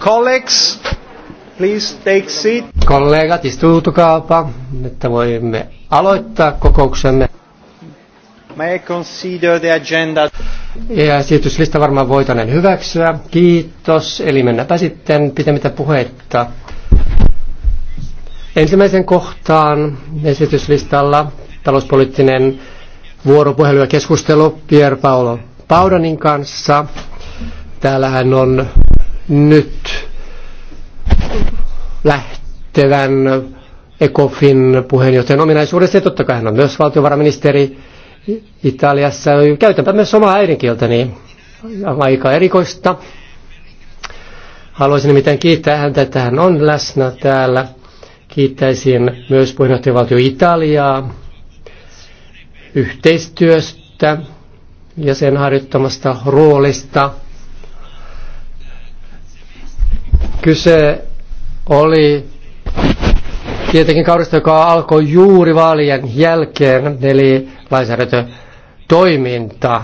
Colleagues, please take seat. Kollegat, istuutukaapa, että voimme aloittaa kokouksemme. May I consider the agenda? Esityslista varmaan voitaneen hyväksyä. Kiitos. Eli mennäpä sitten pitämättä puhetta. Ensimmäisen kohtaan esityslistalla talouspoliittinen vuoropuhelu ja keskustelu Pier Paolo Paudanin kanssa. Täällä hän on nyt lähtevän ECOFIN puheenjohtajan ominaisuudessa, ja totta kai hän on myös valtiovarainministeri Italiassa. Käytänpä myös omaa äidinkieltäni, aika erikoista. Haluaisin nimittäin kiittää häntä, että hän on läsnä täällä. Kiittäisin myös puheenjohtajavaltio Italiaa yhteistyöstä ja sen harjoittamasta roolista – Kyse oli tietenkin kaudesta, joka alkoi juuri vaalien jälkeen, eli lainsäädäntötoiminta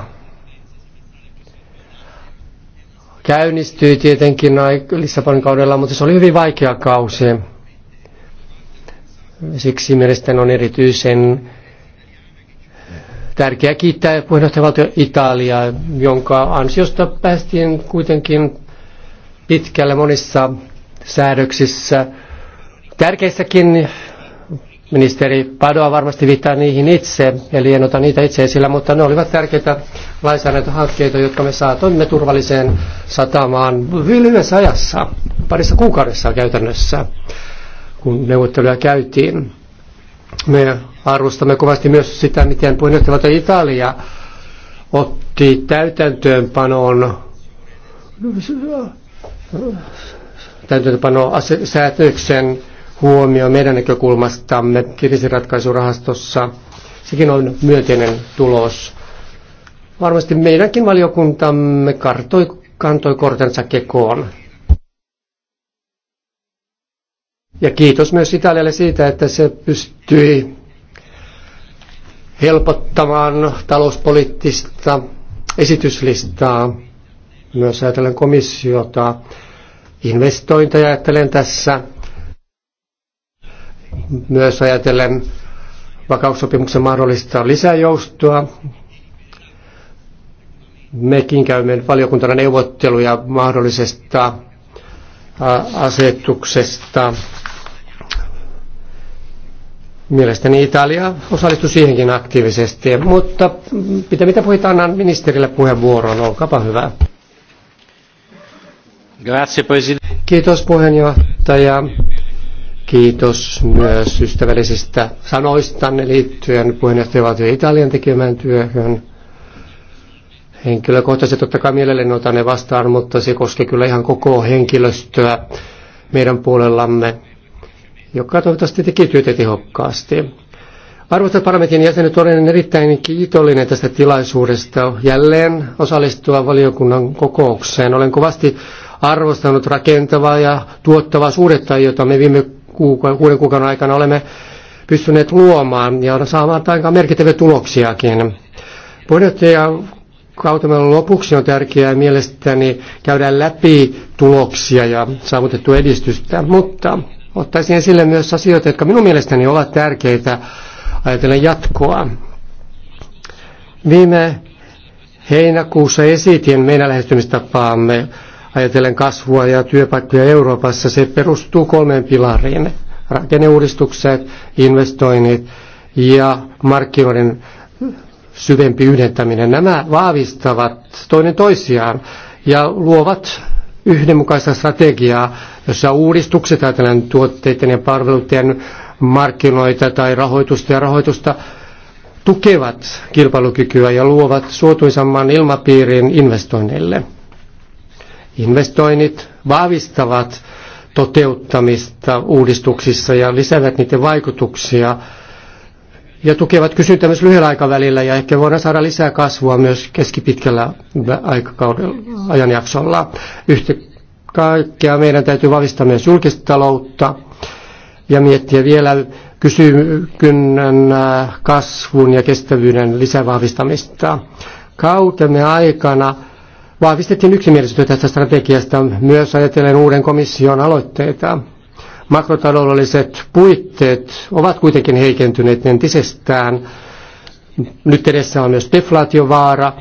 käynnistyi tietenkin Lissabonin kaudella, mutta se oli hyvin vaikea kausi. Siksi mielestäni on erityisen tärkeää kiittää puheenjohtajavaltio Italiaa, jonka ansiosta päästiin kuitenkin pitkällä monissa säädöksissä. Tärkeissäkin ministeri Padoa varmasti viittaa niihin itse, eli en ota niitä itse esillä, mutta ne olivat tärkeitä lainsäädäntöhankkeita, jotka me saatoimme turvalliseen satamaan hyvin lyhyessä ajassa, parissa kuukaudessa käytännössä, kun neuvotteluja käytiin. Me arvostamme kovasti myös sitä, miten puheenjohtajavaltio Italia otti täytäntöönpanoon säätöksen huomio meidän näkökulmastamme kriisiratkaisurahastossa. Sekin on myönteinen tulos. Varmasti meidänkin valiokuntamme kartoi, kantoi kortensa kekoon. Ja kiitos myös Italialle siitä, että se pystyi helpottamaan talouspoliittista esityslistaa, myös ajatellen komissiota investointeja ajattelen tässä. Myös ajatellen vakaussopimuksen mahdollista lisäjoustoa. Mekin käymme valiokuntana neuvotteluja mahdollisesta asetuksesta. Mielestäni Italia osallistui siihenkin aktiivisesti, mutta mitä, mitä puhutaan, annan ministerille puheenvuoron, olkaapa hyvä. Kiitos puheenjohtaja. Kiitos myös ystävällisistä sanoistanne liittyen puheenjohtajavaltio Italian tekemään työhön. Henkilökohtaisesti totta kai mielelläni otan ne vastaan, mutta se koskee kyllä ihan koko henkilöstöä meidän puolellamme, joka toivottavasti teki työtä tehokkaasti. Arvoisat parlamentin jäsenet, olen erittäin kiitollinen tästä tilaisuudesta jälleen osallistua valiokunnan kokoukseen. Olen kovasti arvostanut rakentavaa ja tuottavaa suhdetta, jota me viime kuuka- kuuden kuukauden aikana olemme pystyneet luomaan ja saamaan aika merkittäviä tuloksiakin. Puheenjohtaja kautemme lopuksi on tärkeää mielestäni käydä läpi tuloksia ja saavutettua edistystä, mutta ottaisin esille myös asioita, jotka minun mielestäni ovat tärkeitä ajatellen jatkoa. Viime heinäkuussa esitin meidän lähestymistapaamme ajatellen kasvua ja työpaikkoja Euroopassa, se perustuu kolmeen pilariin. Rakenneuudistukset, investoinnit ja markkinoiden syvempi yhdentäminen. Nämä vahvistavat toinen toisiaan ja luovat yhdenmukaista strategiaa, jossa uudistukset ajatellen tuotteiden ja palveluiden markkinoita tai rahoitusta ja rahoitusta tukevat kilpailukykyä ja luovat suotuisamman ilmapiirin investoinneille. Investoinnit vahvistavat toteuttamista uudistuksissa ja lisäävät niiden vaikutuksia ja tukevat kysyntää myös lyhyellä aikavälillä ja ehkä voidaan saada lisää kasvua myös keskipitkällä aikakaudella, ajanjaksolla. Yhtä kaikkea meidän täytyy vahvistaa myös julkista taloutta ja miettiä vielä kysynnän äh, kasvun ja kestävyyden lisävahvistamista. Kautemme aikana Vahvistettiin yksimielisyyttä tästä strategiasta myös ajatellen uuden komission aloitteita. Makrotaloudelliset puitteet ovat kuitenkin heikentyneet entisestään. Nyt edessä on myös deflaatiovaara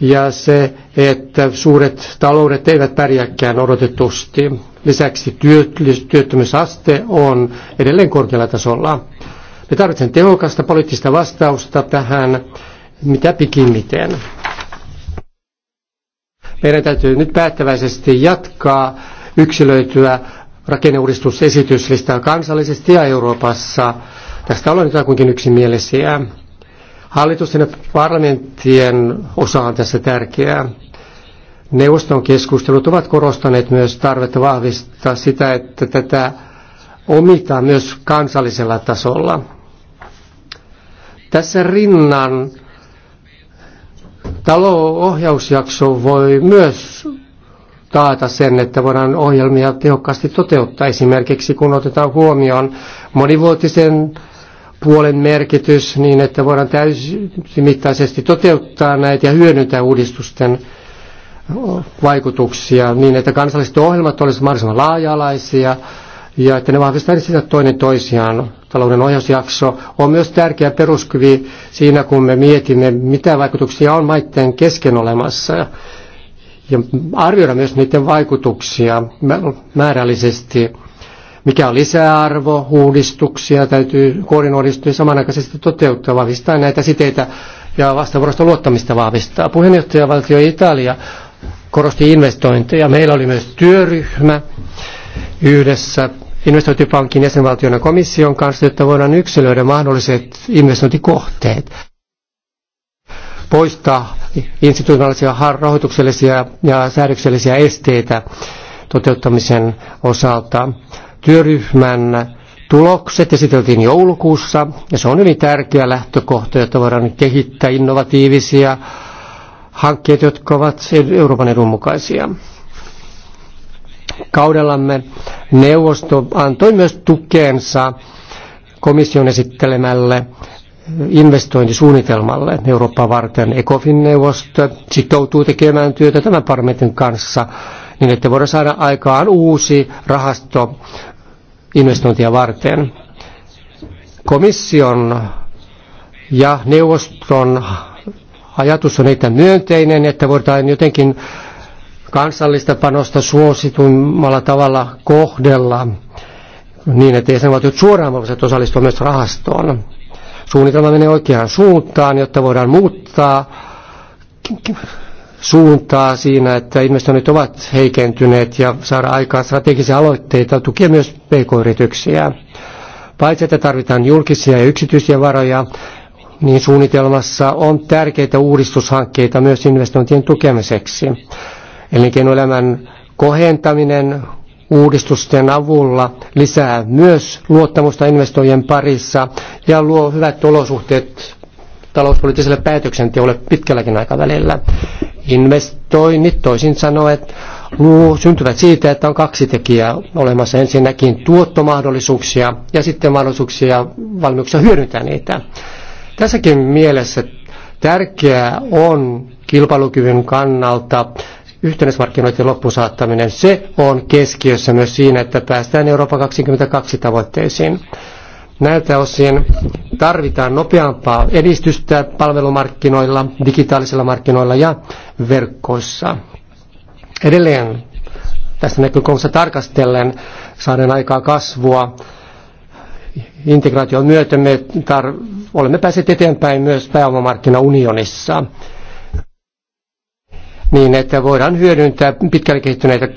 ja se, että suuret taloudet eivät pärjääkään odotetusti. Lisäksi työttömyysaste on edelleen korkealla tasolla. Me tarvitsemme tehokasta poliittista vastausta tähän mitä pikimmiten. Meidän täytyy nyt päättäväisesti jatkaa yksilöityä rakenneuudistusesityslistaa kansallisesti ja Euroopassa. Tästä ollaan nyt kuitenkin yksimielisiä. Hallitusten ja parlamenttien osa on tässä tärkeää. Neuvoston keskustelut ovat korostaneet myös tarvetta vahvistaa sitä, että tätä omitaan myös kansallisella tasolla. Tässä rinnan Talousohjausjakso voi myös taata sen, että voidaan ohjelmia tehokkaasti toteuttaa. Esimerkiksi kun otetaan huomioon monivuotisen puolen merkitys niin, että voidaan täysimittaisesti toteuttaa näitä ja hyödyntää uudistusten vaikutuksia niin, että kansalliset ohjelmat olisivat mahdollisimman laaja-alaisia ja että ne vahvistavat sitä toinen toisiaan. Talouden ohjausjakso on myös tärkeä peruskyvi siinä, kun me mietimme, mitä vaikutuksia on maiden kesken olemassa ja arvioida myös niiden vaikutuksia määrällisesti. Mikä on lisäarvo, uudistuksia täytyy koordinoidistua ja samanaikaisesti toteuttaa, vahvistaa näitä siteitä ja vastavuorosta luottamista vahvistaa. Puheenjohtajavaltio Italia korosti investointeja. Meillä oli myös työryhmä yhdessä investointipankin ja komission kanssa, jotta voidaan yksilöidä mahdolliset investointikohteet, poistaa institutionaalisia rahoituksellisia ja säädöksellisiä esteitä toteuttamisen osalta. Työryhmän tulokset esiteltiin joulukuussa ja se on hyvin tärkeä lähtökohta, jotta voidaan kehittää innovatiivisia hankkeita, jotka ovat Euroopan edun mukaisia kaudellamme neuvosto antoi myös tukensa komission esittelemälle investointisuunnitelmalle Eurooppaa varten. ECOFIN-neuvosto sitoutuu tekemään työtä tämän parlamentin kanssa niin, että voidaan saada aikaan uusi rahasto investointia varten. Komission ja neuvoston ajatus on niitä myönteinen, että voidaan jotenkin kansallista panosta suositummalla tavalla kohdella niin, että jäsenvaltiot suoraan voivat osallistua myös rahastoon. Suunnitelma menee oikeaan suuntaan, jotta voidaan muuttaa suuntaa siinä, että investoinnit ovat heikentyneet ja saada aikaan strategisia aloitteita, tukea myös pk-yrityksiä. Paitsi, että tarvitaan julkisia ja yksityisiä varoja, niin suunnitelmassa on tärkeitä uudistushankkeita myös investointien tukemiseksi. Elinkeinoelämän kohentaminen uudistusten avulla lisää myös luottamusta investoijien parissa ja luo hyvät olosuhteet talouspoliittiselle päätöksenteolle pitkälläkin aikavälillä. Investoinnit toisin sanoen luo, syntyvät siitä, että on kaksi tekijää olemassa. Ensinnäkin tuottomahdollisuuksia ja sitten mahdollisuuksia ja valmiuksia hyödyntää niitä. Tässäkin mielessä tärkeää on kilpailukyvyn kannalta yhtenäismarkkinoiden loppuun saattaminen, se on keskiössä myös siinä, että päästään Euroopan 22 tavoitteisiin. Näiltä osin tarvitaan nopeampaa edistystä palvelumarkkinoilla, digitaalisilla markkinoilla ja verkkoissa. Edelleen tästä näkökulmasta tarkastellen saaden aikaa kasvua. Integraation myötä me olemme päässeet eteenpäin myös pääomamarkkinaunionissa. unionissa niin, että voidaan hyödyntää pitkälle kehittyneitä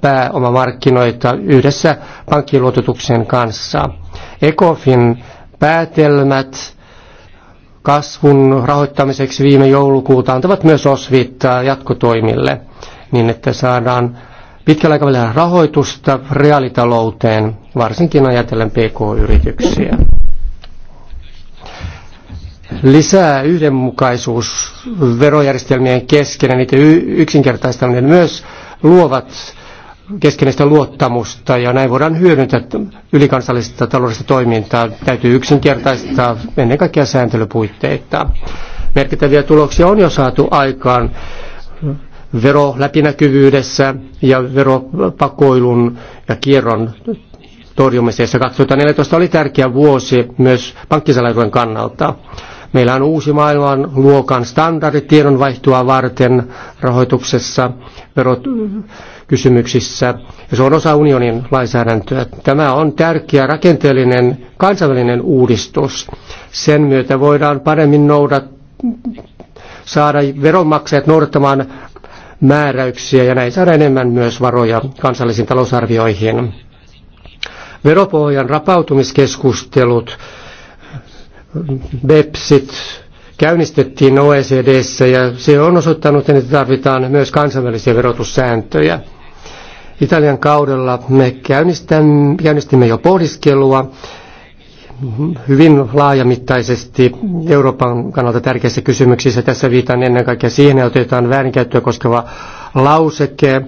pääomamarkkinoita yhdessä pankkiluototuksen kanssa. ECOFin päätelmät kasvun rahoittamiseksi viime joulukuuta antavat myös osviittaa jatkotoimille, niin että saadaan pitkällä aikavälillä rahoitusta reaalitalouteen, varsinkin ajatellen pk-yrityksiä lisää yhdenmukaisuus verojärjestelmien kesken ja niiden yksinkertaistaminen myös luovat keskeistä luottamusta ja näin voidaan hyödyntää ylikansallista taloudellista toimintaa. Täytyy yksinkertaistaa ennen kaikkea sääntelypuitteita. Merkittäviä tuloksia on jo saatu aikaan veroläpinäkyvyydessä ja veropakoilun ja kierron torjumisessa. 2014 oli tärkeä vuosi myös pankkisalaisuuden kannalta. Meillä on uusi maailman luokan standardi tiedonvaihtoa varten rahoituksessa, verokysymyksissä, mm, ja se on osa unionin lainsäädäntöä. Tämä on tärkeä rakenteellinen kansainvälinen uudistus. Sen myötä voidaan paremmin noudat, saada veronmaksajat noudattamaan määräyksiä ja näin saada enemmän myös varoja kansallisiin talousarvioihin. Veropohjan rapautumiskeskustelut BEPSit käynnistettiin OECDssä ja se on osoittanut, että tarvitaan myös kansainvälisiä verotussääntöjä. Italian kaudella me käynnistimme jo pohdiskelua hyvin laajamittaisesti Euroopan kannalta tärkeissä kysymyksissä. Tässä viitan ennen kaikkea siihen, että otetaan väärinkäyttöä koskeva lauseke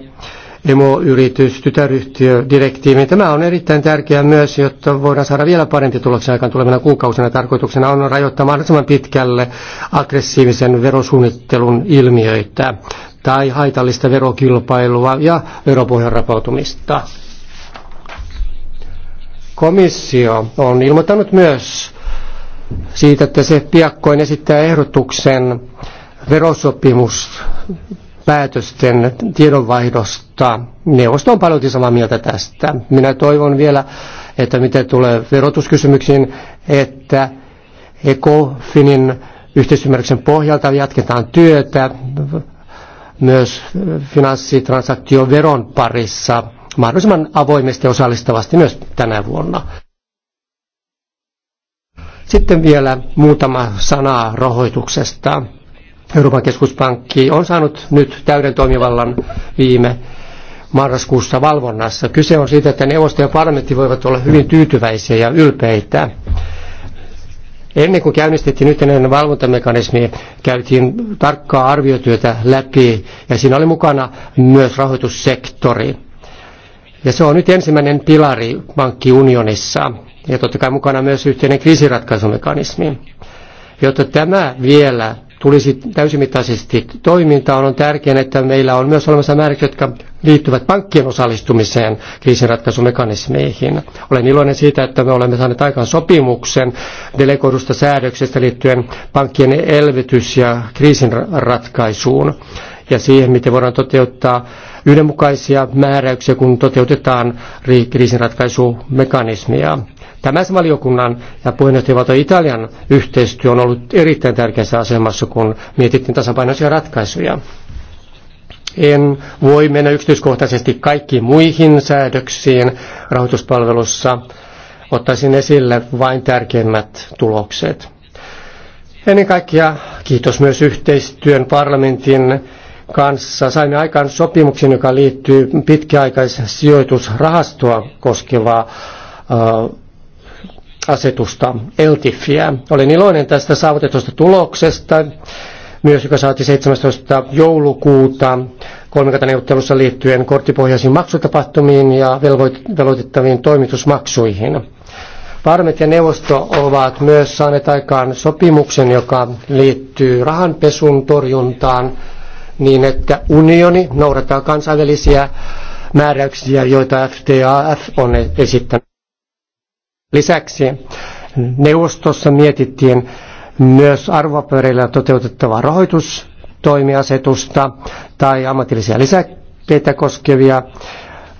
emoyritys, tytäryhtiö, direktiivi. Tämä on erittäin tärkeää myös, jotta voidaan saada vielä parempi tuloksen aikaan tulevina kuukausina. Tarkoituksena on rajoittaa mahdollisimman pitkälle aggressiivisen verosuunnittelun ilmiöitä tai haitallista verokilpailua ja veropohjan rapautumista. Komissio on ilmoittanut myös siitä, että se piakkoin esittää ehdotuksen verosopimus päätösten tiedonvaihdosta. Neuvosto on paljon samaa mieltä tästä. Minä toivon vielä, että mitä tulee verotuskysymyksiin, että ECOFINin yhteisymmärryksen pohjalta jatketaan työtä myös finanssitransaktioveron parissa mahdollisimman avoimesti ja osallistavasti myös tänä vuonna. Sitten vielä muutama sana rahoituksesta. Euroopan keskuspankki on saanut nyt täyden toimivallan viime marraskuussa valvonnassa. Kyse on siitä, että neuvosto ja parlamentti voivat olla hyvin tyytyväisiä ja ylpeitä. Ennen kuin käynnistettiin yhtenäinen valvontamekanismi, käytiin tarkkaa arviotyötä läpi ja siinä oli mukana myös rahoitussektori. Ja se on nyt ensimmäinen pilari pankkiunionissa ja totta kai mukana myös yhteinen kriisiratkaisumekanismi. Jotta tämä vielä tulisi täysimittaisesti toimintaan, on tärkeää, että meillä on myös olemassa määräykset, jotka liittyvät pankkien osallistumiseen kriisinratkaisumekanismeihin. Olen iloinen siitä, että me olemme saaneet aikaan sopimuksen delegoidusta säädöksestä liittyen pankkien elvytys- ja kriisinratkaisuun ja siihen, miten voidaan toteuttaa yhdenmukaisia määräyksiä, kun toteutetaan kriisinratkaisumekanismia. Tämä siis valiokunnan ja puheenjohtajavalto Italian yhteistyö on ollut erittäin tärkeässä asemassa, kun mietittiin tasapainoisia ratkaisuja. En voi mennä yksityiskohtaisesti kaikkiin muihin säädöksiin rahoituspalvelussa. Ottaisin esille vain tärkeimmät tulokset. Ennen kaikkea kiitos myös yhteistyön parlamentin kanssa saimme aikaan sopimuksen, joka liittyy pitkäaikaissijoitusrahastoa koskevaa asetusta ELTIFiä. Olen iloinen tästä saavutetusta tuloksesta, myös joka saatiin 17. joulukuuta kolmikantaneuvottelussa liittyen korttipohjaisiin maksutapahtumiin ja velvoitettaviin toimitusmaksuihin. Parmet ja neuvosto ovat myös saaneet aikaan sopimuksen, joka liittyy rahanpesun torjuntaan niin, että unioni noudattaa kansainvälisiä määräyksiä, joita FTAF on esittänyt. Lisäksi neuvostossa mietittiin myös arvopöydillä toteutettavaa rahoitustoimiasetusta tai ammatillisia lisäkkeitä koskevia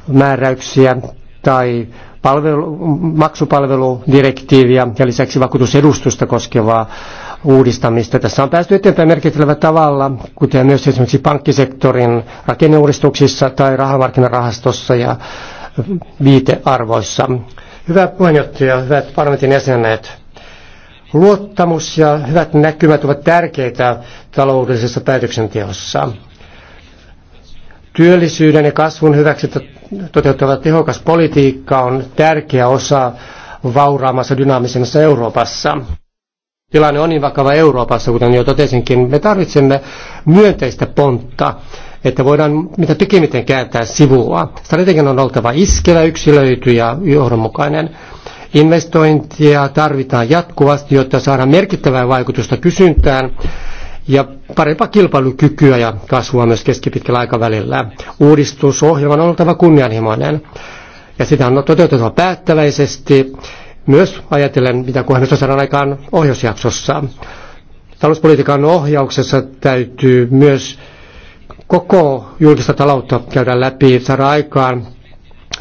määräyksiä tai palvelu, maksupalveludirektiiviä ja lisäksi vakuutusedustusta koskevaa uudistamista. Tässä on päästy eteenpäin merkittävällä tavalla, kuten myös esimerkiksi pankkisektorin rakenneuudistuksissa tai rahamarkkinarahastossa ja viitearvoissa. Hyvä puheenjohtaja, hyvät parlamentin jäsenet. Luottamus ja hyvät näkymät ovat tärkeitä taloudellisessa päätöksenteossa. Työllisyyden ja kasvun hyväksi toteuttava tehokas politiikka on tärkeä osa vauraamassa dynaamisemmassa Euroopassa tilanne on niin vakava Euroopassa, kuten jo totesinkin, me tarvitsemme myönteistä pontta, että voidaan mitä tykimiten kääntää sivua. Strategian on oltava iskevä, yksilöity ja johdonmukainen. Investointia tarvitaan jatkuvasti, jotta saadaan merkittävää vaikutusta kysyntään ja parempaa kilpailukykyä ja kasvua myös keskipitkällä aikavälillä. Uudistusohjelman on oltava kunnianhimoinen ja sitä on toteutettava päättäväisesti myös ajatellen, mitä kohennusta saadaan aikaan ohjausjaksossa. Talouspolitiikan ohjauksessa täytyy myös koko julkista taloutta käydä läpi, saada aikaan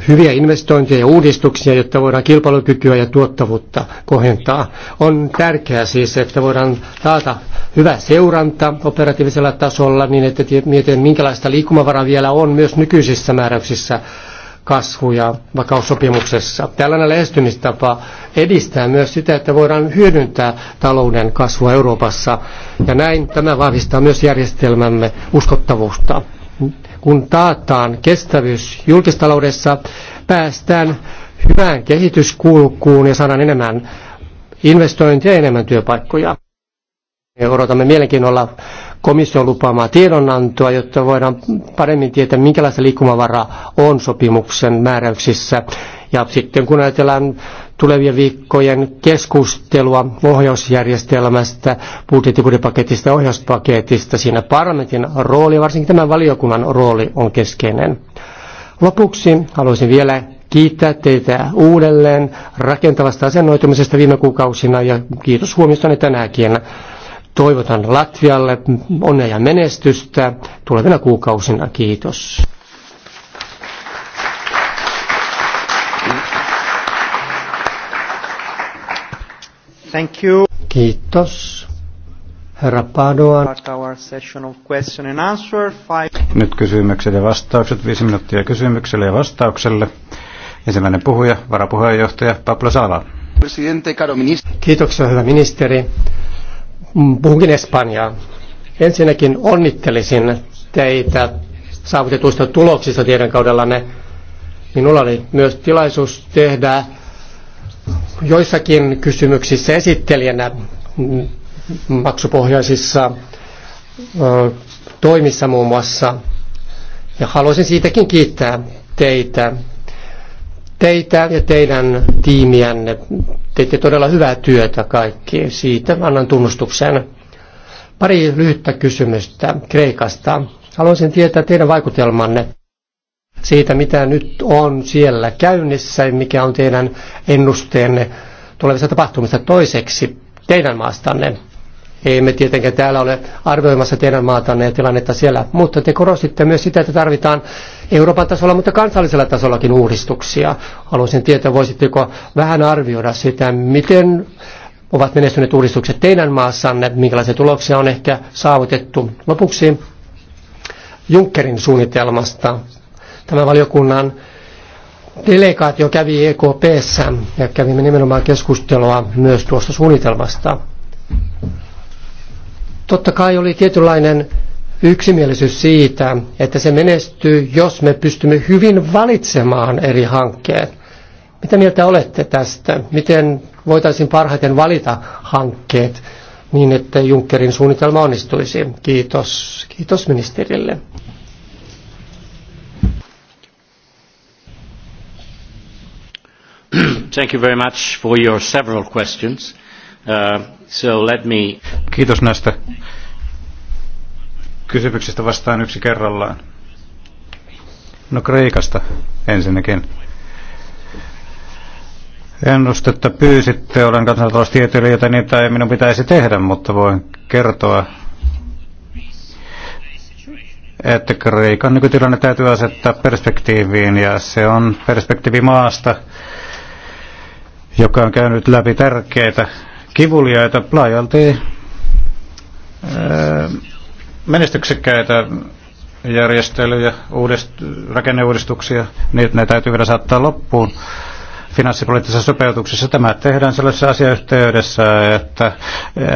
hyviä investointeja ja uudistuksia, jotta voidaan kilpailukykyä ja tuottavuutta kohentaa. On tärkeää siis, että voidaan taata hyvä seuranta operatiivisella tasolla niin, että mietitään, minkälaista liikkumavaraa vielä on myös nykyisissä määräyksissä kasvu- ja vakaussopimuksessa. Tällainen lähestymistapa edistää myös sitä, että voidaan hyödyntää talouden kasvua Euroopassa, ja näin tämä vahvistaa myös järjestelmämme uskottavuutta. Kun taataan kestävyys julkistaloudessa, päästään hyvään kehityskulkuun ja saadaan enemmän investointeja ja enemmän työpaikkoja. Me odotamme mielenkiinnolla komission lupaamaa tiedonantoa, jotta voidaan paremmin tietää, minkälaista liikkumavaraa on sopimuksen määräyksissä. Ja sitten kun ajatellaan tulevien viikkojen keskustelua ohjausjärjestelmästä, budjettikuripaketista ja ohjauspaketista, siinä parlamentin rooli, varsinkin tämän valiokunnan rooli on keskeinen. Lopuksi haluaisin vielä kiittää teitä uudelleen rakentavasta asennoitumisesta viime kuukausina ja kiitos huomiostanne tänäänkin. Toivotan Latvialle onnea ja menestystä tulevina kuukausina. Kiitos. Thank you. Kiitos. Herra Padoan. Nyt kysymykset ja vastaukset. Viisi minuuttia kysymykselle ja vastaukselle. Ensimmäinen puhuja, varapuheenjohtaja Pablo Sala. Kiitoksia, hyvä ministeri. Mm, puhunkin Espanjaa. Ensinnäkin onnittelisin teitä saavutetuista tuloksista teidän kaudellanne. Minulla oli myös tilaisuus tehdä joissakin kysymyksissä esittelijänä mm, maksupohjaisissa toimissa muun muassa. Ja haluaisin siitäkin kiittää teitä teitä ja teidän tiimiänne. Teitte todella hyvää työtä kaikki. Siitä annan tunnustuksen. Pari lyhyttä kysymystä Kreikasta. Haluaisin tietää teidän vaikutelmanne siitä, mitä nyt on siellä käynnissä ja mikä on teidän ennusteenne tulevista tapahtumista toiseksi teidän maastanne. Ei me tietenkään täällä ole arvioimassa teidän maatanne ja tilannetta siellä, mutta te korostitte myös sitä, että tarvitaan Euroopan tasolla, mutta kansallisella tasollakin uudistuksia. Haluaisin tietää, voisitteko vähän arvioida sitä, miten ovat menestyneet uudistukset teidän maassanne, minkälaisia tuloksia on ehkä saavutettu. Lopuksi Junckerin suunnitelmasta. Tämän valiokunnan delegaatio kävi EKPssä ja kävimme nimenomaan keskustelua myös tuosta suunnitelmasta. Totta kai oli tietynlainen yksimielisyys siitä, että se menestyy, jos me pystymme hyvin valitsemaan eri hankkeet. Mitä mieltä olette tästä? Miten voitaisiin parhaiten valita hankkeet niin, että Junckerin suunnitelma onnistuisi? Kiitos, Kiitos ministerille. Thank you very much for your several questions. Uh, so let me... Kiitos näistä kysymyksistä vastaan yksi kerrallaan. No Kreikasta ensinnäkin. Ennustetta pyysitte, olen kansantaloustieteilijä, joten niitä ei minun pitäisi tehdä, mutta voin kertoa, että Kreikan nykytilanne täytyy asettaa perspektiiviin, ja se on perspektiivi maasta, joka on käynyt läpi tärkeitä kivuliaita, laajalti äh, menestyksekkäitä järjestelyjä, uudist, rakenneuudistuksia, niin ne täytyy vielä saattaa loppuun finanssipoliittisessa sopeutuksessa. Tämä tehdään sellaisessa asiayhteydessä, että,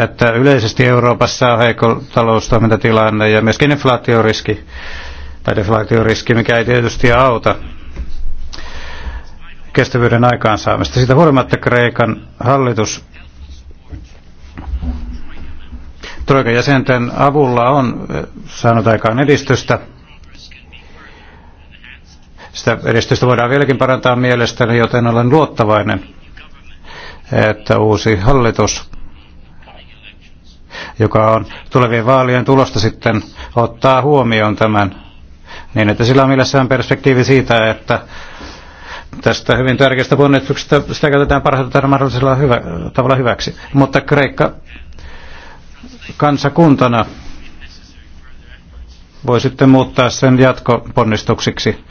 että yleisesti Euroopassa on heikko taloustoimintatilanne ja myöskin inflaatioriski tai deflaatioriski, mikä ei tietysti auta kestävyyden aikaansaamista. Siitä huolimatta Kreikan hallitus Troikan jäsenten avulla on eh, saanut aikaan edistystä. Sitä edistystä voidaan vieläkin parantaa mielestäni, joten olen luottavainen, että uusi hallitus, joka on tulevien vaalien tulosta sitten, ottaa huomioon tämän niin, että sillä on mielessään perspektiivi siitä, että tästä hyvin tärkeästä ponnistuksesta sitä käytetään parhaalla mahdollisella hyvä, tavalla hyväksi. Mutta Kreikka kansakuntana voi sitten muuttaa sen jatkoponnistuksiksi.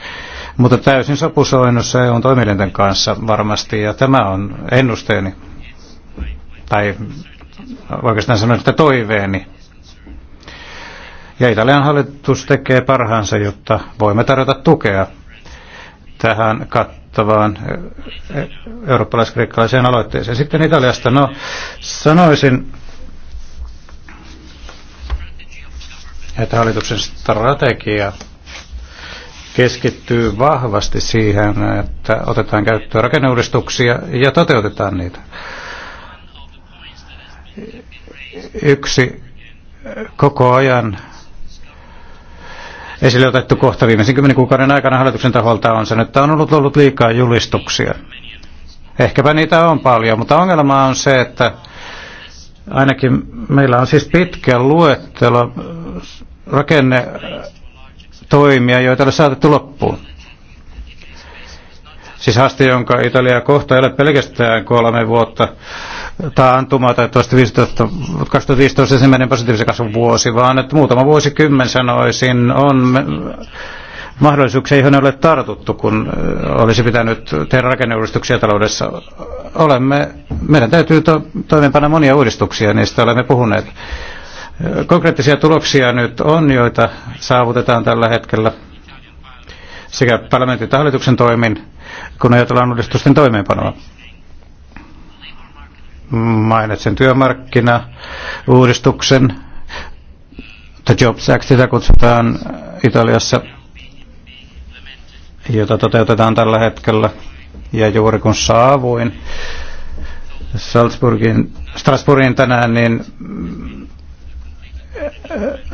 Mutta täysin sopusoinnussa e on toimielinten kanssa varmasti, ja tämä on ennusteeni, tai oikeastaan sanon, että toiveeni. Ja Italian hallitus tekee parhaansa, jotta voimme tarjota tukea tähän kattavaan e- e- eurooppalais-kreikkalaiseen aloitteeseen. Sitten Italiasta, no sanoisin, että hallituksen strategia keskittyy vahvasti siihen, että otetaan käyttöön rakenneuudistuksia ja toteutetaan niitä. Yksi koko ajan esille otettu kohta viimeisen kymmenen kuukauden aikana hallituksen taholta on se, että on ollut, ollut liikaa julistuksia. Ehkäpä niitä on paljon, mutta ongelma on se, että ainakin meillä on siis pitkä luettelo rakennetoimia, joita ei ole saatettu loppuun. Siis haaste, jonka Italia kohta ei ole pelkästään kolme vuotta taantumaa tai 2015, 2015 ensimmäinen positiivisen kasvun vuosi, vaan että muutama vuosikymmen sanoisin on mahdollisuuksia, joihin ei ole tartuttu, kun olisi pitänyt tehdä rakenneuudistuksia taloudessa. Olemme, meidän täytyy to, toimeenpanna monia uudistuksia, niistä olemme puhuneet. Konkreettisia tuloksia nyt on, joita saavutetaan tällä hetkellä sekä parlamentin että hallituksen toimin, kun ajatellaan uudistusten toimeenpanoa. Mainitsen työmarkkina-uudistuksen, The Jobs Act, sitä kutsutaan Italiassa, jota toteutetaan tällä hetkellä. Ja juuri kun saavuin Salzburgin, Strasbourgin tänään, niin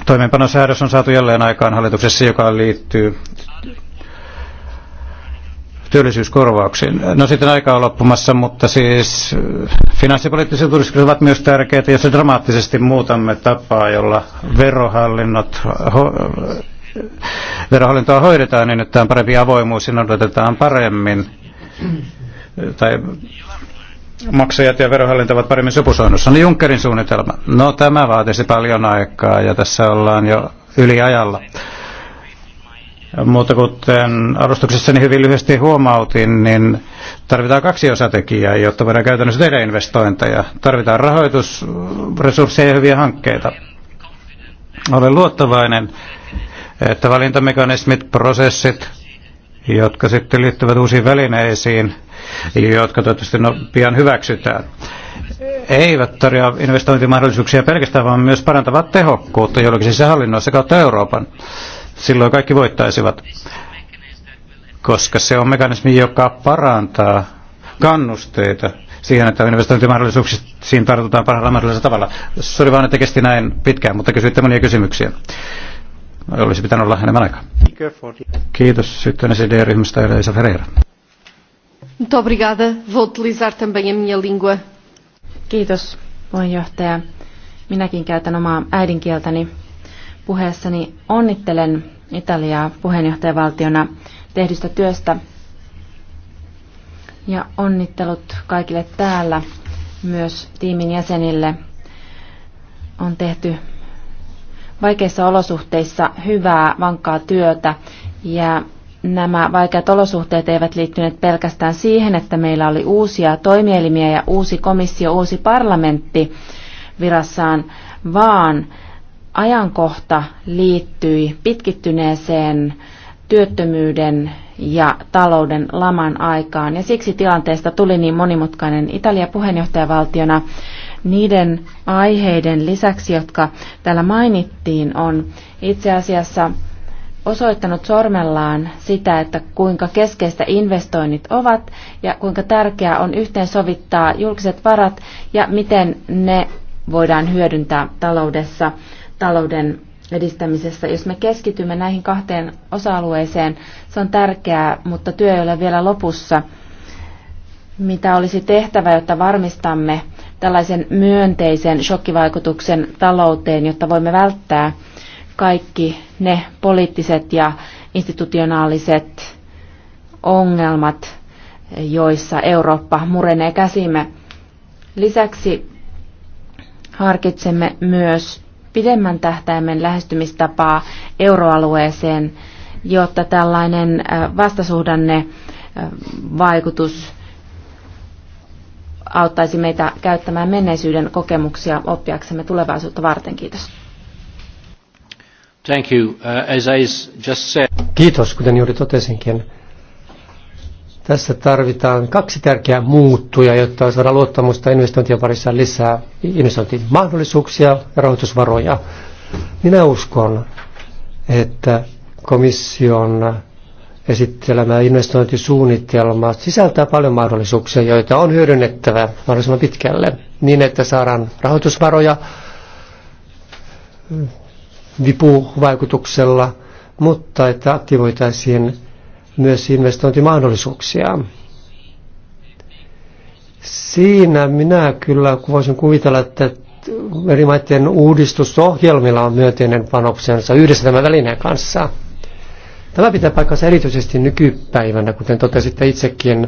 toimeenpanosäädös on saatu jälleen aikaan hallituksessa, joka liittyy työllisyyskorvauksiin. No sitten aika on loppumassa, mutta siis äh, finanssipoliittiset uudistukset ovat myös tärkeitä, jos dramaattisesti muutamme tapaa, jolla verohallinnot ho- äh, verohallintoa hoidetaan niin, että on parempi avoimuus ja noudatetaan paremmin äh, tai maksajat ja verohallinto ovat paremmin sopusoinnussa. Niin Junckerin suunnitelma. No tämä vaatisi paljon aikaa ja tässä ollaan jo yli ajalla. Mutta kuten alustuksessani hyvin lyhyesti huomautin, niin tarvitaan kaksi osatekijää, jotta voidaan käytännössä tehdä investointeja. Tarvitaan rahoitusresursseja ja hyviä hankkeita. Olen luottavainen, että valintamekanismit, prosessit, jotka sitten liittyvät uusiin välineisiin, jotka toivottavasti no, pian hyväksytään, eivät tarjoa investointimahdollisuuksia pelkästään, vaan myös parantavat tehokkuutta julkisissa hallinnoissa kautta Euroopan. Silloin kaikki voittaisivat, koska se on mekanismi, joka parantaa kannusteita siihen, että investointimahdollisuuksiin tartutaan parhaalla mahdollisella tavalla. Sori vaan, että kesti näin pitkään, mutta kysyitte monia kysymyksiä. Olisi pitänyt olla enemmän aikaa. Kiitos. Sitten SED-ryhmästä Elisa Ferreira. Kiitos, puheenjohtaja. Minäkin käytän omaa äidinkieltäni puheessani. Onnittelen Italiaa puheenjohtajavaltiona tehdystä työstä ja onnittelut kaikille täällä, myös tiimin jäsenille. On tehty vaikeissa olosuhteissa hyvää, vankkaa työtä ja nämä vaikeat olosuhteet eivät liittyneet pelkästään siihen, että meillä oli uusia toimielimiä ja uusi komissio, uusi parlamentti virassaan, vaan ajankohta liittyi pitkittyneeseen työttömyyden ja talouden laman aikaan. Ja siksi tilanteesta tuli niin monimutkainen Italia puheenjohtajavaltiona. Niiden aiheiden lisäksi, jotka täällä mainittiin, on itse asiassa osoittanut sormellaan sitä, että kuinka keskeistä investoinnit ovat ja kuinka tärkeää on yhteensovittaa julkiset varat ja miten ne voidaan hyödyntää taloudessa, talouden edistämisessä. Jos me keskitymme näihin kahteen osa-alueeseen, se on tärkeää, mutta työ ei ole vielä lopussa. Mitä olisi tehtävä, jotta varmistamme tällaisen myönteisen shokkivaikutuksen talouteen, jotta voimme välttää kaikki ne poliittiset ja institutionaaliset ongelmat, joissa Eurooppa murenee käsimme. Lisäksi harkitsemme myös pidemmän tähtäimen lähestymistapaa euroalueeseen, jotta tällainen vastasuhdanne vaikutus auttaisi meitä käyttämään menneisyyden kokemuksia oppiaksemme tulevaisuutta varten. Kiitos. Thank you. Uh, as I just said... Kiitos, kuten juuri totesinkin. Tässä tarvitaan kaksi tärkeää muuttuja, jotta saadaan luottamusta investointien parissa lisää investointimahdollisuuksia ja rahoitusvaroja. Minä uskon, että komission esittelemä investointisuunnitelma sisältää paljon mahdollisuuksia, joita on hyödynnettävä mahdollisimman pitkälle, niin että saadaan rahoitusvaroja vipuvaikutuksella, mutta että aktivoitaisiin myös investointimahdollisuuksia. Siinä minä kyllä voisin kuvitella, että eri maiden uudistusohjelmilla on myönteinen panoksensa yhdessä tämän välineen kanssa. Tämä pitää paikkansa erityisesti nykypäivänä, kuten totesitte itsekin,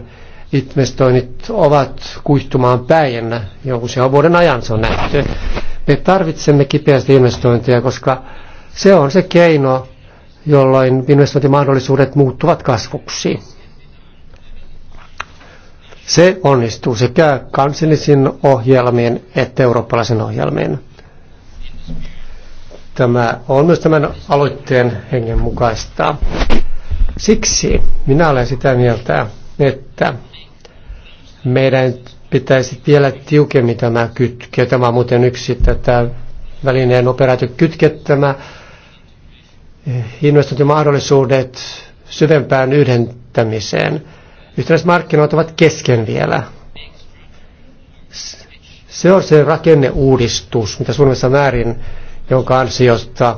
investoinnit ovat kuihtumaan päin jo usean vuoden ajan se on nähty. Me tarvitsemme kipeästi investointeja, koska se on se keino, jolloin investointimahdollisuudet muuttuvat kasvuksi. Se onnistuu sekä kansallisin ohjelmien että eurooppalaisen ohjelmien. Tämä on myös tämän aloitteen hengen mukaista. Siksi minä olen sitä mieltä, että meidän pitäisi vielä tiukemmin tämä kytke. Tämä on muuten yksi tätä välineen operaatio kytkettämä. Eh, investointimahdollisuudet syvempään yhdentämiseen. Yhtenäiset markkinat ovat kesken vielä. Se on se rakenneuudistus, mitä suunnassa määrin, jonka ansiosta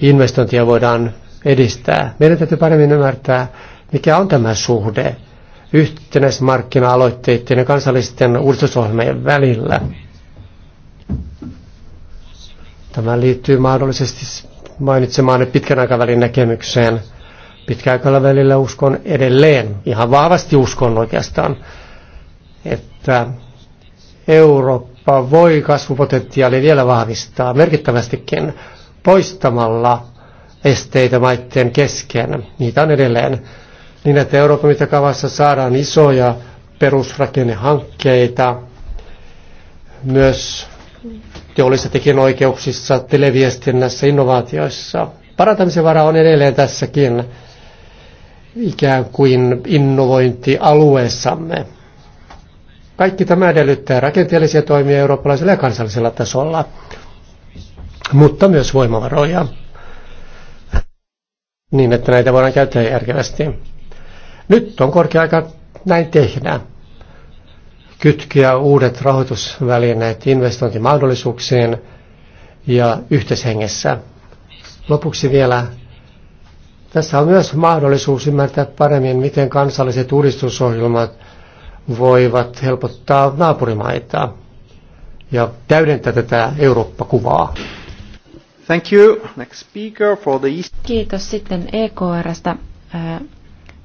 investointia voidaan edistää. Meidän täytyy paremmin ymmärtää, mikä on tämä suhde yhtenäismarkkina-aloitteiden ja kansallisten uudistusohjelmien välillä. Tämä liittyy mahdollisesti mainitsemaan pitkän aikavälin näkemykseen. Pitkän aikavälillä uskon edelleen, ihan vahvasti uskon oikeastaan, että Eurooppa voi kasvupotentiaali vielä vahvistaa merkittävästikin poistamalla esteitä maiden kesken. Niitä on edelleen niin että Euroopan mittakaavassa saadaan isoja perusrakennehankkeita myös teollisissa tekijänoikeuksissa, televiestinnässä, innovaatioissa. Parantamisen vara on edelleen tässäkin ikään kuin innovointialueessamme. Kaikki tämä edellyttää rakenteellisia toimia eurooppalaisella ja kansallisella tasolla, mutta myös voimavaroja, niin että näitä voidaan käyttää järkevästi. Nyt on korkea aika näin tehdä. Kytkiä uudet rahoitusvälineet investointimahdollisuuksiin ja yhteishengessä. Lopuksi vielä tässä on myös mahdollisuus ymmärtää paremmin, miten kansalliset uudistusohjelmat voivat helpottaa naapurimaita ja täydentää tätä Eurooppa-kuvaa. Thank you. Next speaker for the East. Kiitos sitten EKRstä. Äh,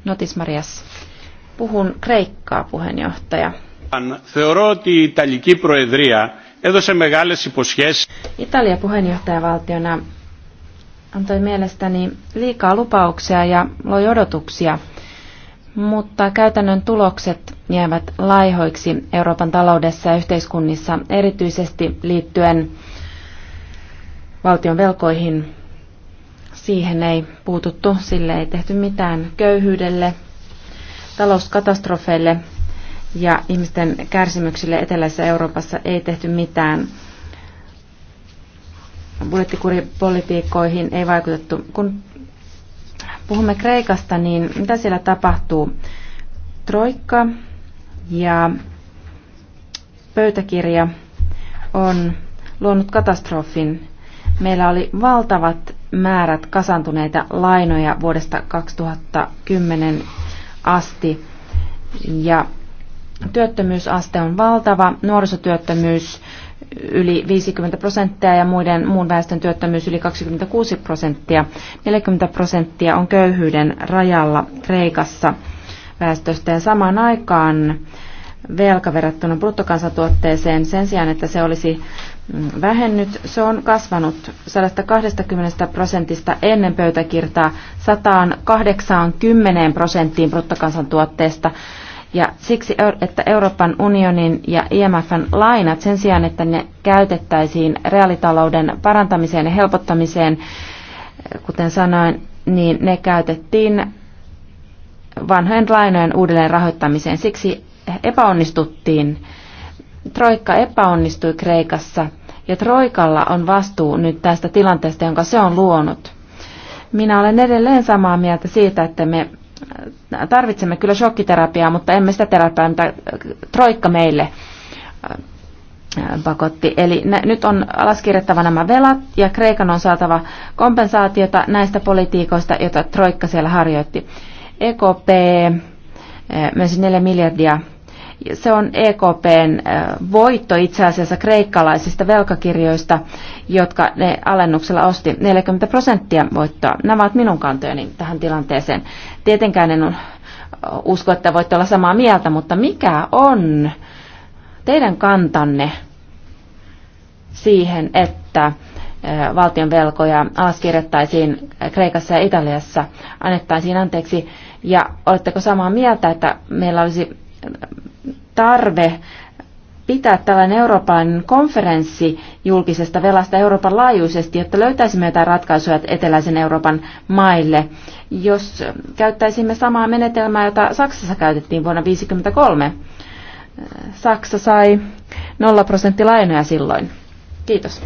Notis Marias. Puhun Kreikkaa, puheenjohtaja. Θεωρώ ότι η Ιταλική Προεδρία έδωσε μεγάλες υποσχέσεις. Italia puheenjohtajavaltiona antoi mielestäni liikaa lupauksia ja loi odotuksia, mutta käytännön tulokset jäävät laihoiksi Euroopan taloudessa ja yhteiskunnissa, erityisesti liittyen valtion velkoihin Siihen ei puututtu, sille ei tehty mitään köyhyydelle, talouskatastrofeille ja ihmisten kärsimyksille eteläisessä Euroopassa ei tehty mitään. Budjettikuripolitiikkoihin ei vaikutettu. Kun puhumme Kreikasta, niin mitä siellä tapahtuu? Troikka ja pöytäkirja on luonut katastrofin. Meillä oli valtavat määrät kasantuneita lainoja vuodesta 2010 asti. Ja työttömyysaste on valtava, nuorisotyöttömyys yli 50 prosenttia ja muiden muun väestön työttömyys yli 26 prosenttia. 40 prosenttia on köyhyyden rajalla Kreikassa väestöstä ja samaan aikaan velka verrattuna bruttokansantuotteeseen sen sijaan, että se olisi mm, vähennyt. Se on kasvanut 120 prosentista ennen pöytäkirtaa 180 prosenttiin bruttokansantuotteesta. Ja siksi, että Euroopan unionin ja IMFn lainat sen sijaan, että ne käytettäisiin reaalitalouden parantamiseen ja helpottamiseen, kuten sanoin, niin ne käytettiin vanhojen lainojen uudelleen rahoittamiseen. Siksi epäonnistuttiin. Troikka epäonnistui Kreikassa ja Troikalla on vastuu nyt tästä tilanteesta, jonka se on luonut. Minä olen edelleen samaa mieltä siitä, että me äh, tarvitsemme kyllä shokkiterapiaa, mutta emme sitä terapiaa, mitä äh, Troikka meille äh, pakotti. Eli ne, nyt on alaskirjattava nämä velat ja Kreikan on saatava kompensaatiota näistä politiikoista, joita Troikka siellä harjoitti. EKP myös 4 miljardia se on EKPn voitto itse asiassa kreikkalaisista velkakirjoista, jotka ne alennuksella osti 40 prosenttia voittoa. Nämä ovat minun kantojeni tähän tilanteeseen. Tietenkään en usko, että voitte olla samaa mieltä, mutta mikä on teidän kantanne siihen, että valtion velkoja alaskirjattaisiin Kreikassa ja Italiassa, annettaisiin anteeksi. Ja oletteko samaa mieltä, että meillä olisi tarve pitää tällainen Euroopan konferenssi julkisesta velasta Euroopan laajuisesti, jotta löytäisimme jotain ratkaisuja eteläisen Euroopan maille, jos käyttäisimme samaa menetelmää, jota Saksassa käytettiin vuonna 1953. Saksa sai 0 prosenttilainoja silloin. Kiitos.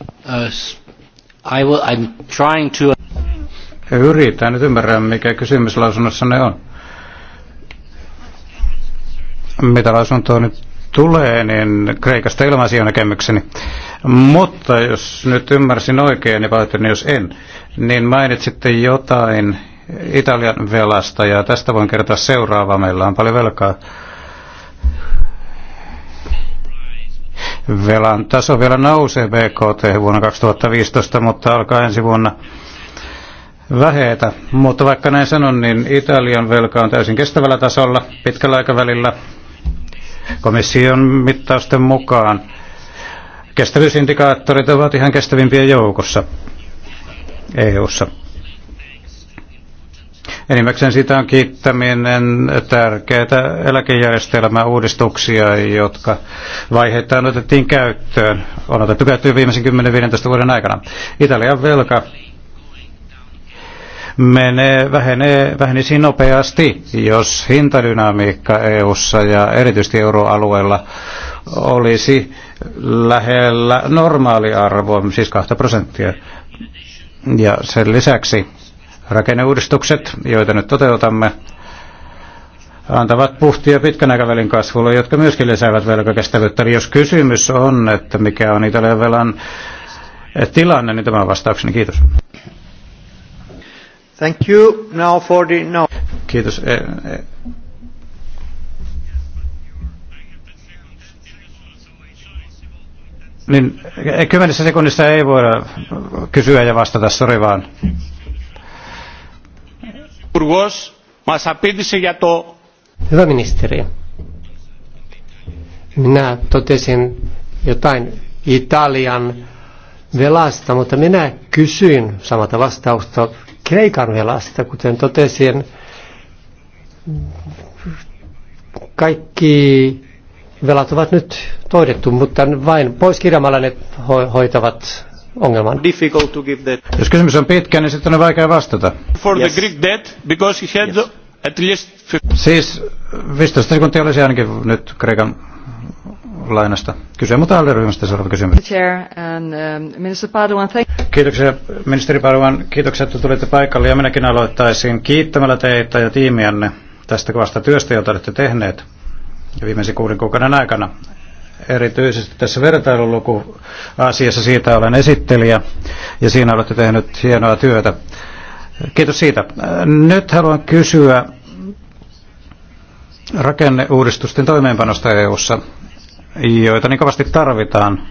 Uh, I will, I'm trying to... Yritän nyt ymmärrä, mikä kysymys lausunnossanne on mitä lausuntoa nyt tulee, niin Kreikasta ilmaisia näkemykseni. Mutta jos nyt ymmärsin oikein, ja niin jos en, niin mainitsitte jotain Italian velasta, ja tästä voin kertoa seuraavaa. Meillä on paljon velkaa. Velan taso vielä nousee BKT vuonna 2015, mutta alkaa ensi vuonna väheetä. Mutta vaikka näin sanon, niin Italian velka on täysin kestävällä tasolla pitkällä aikavälillä Komission mittausten mukaan kestävyysindikaattorit ovat ihan kestävimpien joukossa EU-ssa. Enimmäkseen sitä on kiittäminen tärkeitä eläkejärjestelmäuudistuksia, jotka vaiheittain otettiin käyttöön. On otettu käyttöön viimeisen 10-15 vuoden aikana. Italian velka menee, vähenee, vähenisi nopeasti, jos hintadynamiikka EU:ssa ja erityisesti euroalueella olisi lähellä normaaliarvoa, siis 2 prosenttia. Ja sen lisäksi rakenneuudistukset, joita nyt toteutamme, antavat puhtia pitkän aikavälin kasvulle, jotka myöskin lisäävät velkakestävyyttä. Eli jos kysymys on, että mikä on Italian velan tilanne, niin tämä on vastaukseni. Kiitos. Thank you. Now for the no. Kiitos. E, e. Niin e, kymmenessä sekunnissa ei voida kysyä ja vastata, sori vaan. Hyvä ministeri. Minä totesin jotain Italian velasta, mutta minä kysyin samalta vastausta Kreikan velasta, kuten totesin, kaikki velat ovat nyt toidettu, mutta vain pois kirjaamalla ne ho- hoitavat ongelman. Difficult to give that. Jos kysymys on pitkä, niin sitten on vaikea vastata. For yes. the Greek debt, because he had yes. at least Siis 15 sekuntia olisi ainakin nyt Kreikan lainasta kyse, mutta alderyhmästä seuraava kysymys. Um, kiitoksia ministeri Paduan, kiitoksia, että tulitte paikalle ja minäkin aloittaisin kiittämällä teitä ja tiimiänne tästä kovasta työstä, jota olette tehneet viimeisen kuuden kuukauden aikana. Erityisesti tässä vertailuluku-asiassa siitä olen esittelijä ja siinä olette tehnyt hienoa työtä. Kiitos siitä. Nyt haluan kysyä rakenneuudistusten toimeenpanosta EU:ssa joita niin kovasti tarvitaan,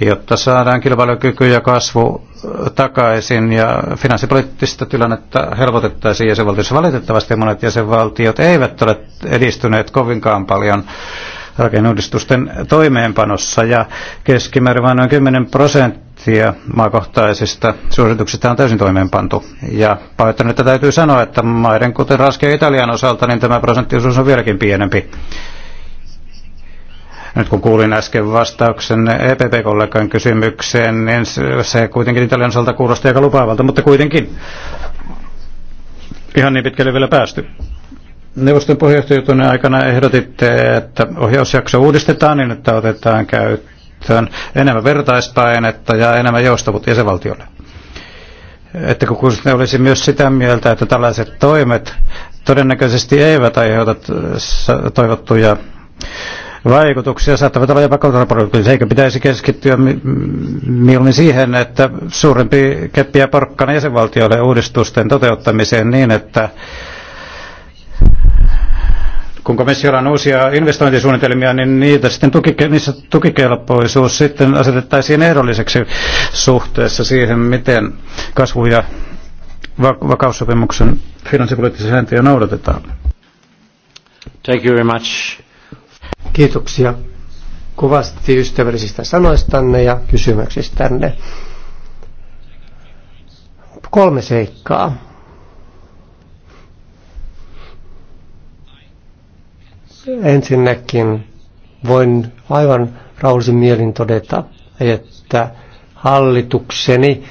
jotta saadaan kilpailukyky ja kasvu takaisin ja finanssipoliittista tilannetta helpotettaisiin jäsenvaltioissa. Valitettavasti monet jäsenvaltiot eivät ole edistyneet kovinkaan paljon rakenneuudistusten toimeenpanossa ja keskimäärin vain noin 10 prosenttia maakohtaisista suosituksista on täysin toimeenpantu. Ja pahoittelen, että täytyy sanoa, että maiden kuten Ranskan ja Italian osalta, niin tämä prosenttiosuus on vieläkin pienempi. Nyt kun kuulin äsken vastauksen EPP-kollegan kysymykseen, niin se kuitenkin Italian osalta kuulosti aika lupaavalta, mutta kuitenkin ihan niin pitkälle vielä päästy. Neuvoston puheenjohtajuuden aikana ehdotitte, että ohjausjakso uudistetaan niin, että otetaan käyttöön enemmän vertaispainetta ja enemmän joustavuutta jäsenvaltiolle. Että kun ne olisi myös sitä mieltä, että tällaiset toimet todennäköisesti eivät aiheuta toivottuja vaikutuksia saattavat olla jopa kontraproduktiivisia, eikä pitäisi keskittyä mieluummin siihen, että suurempi keppi ja porkkana jäsenvaltioille uudistusten toteuttamiseen niin, että kun komissiolla on uusia investointisuunnitelmia, niin niitä sitten tukike- niissä tukikelpoisuus sitten asetettaisiin ehdolliseksi suhteessa siihen, miten kasvu- ja vakaussopimuksen finanssipoliittisia sääntöjä noudatetaan. Thank you very much. Kiitoksia kovasti ystävällisistä sanoistanne ja kysymyksistänne. Kolme seikkaa. Ensinnäkin voin aivan rauhallisin mielin todeta, että hallitukseni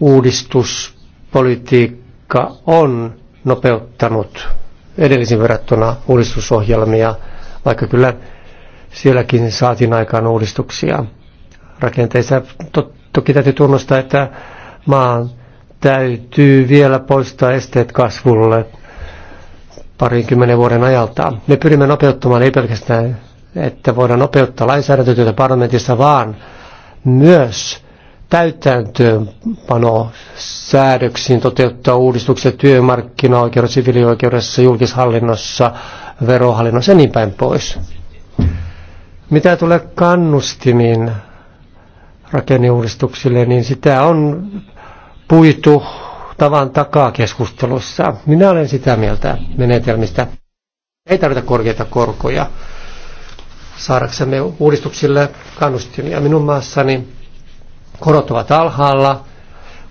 uudistuspolitiikka on nopeuttanut edellisin verrattuna uudistusohjelmia – vaikka kyllä sielläkin saatiin aikaan uudistuksia rakenteissa. To, toki täytyy tunnustaa, että maan täytyy vielä poistaa esteet kasvulle parinkymmenen vuoden ajalta. Me pyrimme nopeuttamaan ei pelkästään, että voidaan nopeuttaa lainsäädäntötyötä parlamentissa, vaan myös täytäntöönpano säädöksiin toteuttaa uudistuksia työmarkkinaoikeudessa, siviilioikeudessa, julkishallinnossa, verohallinnossa ja niin päin pois. Mitä tulee kannustimiin rakenneuudistuksille, niin sitä on puitu tavan takaa keskustelussa. Minä olen sitä mieltä menetelmistä. Ei tarvita korkeita korkoja saadaksemme uudistuksille kannustimia. Minun maassani korot ovat alhaalla.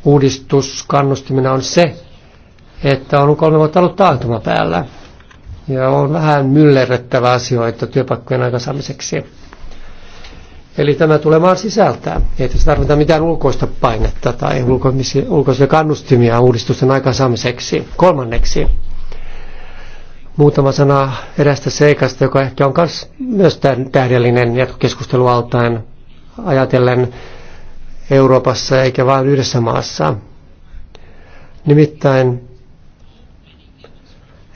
Uudistuskannustimena on se, että on kolme vuotta ollut taantuma päällä. Ja on vähän myllerrettävä asioita työpaikkojen aikaansaamiseksi. Eli tämä tulemaan sisältää. Ei tässä tarvita mitään ulkoista painetta tai ulkoisia kannustimia uudistusten aikaansaamiseksi. Kolmanneksi, muutama sana erästä seikasta, joka ehkä on myös tähdellinen jatkokeskustelualtaan ajatellen Euroopassa eikä vain yhdessä maassa. Nimittäin,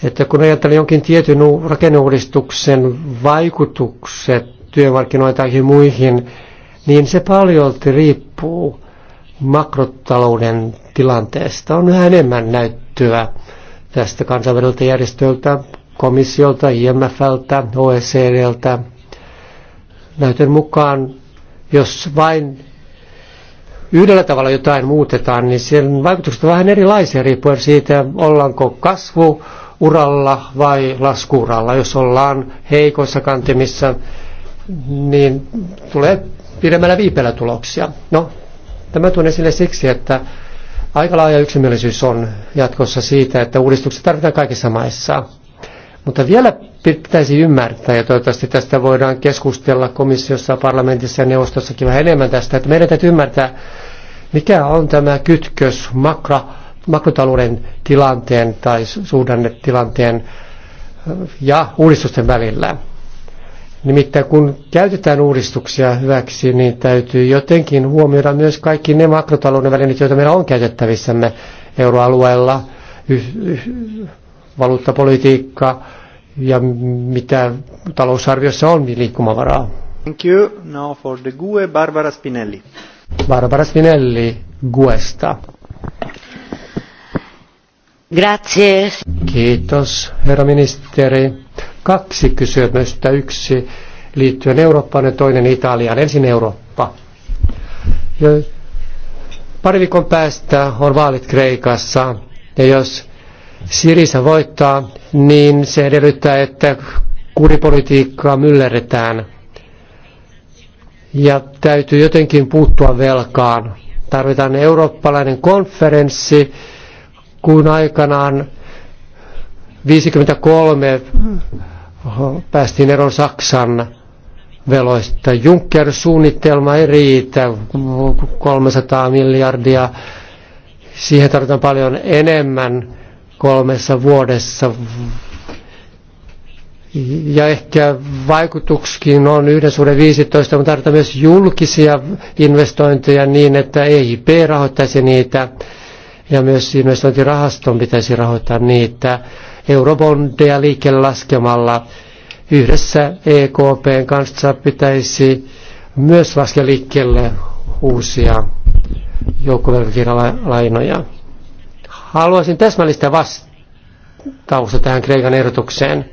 että kun ajattelee jonkin tietyn rakenneuudistuksen vaikutukset työmarkkinoita tai muihin, niin se paljolti riippuu makrotalouden tilanteesta. On yhä enemmän näyttöä tästä kansainväliseltä järjestöltä, komissiolta, IMFltä, OECDltä. Näytön mukaan, jos vain yhdellä tavalla jotain muutetaan, niin sen vaikutukset vähän erilaisia riippuen siitä, ollaanko kasvu uralla vai laskuuralla. Jos ollaan heikoissa kantimissa, niin tulee pidemmällä viipellä tuloksia. No, tämä tuon esille siksi, että aika laaja yksimielisyys on jatkossa siitä, että uudistukset tarvitaan kaikissa maissa. Mutta vielä pitäisi ymmärtää, ja toivottavasti tästä voidaan keskustella komissiossa, parlamentissa ja neuvostossakin vähän enemmän tästä, että meidän täytyy ymmärtää, mikä on tämä kytkös makro, makrotalouden tilanteen tai suhdannetilanteen äh, ja uudistusten välillä. Nimittäin kun käytetään uudistuksia hyväksi, niin täytyy jotenkin huomioida myös kaikki ne makrotalouden välineet, joita meillä on käytettävissämme euroalueella, valuuttapolitiikka ja mitä talousarviossa on niin liikkumavaraa. Thank you. Now for the GUE, Barbara Spinelli. Barbara Spinelli, GUEsta. Grazie. Kiitos, herra ministeri. Kaksi kysymystä. Yksi liittyen Eurooppaan ja toinen Italiaan. Ensin Eurooppa. pari viikon päästä on vaalit Kreikassa. Ja jos Sirisa voittaa, niin se edellyttää, että kuripolitiikkaa myllerretään. Ja täytyy jotenkin puuttua velkaan. Tarvitaan eurooppalainen konferenssi, kun aikanaan 53 päästiin eroon Saksan veloista. Juncker-suunnitelma ei riitä, 300 miljardia. Siihen tarvitaan paljon enemmän kolmessa vuodessa. Ja ehkä vaikutuksikin on yhden suuren 15, mutta tarvitaan myös julkisia investointeja niin, että EIP rahoittaisi niitä ja myös investointirahaston pitäisi rahoittaa niitä eurobondeja liikkeelle laskemalla. Yhdessä EKPn kanssa pitäisi myös laskea liikkeelle uusia joukkovelkakirjalainoja. Haluaisin täsmällistä vastausta tähän Kreikan ehdotukseen.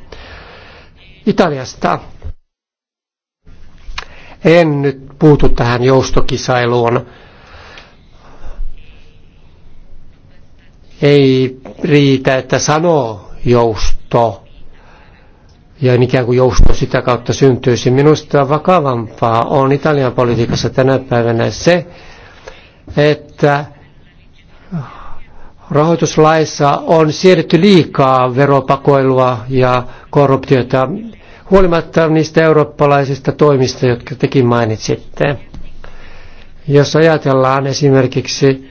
Italiasta. En nyt puutu tähän joustokisailuun. Ei riitä, että sanoo jousto ja ikään kuin jousto sitä kautta syntyisi. Minusta vakavampaa on Italian politiikassa tänä päivänä se, että rahoituslaissa on siedetty liikaa veropakoilua ja korruptiota, huolimatta niistä eurooppalaisista toimista, jotka tekin mainitsitte. Jos ajatellaan esimerkiksi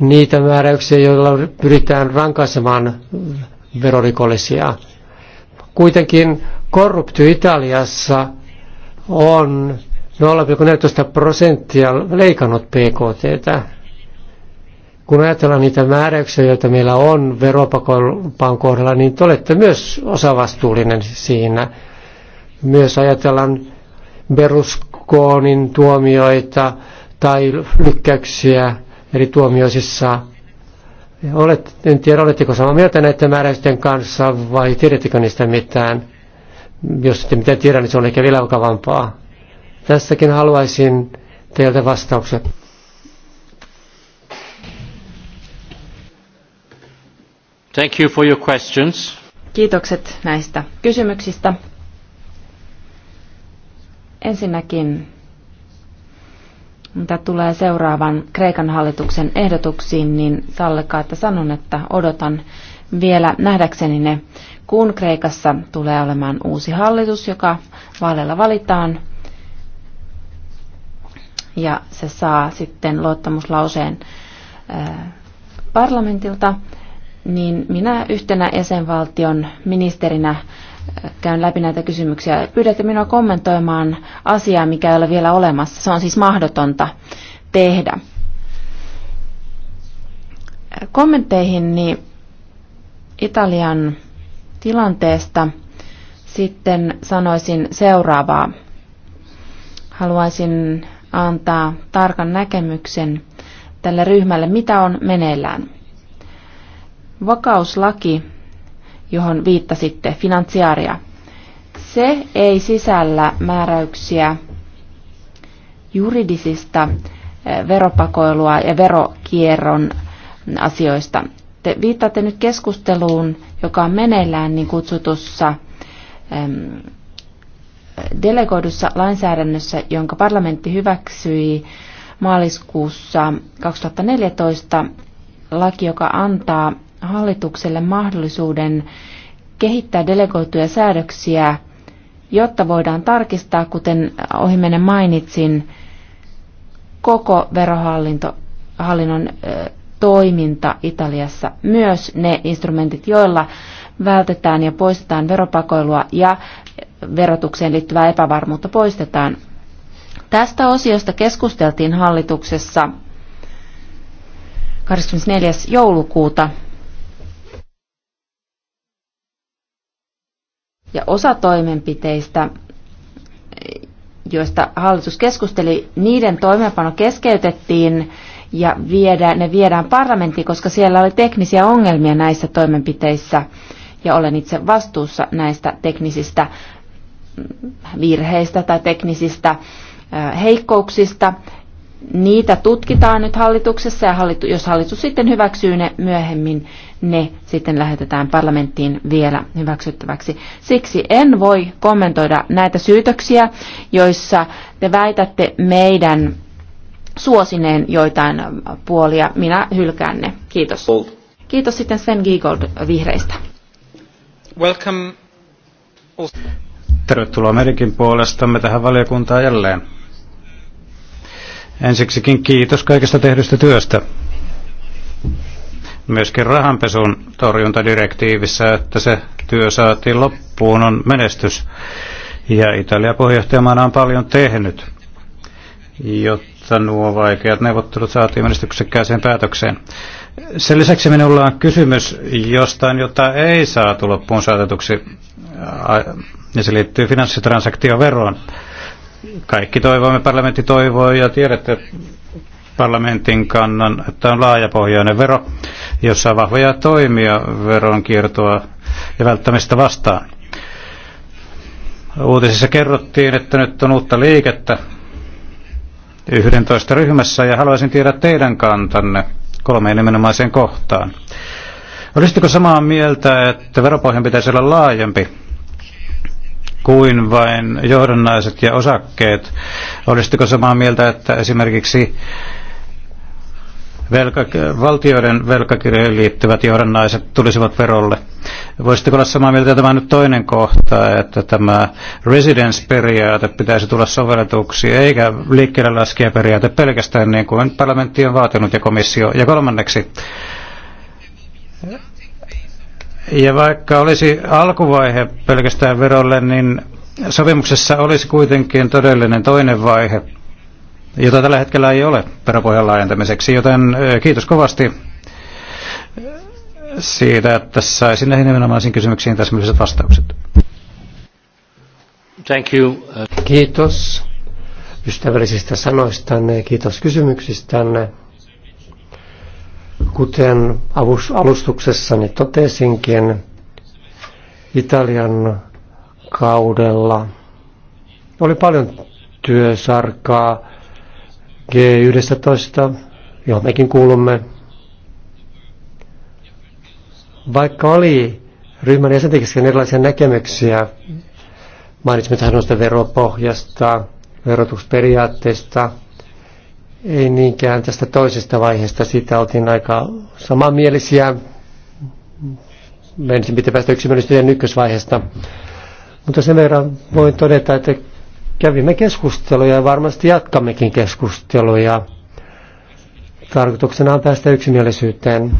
niitä määräyksiä, joilla pyritään rankaisemaan verorikollisia. Kuitenkin korruptio Italiassa on 0,14 prosenttia leikannut PKTtä kun ajatellaan niitä määräyksiä, joita meillä on veropakopan kohdalla, niin te olette myös osavastuullinen siinä. Myös ajatellaan Beruskoonin tuomioita tai lykkäyksiä eri tuomioisissa. Olet, en tiedä, oletteko samaa mieltä näiden määräysten kanssa vai tiedättekö niistä mitään? Jos ette mitään tiedä, niin se on ehkä vielä vakavampaa. Tässäkin haluaisin teiltä vastauksia. Thank you for your questions. Kiitokset näistä kysymyksistä. Ensinnäkin, mitä tulee seuraavan Kreikan hallituksen ehdotuksiin, niin sallikaa, että sanon, että odotan vielä nähdäkseni ne, kun Kreikassa tulee olemaan uusi hallitus, joka vaaleilla valitaan, ja se saa sitten luottamuslauseen parlamentilta niin minä yhtenä jäsenvaltion ministerinä äh, käyn läpi näitä kysymyksiä. Pyydätte minua kommentoimaan asiaa, mikä ei ole vielä olemassa. Se on siis mahdotonta tehdä. Kommentteihin niin Italian tilanteesta sitten sanoisin seuraavaa. Haluaisin antaa tarkan näkemyksen tälle ryhmälle, mitä on meneillään. Vakauslaki, johon viittasitte, finanssiaria, se ei sisällä määräyksiä juridisista eh, veropakoilua ja verokierron asioista. Te viittaatte nyt keskusteluun, joka on meneillään niin kutsutussa delegoidussa lainsäädännössä, jonka parlamentti hyväksyi maaliskuussa 2014 laki, joka antaa hallitukselle mahdollisuuden kehittää delegoituja säädöksiä, jotta voidaan tarkistaa, kuten ohimenen mainitsin, koko verohallinnon toiminta Italiassa, myös ne instrumentit, joilla vältetään ja poistetaan veropakoilua ja verotukseen liittyvää epävarmuutta poistetaan. Tästä osiosta keskusteltiin hallituksessa 24. joulukuuta Ja osa toimenpiteistä, joista hallitus keskusteli, niiden toimeenpano keskeytettiin ja viedä, ne viedään parlamenttiin, koska siellä oli teknisiä ongelmia näissä toimenpiteissä. Ja olen itse vastuussa näistä teknisistä virheistä tai teknisistä heikkouksista. Niitä tutkitaan nyt hallituksessa ja hallitu, jos hallitus sitten hyväksyy ne myöhemmin, ne sitten lähetetään parlamenttiin vielä hyväksyttäväksi. Siksi en voi kommentoida näitä syytöksiä, joissa te väitätte meidän suosineen joitain puolia. Minä hylkään ne. Kiitos. Kiitos sitten Sven Giegold vihreistä. Welcome. Tervetuloa Merikin puolestamme tähän valiokuntaan jälleen. Ensiksikin kiitos kaikesta tehdystä työstä myöskin rahanpesun torjuntadirektiivissä, että se työ saatiin loppuun, on menestys. Ja Italia puheenjohtajamaana on paljon tehnyt, jotta nuo vaikeat neuvottelut saatiin menestyksekkääseen päätökseen. Sen lisäksi minulla on kysymys jostain, jota ei saatu loppuun saatetuksi, ja se liittyy finanssitransaktioveroon. Kaikki toivoimme, parlamentti toivoo ja tiedätte, parlamentin kannan, että on laajapohjainen vero, jossa on vahvoja toimia veronkiertoa ja välttämistä vastaan. Uutisissa kerrottiin, että nyt on uutta liikettä 11 ryhmässä ja haluaisin tietää teidän kantanne kolmeen nimenomaiseen kohtaan. Olisitko samaa mieltä, että veropohjan pitäisi olla laajempi kuin vain johdannaiset ja osakkeet? Olisitko samaa mieltä, että esimerkiksi velka, valtioiden velkakirjoihin liittyvät johdannaiset tulisivat verolle. Voisitteko olla samaa mieltä tämä nyt toinen kohta, että tämä residence-periaate pitäisi tulla sovelletuksi, eikä liikkeelle periaate pelkästään niin kuin parlamentti on vaatinut ja komissio. Ja kolmanneksi, ja vaikka olisi alkuvaihe pelkästään verolle, niin sopimuksessa olisi kuitenkin todellinen toinen vaihe, jota tällä hetkellä ei ole peräpohjan laajentamiseksi, joten kiitos kovasti siitä, että saisin näihin nimenomaisiin kysymyksiin täsmälliset vastaukset. Thank you. Kiitos ystävällisistä sanoistanne ja kiitos kysymyksistänne. Kuten alustuksessani totesinkin, Italian kaudella oli paljon työsarkaa G11, johon mekin kuulumme. Vaikka oli ryhmän jäsenten kesken erilaisia näkemyksiä, mainitsimme tähän noista veropohjasta, verotusperiaatteista, ei niinkään tästä toisesta vaiheesta, siitä oltiin aika samanmielisiä. Mä ensin pitää päästä yksimielisyyteen ykkösvaiheesta. Mutta sen verran voin todeta, että Kävimme keskusteluja ja varmasti jatkammekin keskusteluja. Tarkoituksena on päästä yksimielisyyteen.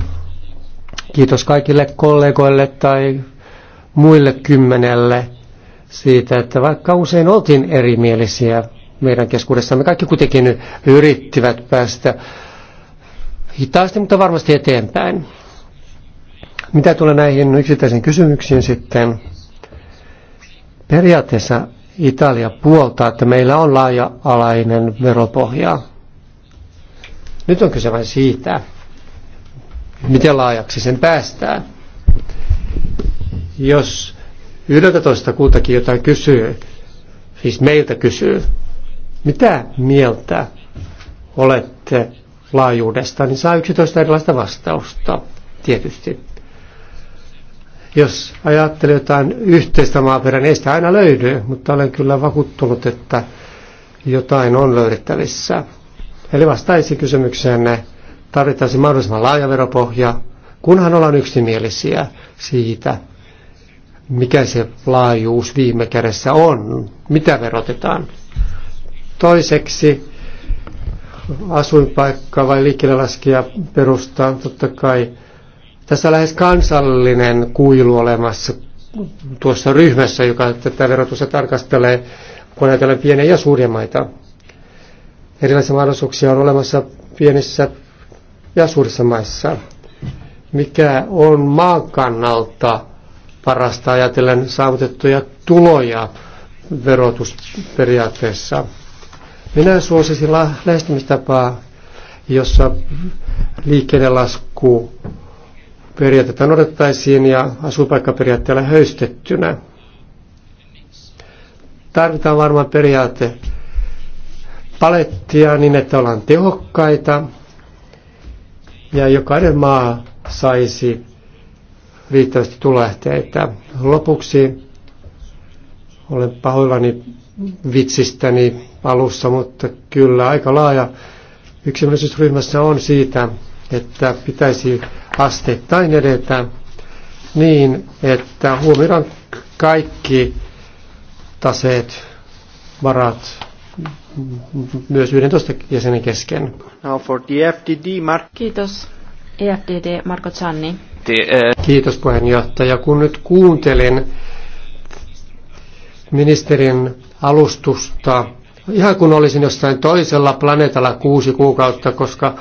Kiitos kaikille kollegoille tai muille kymmenelle siitä, että vaikka usein oltiin erimielisiä meidän keskuudessamme, kaikki kuitenkin yrittivät päästä hitaasti, mutta varmasti eteenpäin. Mitä tulee näihin yksittäisiin kysymyksiin sitten, periaatteessa Italia puoltaa, että meillä on laaja-alainen veropohja. Nyt on kyse vain siitä, miten laajaksi sen päästään. Jos 11 kultakin jotain kysyy, siis meiltä kysyy, mitä mieltä olette laajuudesta, niin saa 11 erilaista vastausta, tietysti. Jos ajattelee jotain yhteistä maaperää, niin sitä aina löydy, mutta olen kyllä vakuuttunut, että jotain on löydettävissä. Eli vastaisi kysymykseenne, tarvittaisiin mahdollisimman laaja veropohja, kunhan ollaan yksimielisiä siitä, mikä se laajuus viime kädessä on, mitä verotetaan. Toiseksi asuinpaikka vai liikkeelle laskija perustaa totta kai tässä on lähes kansallinen kuilu olemassa tuossa ryhmässä, joka tätä verotusta tarkastelee, kun ajatellaan pieniä ja suuria maita. Erilaisia mahdollisuuksia on olemassa pienissä ja suurissa maissa. Mikä on maan kannalta parasta ajatellen saavutettuja tuloja verotusperiaatteessa? Minä suosisin lähestymistapaa, jossa liikennelasku lasku periaatetta noudattaisiin ja asuinpaikkaperiaatteella höystettynä. Tarvitaan varmaan periaate palettia niin, että ollaan tehokkaita ja jokainen maa saisi riittävästi tulehteita. Lopuksi olen pahoillani vitsistäni alussa, mutta kyllä aika laaja yksimielisyysryhmässä on siitä, että pitäisi asteittain edetä niin, että huomioidaan kaikki taseet, varat, myös 11 jäsenen kesken. Now for the FDD, Mark. Kiitos. EFDD Marko Zanni. Uh, Kiitos puheenjohtaja. Kun nyt kuuntelin ministerin alustusta, ihan kun olisin jossain toisella planeetalla kuusi kuukautta, koska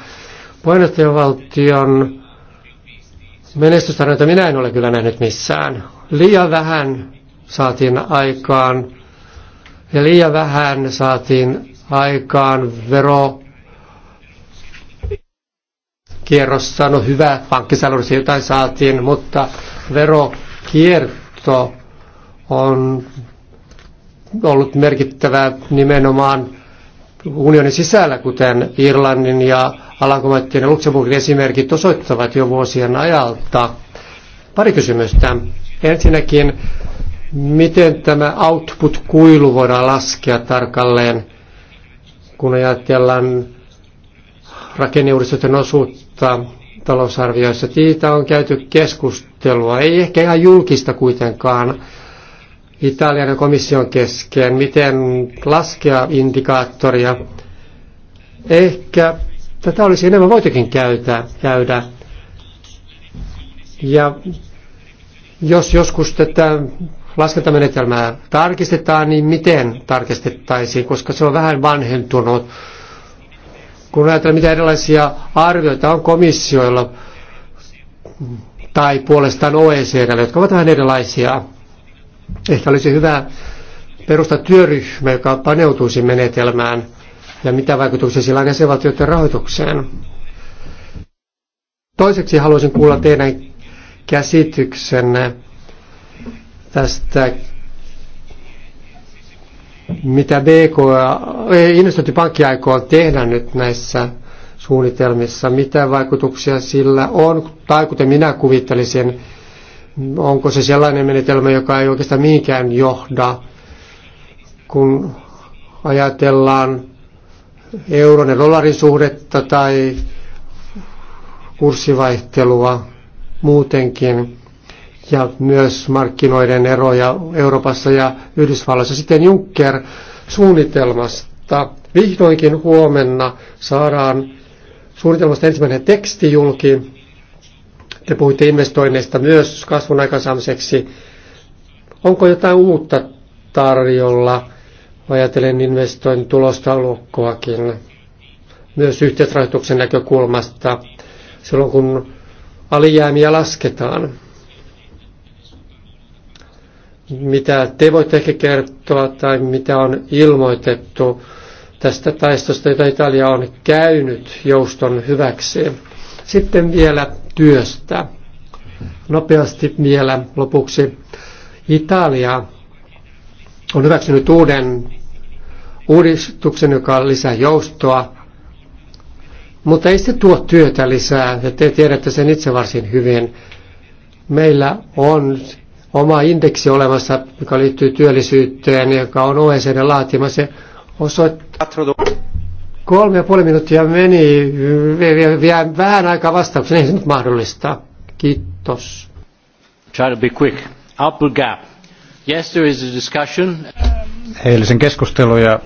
puheenjohtajavaltion Menestystarinoita minä en ole kyllä nähnyt missään. Liian vähän saatiin aikaan ja liian vähän saatiin aikaan vero kierrossa, no hyvä, pankkisalurissa jotain saatiin, mutta verokierto on ollut merkittävä nimenomaan unionin sisällä, kuten Irlannin ja Alankomaiden ja Luxemburgin esimerkit osoittavat jo vuosien ajalta. Pari kysymystä. Ensinnäkin, miten tämä output-kuilu voidaan laskea tarkalleen, kun ajatellaan rakenneuudistusten osuutta talousarvioissa. Siitä on käyty keskustelua, ei ehkä ihan julkista kuitenkaan, Italian ja komission kesken, miten laskea indikaattoria. Ehkä tätä olisi enemmän voitakin käytä, käydä. Ja jos joskus tätä laskentamenetelmää tarkistetaan, niin miten tarkistettaisiin, koska se on vähän vanhentunut. Kun ajatellaan, mitä erilaisia arvioita on komissioilla tai puolestaan OECD, jotka ovat vähän erilaisia. Ehkä olisi hyvä perustaa työryhmä, joka paneutuisi menetelmään ja mitä vaikutuksia sillä on jäsenvaltioiden rahoitukseen. Toiseksi haluaisin kuulla teidän käsityksenne tästä, mitä BK, e, investointipankki aikoo tehdä nyt näissä suunnitelmissa, mitä vaikutuksia sillä on, tai kuten minä kuvittelisin, onko se sellainen menetelmä, joka ei oikeastaan mihinkään johda, kun ajatellaan euron ja dollarin suhdetta tai kurssivaihtelua muutenkin ja myös markkinoiden eroja Euroopassa ja Yhdysvalloissa. Sitten Juncker suunnitelmasta. Vihdoinkin huomenna saadaan suunnitelmasta ensimmäinen teksti julki te puhuitte investoinneista myös kasvun aikaansaamiseksi. Onko jotain uutta tarjolla? Ajatellen investoinnin tulostaulukkoakin myös yhteisrahoituksen näkökulmasta silloin, kun alijäämiä lasketaan. Mitä te voitte ehkä kertoa tai mitä on ilmoitettu tästä taistosta, jota Italia on käynyt jouston hyväksi. Sitten vielä työstä. Nopeasti vielä lopuksi. Italia on hyväksynyt uuden uudistuksen, joka lisää joustoa, mutta ei se tuo työtä lisää, ja te tiedätte sen itse varsin hyvin. Meillä on oma indeksi olemassa, joka liittyy työllisyyteen, joka on OECD laatima. Se osoittaa Kolme ja puoli minuuttia meni, vielä vähän aikaa vastauksen, ei se nyt mahdollista. Kiitos. Try to be quick. Output gap. Yes, there is a discussion. Eilisen keskusteluja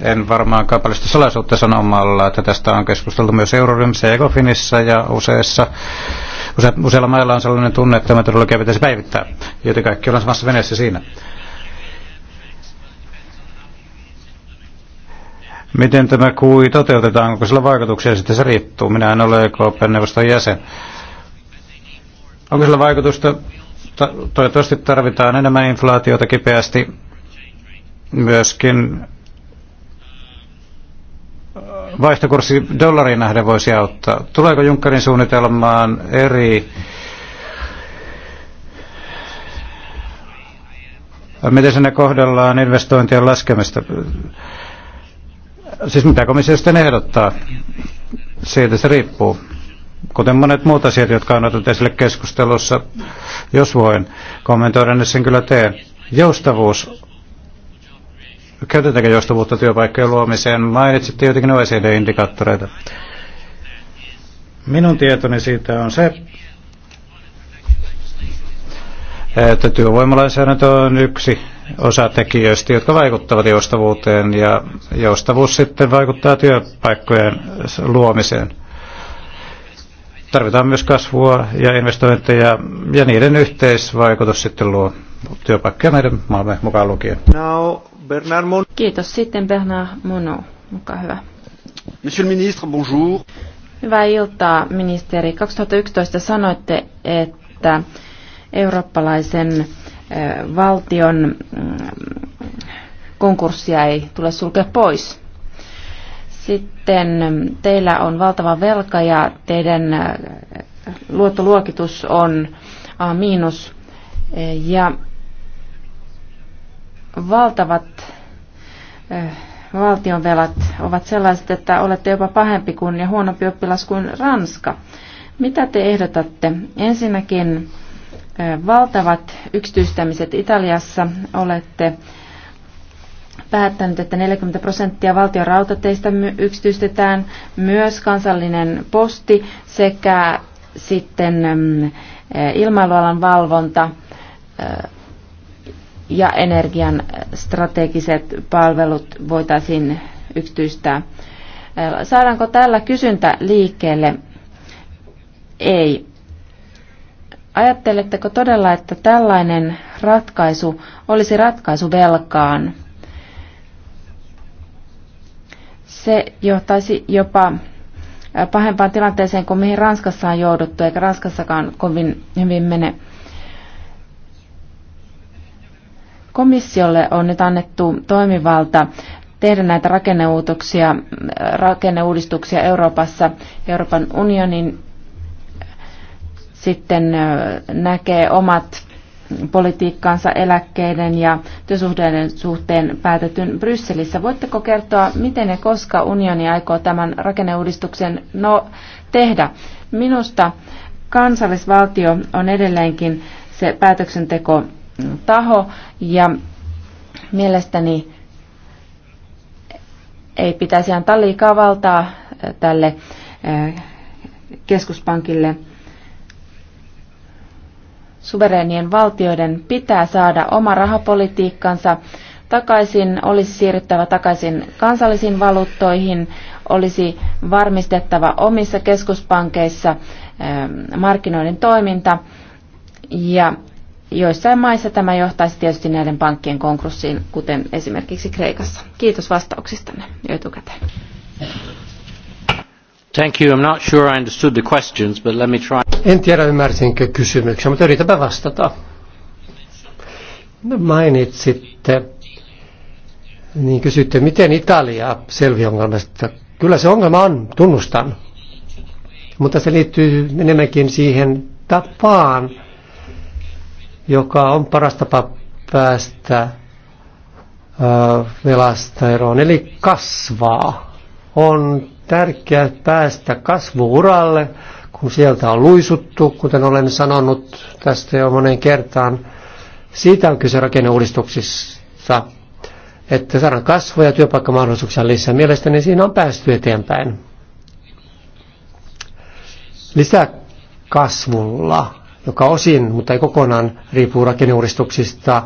en varmaan kaupallista salaisuutta sanomalla, että tästä on keskusteltu myös Euroryhmissä ja Ecofinissa ja useissa, use, useilla mailla on sellainen tunne, että todellakin pitäisi päivittää, joten kaikki ollaan samassa veneessä siinä. Miten tämä kui toteutetaan, onko sillä vaikutuksia, sitten se riittuu. Minä en ole EKP-neuvoston jäsen. Onko sillä vaikutusta? Toivottavasti tarvitaan enemmän inflaatiota kipeästi myöskin äh, vaihtokurssi dollariin nähden voisi auttaa. Tuleeko Junckerin suunnitelmaan eri äh, Miten sinne kohdellaan investointien laskemista? Siis mitä komissio sitten ehdottaa? Siitä se riippuu. Kuten monet muut asiat, jotka on otettu esille keskustelussa, jos voin kommentoida, niin sen kyllä teen. Joustavuus. Käytetäänkö joustavuutta työpaikkojen luomiseen? Mainitsitte jotenkin OECD-indikaattoreita. Minun tietoni siitä on se, että työvoimalainsäädäntö on yksi tekijöistä, jotka vaikuttavat joustavuuteen ja joustavuus sitten vaikuttaa työpaikkojen luomiseen. Tarvitaan myös kasvua ja investointeja ja niiden yhteisvaikutus sitten luo työpaikkoja meidän maamme mukaan lukien. Now, Bernard Mon- Kiitos. Sitten Bernard Mono. Mukaan hyvä. Monsieur le ministre, bonjour. Hyvää iltaa, ministeri. 2011 sanoitte, että eurooppalaisen valtion mm, konkurssia ei tule sulkea pois. Sitten mm, teillä on valtava velka ja teidän luottoluokitus on A-. E, ja valtavat valtionvelat ovat sellaiset, että olette jopa pahempi kuin ja huonompi oppilas kuin Ranska. Mitä te ehdotatte? Ensinnäkin valtavat yksityistämiset Italiassa. Olette päättänyt, että 40 prosenttia valtion rautateistä yksityistetään, myös kansallinen posti sekä sitten ilmailualan valvonta ja energian strategiset palvelut voitaisiin yksityistää. Saadaanko tällä kysyntä liikkeelle? Ei. Ajatteletteko todella, että tällainen ratkaisu olisi ratkaisu velkaan? Se johtaisi jopa pahempaan tilanteeseen kuin mihin Ranskassa on jouduttu, eikä Ranskassakaan kovin hyvin mene. Komissiolle on nyt annettu toimivalta tehdä näitä rakenneuudistuksia, Euroopassa, Euroopan unionin sitten näkee omat politiikkaansa eläkkeiden ja työsuhteiden suhteen päätetyn Brysselissä. Voitteko kertoa, miten ja koska unioni aikoo tämän rakenneuudistuksen no, tehdä? Minusta kansallisvaltio on edelleenkin se päätöksenteko taho ja mielestäni ei pitäisi antaa liikaa valtaa tälle keskuspankille suvereenien valtioiden pitää saada oma rahapolitiikkansa takaisin, olisi siirryttävä takaisin kansallisiin valuuttoihin, olisi varmistettava omissa keskuspankeissa ähm, markkinoiden toiminta ja joissain maissa tämä johtaisi tietysti näiden pankkien konkurssiin, kuten esimerkiksi Kreikassa. Kiitos vastauksistanne jo etukäteen. Thank you. I'm not sure I understood the questions, but let me try. En tiedä ymmärsinkö kysymyksiä, mutta yritäpä vastata. No, mainitsitte, niin kysytte, miten Italia selviää ongelmasta. Kyllä se ongelma on, tunnustan. Mutta se liittyy enemmänkin siihen tapaan, joka on paras tapa päästä velasta eroon, eli kasvaa. On tärkeää päästä kasvuuralle, kun sieltä on luisuttu, kuten olen sanonut tästä jo moneen kertaan. Siitä on kyse rakenneuudistuksissa, että saadaan kasvua ja työpaikkamahdollisuuksia lisää. Mielestäni siinä on päästy eteenpäin. Lisäkasvulla, joka osin, mutta ei kokonaan, riippuu rakenneuudistuksista,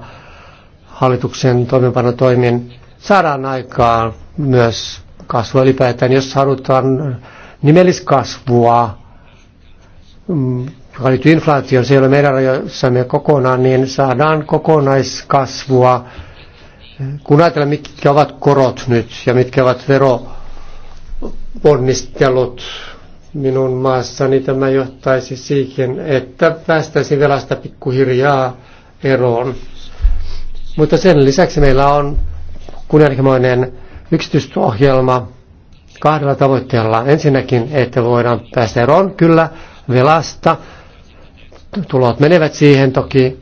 hallituksen toimeenpanotoimin, saadaan aikaan myös kasvua ylipäätään. Jos halutaan nimelliskasvua, mm, joka liittyy inflaatioon, se ei ole meidän rajoissamme kokonaan, niin saadaan kokonaiskasvua. Kun ajatellaan, mitkä ovat korot nyt ja mitkä ovat veroponnistelut minun maassani, tämä johtaisi siihen, että päästäisiin velasta pikkuhirjaa eroon. Mutta sen lisäksi meillä on kunnianhimoinen yksityisohjelma kahdella tavoitteella. Ensinnäkin, että voidaan päästä eroon kyllä velasta. Tulot menevät siihen toki,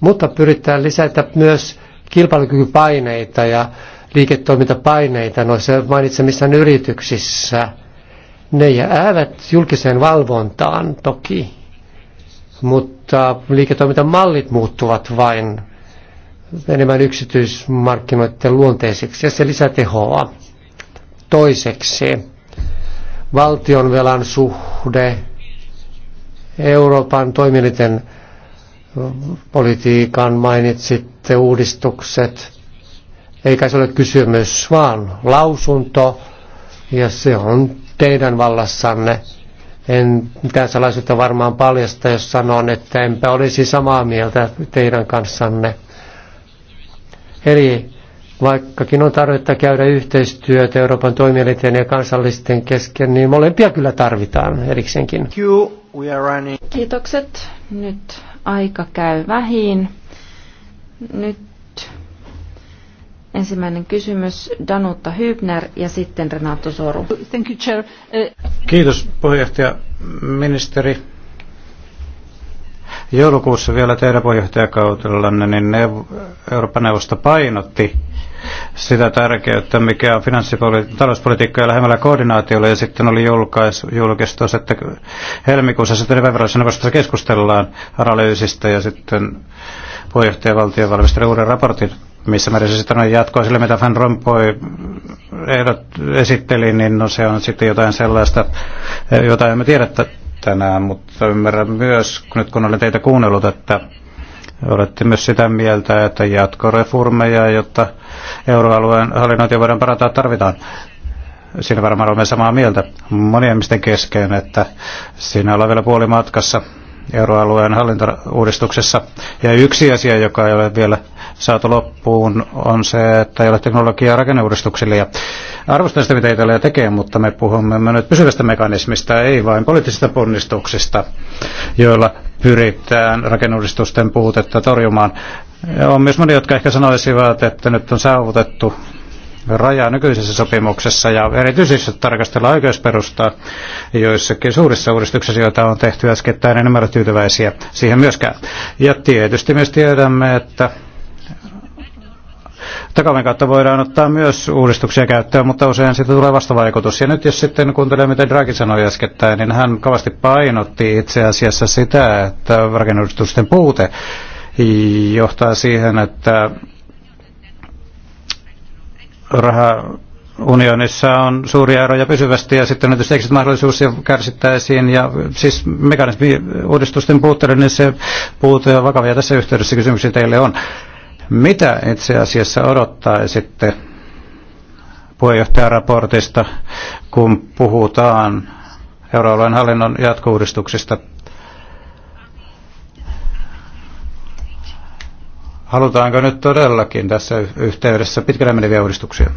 mutta pyritään lisätä myös kilpailukykypaineita ja liiketoimintapaineita noissa mainitsemissaan yrityksissä. Ne jäävät julkiseen valvontaan toki, mutta liiketoimintamallit muuttuvat vain enemmän yksityismarkkinoiden luonteiseksi ja se tehoa. Toiseksi valtionvelan suhde Euroopan toimielinten politiikan mainitsitte uudistukset. Eikä se ole kysymys, vaan lausunto, ja se on teidän vallassanne. En mitään salaisuutta varmaan paljasta, jos sanon, että enpä olisi samaa mieltä teidän kanssanne. Eli vaikkakin on tarvetta käydä yhteistyötä Euroopan toimielinten ja kansallisten kesken, niin molempia kyllä tarvitaan erikseenkin. Kiitokset. Nyt aika käy vähin. Nyt ensimmäinen kysymys Danutta Hübner ja sitten Renato Soru. Kiitos puheenjohtaja ministeri. Joulukuussa vielä teidän puheenjohtajakautellanne niin Euroopan neuvosto painotti sitä tärkeyttä, mikä on finanssipoli- talouspolitiikkaa lähemmällä koordinaatiolla, ja sitten oli julkaisu, julkistus, että helmikuussa sitten Väyväläisessä neuvostossa keskustellaan analyysistä, ja sitten puheenjohtajavaltio valmisteli uuden raportin, missä määrin se sitten on jatkoa sille, mitä Van Rompuy esitteli, niin no se on sitten jotain sellaista, jota emme tiedä, että tänään, mutta ymmärrän myös, nyt kun olen teitä kuunnellut, että olette myös sitä mieltä, että jatkoreformeja, jotta euroalueen hallinnointia voidaan parantaa, tarvitaan. Siinä varmaan olemme samaa mieltä monien misten kesken, että siinä ollaan vielä puoli matkassa euroalueen hallintauudistuksessa. Ja yksi asia, joka ei ole vielä saatu loppuun, on se, että ei ole teknologiaa rakenneuudistuksille. Ja arvostan sitä, mitä Italia tekee, mutta me puhumme me nyt pysyvästä mekanismista, ei vain poliittisista ponnistuksista, joilla pyritään rakenneuudistusten puutetta torjumaan. Ja on myös monia, jotka ehkä sanoisivat, että nyt on saavutettu raja nykyisessä sopimuksessa ja erityisesti tarkastella oikeusperustaa joissakin suurissa uudistuksissa, joita on tehty äskettäin, en ymmärrä tyytyväisiä siihen myöskään. Ja tietysti myös tiedämme, että takaven kautta voidaan ottaa myös uudistuksia käyttöön, mutta usein siitä tulee vastavaikutus. Ja nyt jos sitten kuuntelee, mitä Draghi sanoi äskettäin, niin hän kovasti painotti itse asiassa sitä, että rakennusten puute johtaa siihen, että rahaunionissa on suuria eroja pysyvästi ja sitten on tietysti mahdollisuus ja kärsittäisiin. Ja siis uudistusten puutteellinen niin se puute on vakavia tässä yhteydessä kysymyksiä teille on. Mitä itse asiassa odottaisitte puheenjohtajaraportista, kun puhutaan euroalueen hallinnon jatkouudistuksista? Halutaanko nyt todellakin tässä yhteydessä pitkälle meneviä uudistuksia?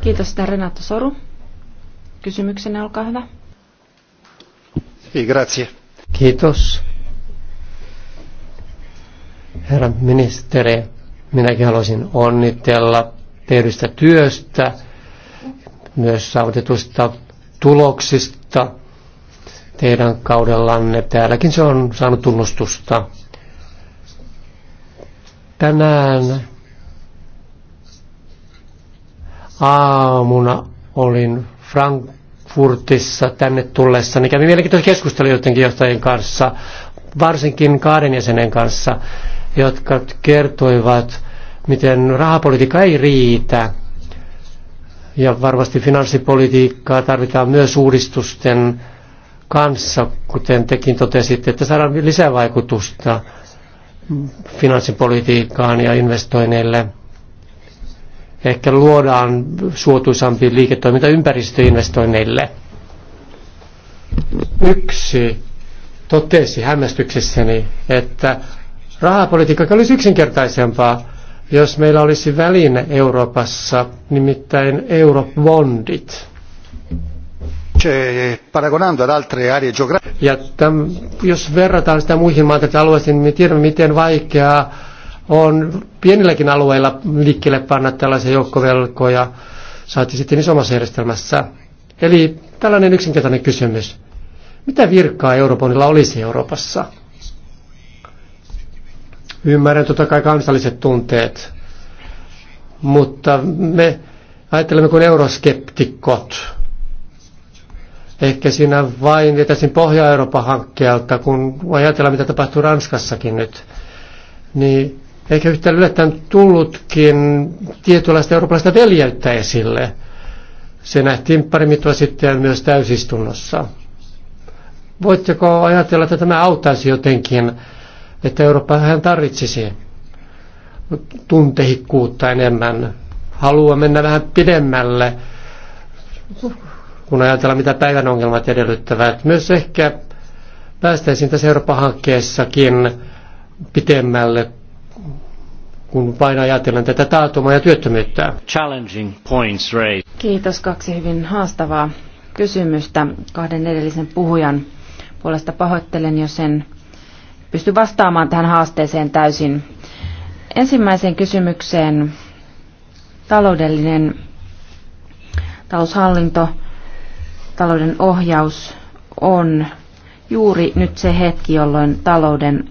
Kiitos, sitä Renato Soru. Kysymyksenä, olkaa hyvä. Grazie. Kiitos. Herra ministeri, minäkin haluaisin onnitella tehdystä työstä, myös saavutetusta tuloksista teidän kaudellanne. Täälläkin se on saanut tunnustusta. Tänään aamuna olin Frankfurtissa tänne tullessa, niin kävin mielenkiintoista keskustelua jotenkin johtajien kanssa, varsinkin kahden jäsenen kanssa, jotka kertoivat, miten rahapolitiikka ei riitä. Ja varmasti finanssipolitiikkaa tarvitaan myös uudistusten kanssa, kuten tekin totesitte, että saadaan lisävaikutusta finanssipolitiikkaan ja investoinneille. Ehkä luodaan suotuisampi liiketoiminta ympäristöinvestoinneille. Yksi totesi hämmästyksessäni, että rahapolitiikka olisi yksinkertaisempaa, jos meillä olisi väline Euroopassa, nimittäin eurobondit. Paragonando ad altre aree geografiche. Ja jos verrataan sitä muihin alueisiin, niin me tiedämme, miten vaikeaa on pienilläkin alueilla liikkeelle panna tällaisia joukkovelkoja, saati sitten isommassa järjestelmässä. Eli tällainen yksinkertainen kysymys. Mitä virkaa Euroopanilla olisi Euroopassa? Ymmärrän totta kai kansalliset tunteet, mutta me ajattelemme kuin euroskeptikot. Ehkä siinä vain vetäisin Pohja-Euroopan hankkeelta, kun ajatellaan mitä tapahtuu Ranskassakin nyt. Niin ehkä yhtä yllättäen tullutkin tietynlaista eurooppalaista veljeyttä esille. Se nähtiin pari mittoa sitten myös täysistunnossa. Voitteko ajatella, että tämä auttaisi jotenkin, että Eurooppa hän tarvitsisi tuntehikkuutta enemmän, halua mennä vähän pidemmälle kun ajatellaan mitä päivän ongelmat edellyttävät. Myös ehkä päästäisiin tässä Euroopan hankkeessakin pitemmälle, kun vain ajatellaan tätä taatumaa ja työttömyyttä. Challenging points, Ray. Kiitos kaksi hyvin haastavaa kysymystä kahden edellisen puhujan puolesta. Pahoittelen, jos en pysty vastaamaan tähän haasteeseen täysin. Ensimmäiseen kysymykseen taloudellinen taloushallinto – talouden ohjaus on juuri nyt se hetki, jolloin talouden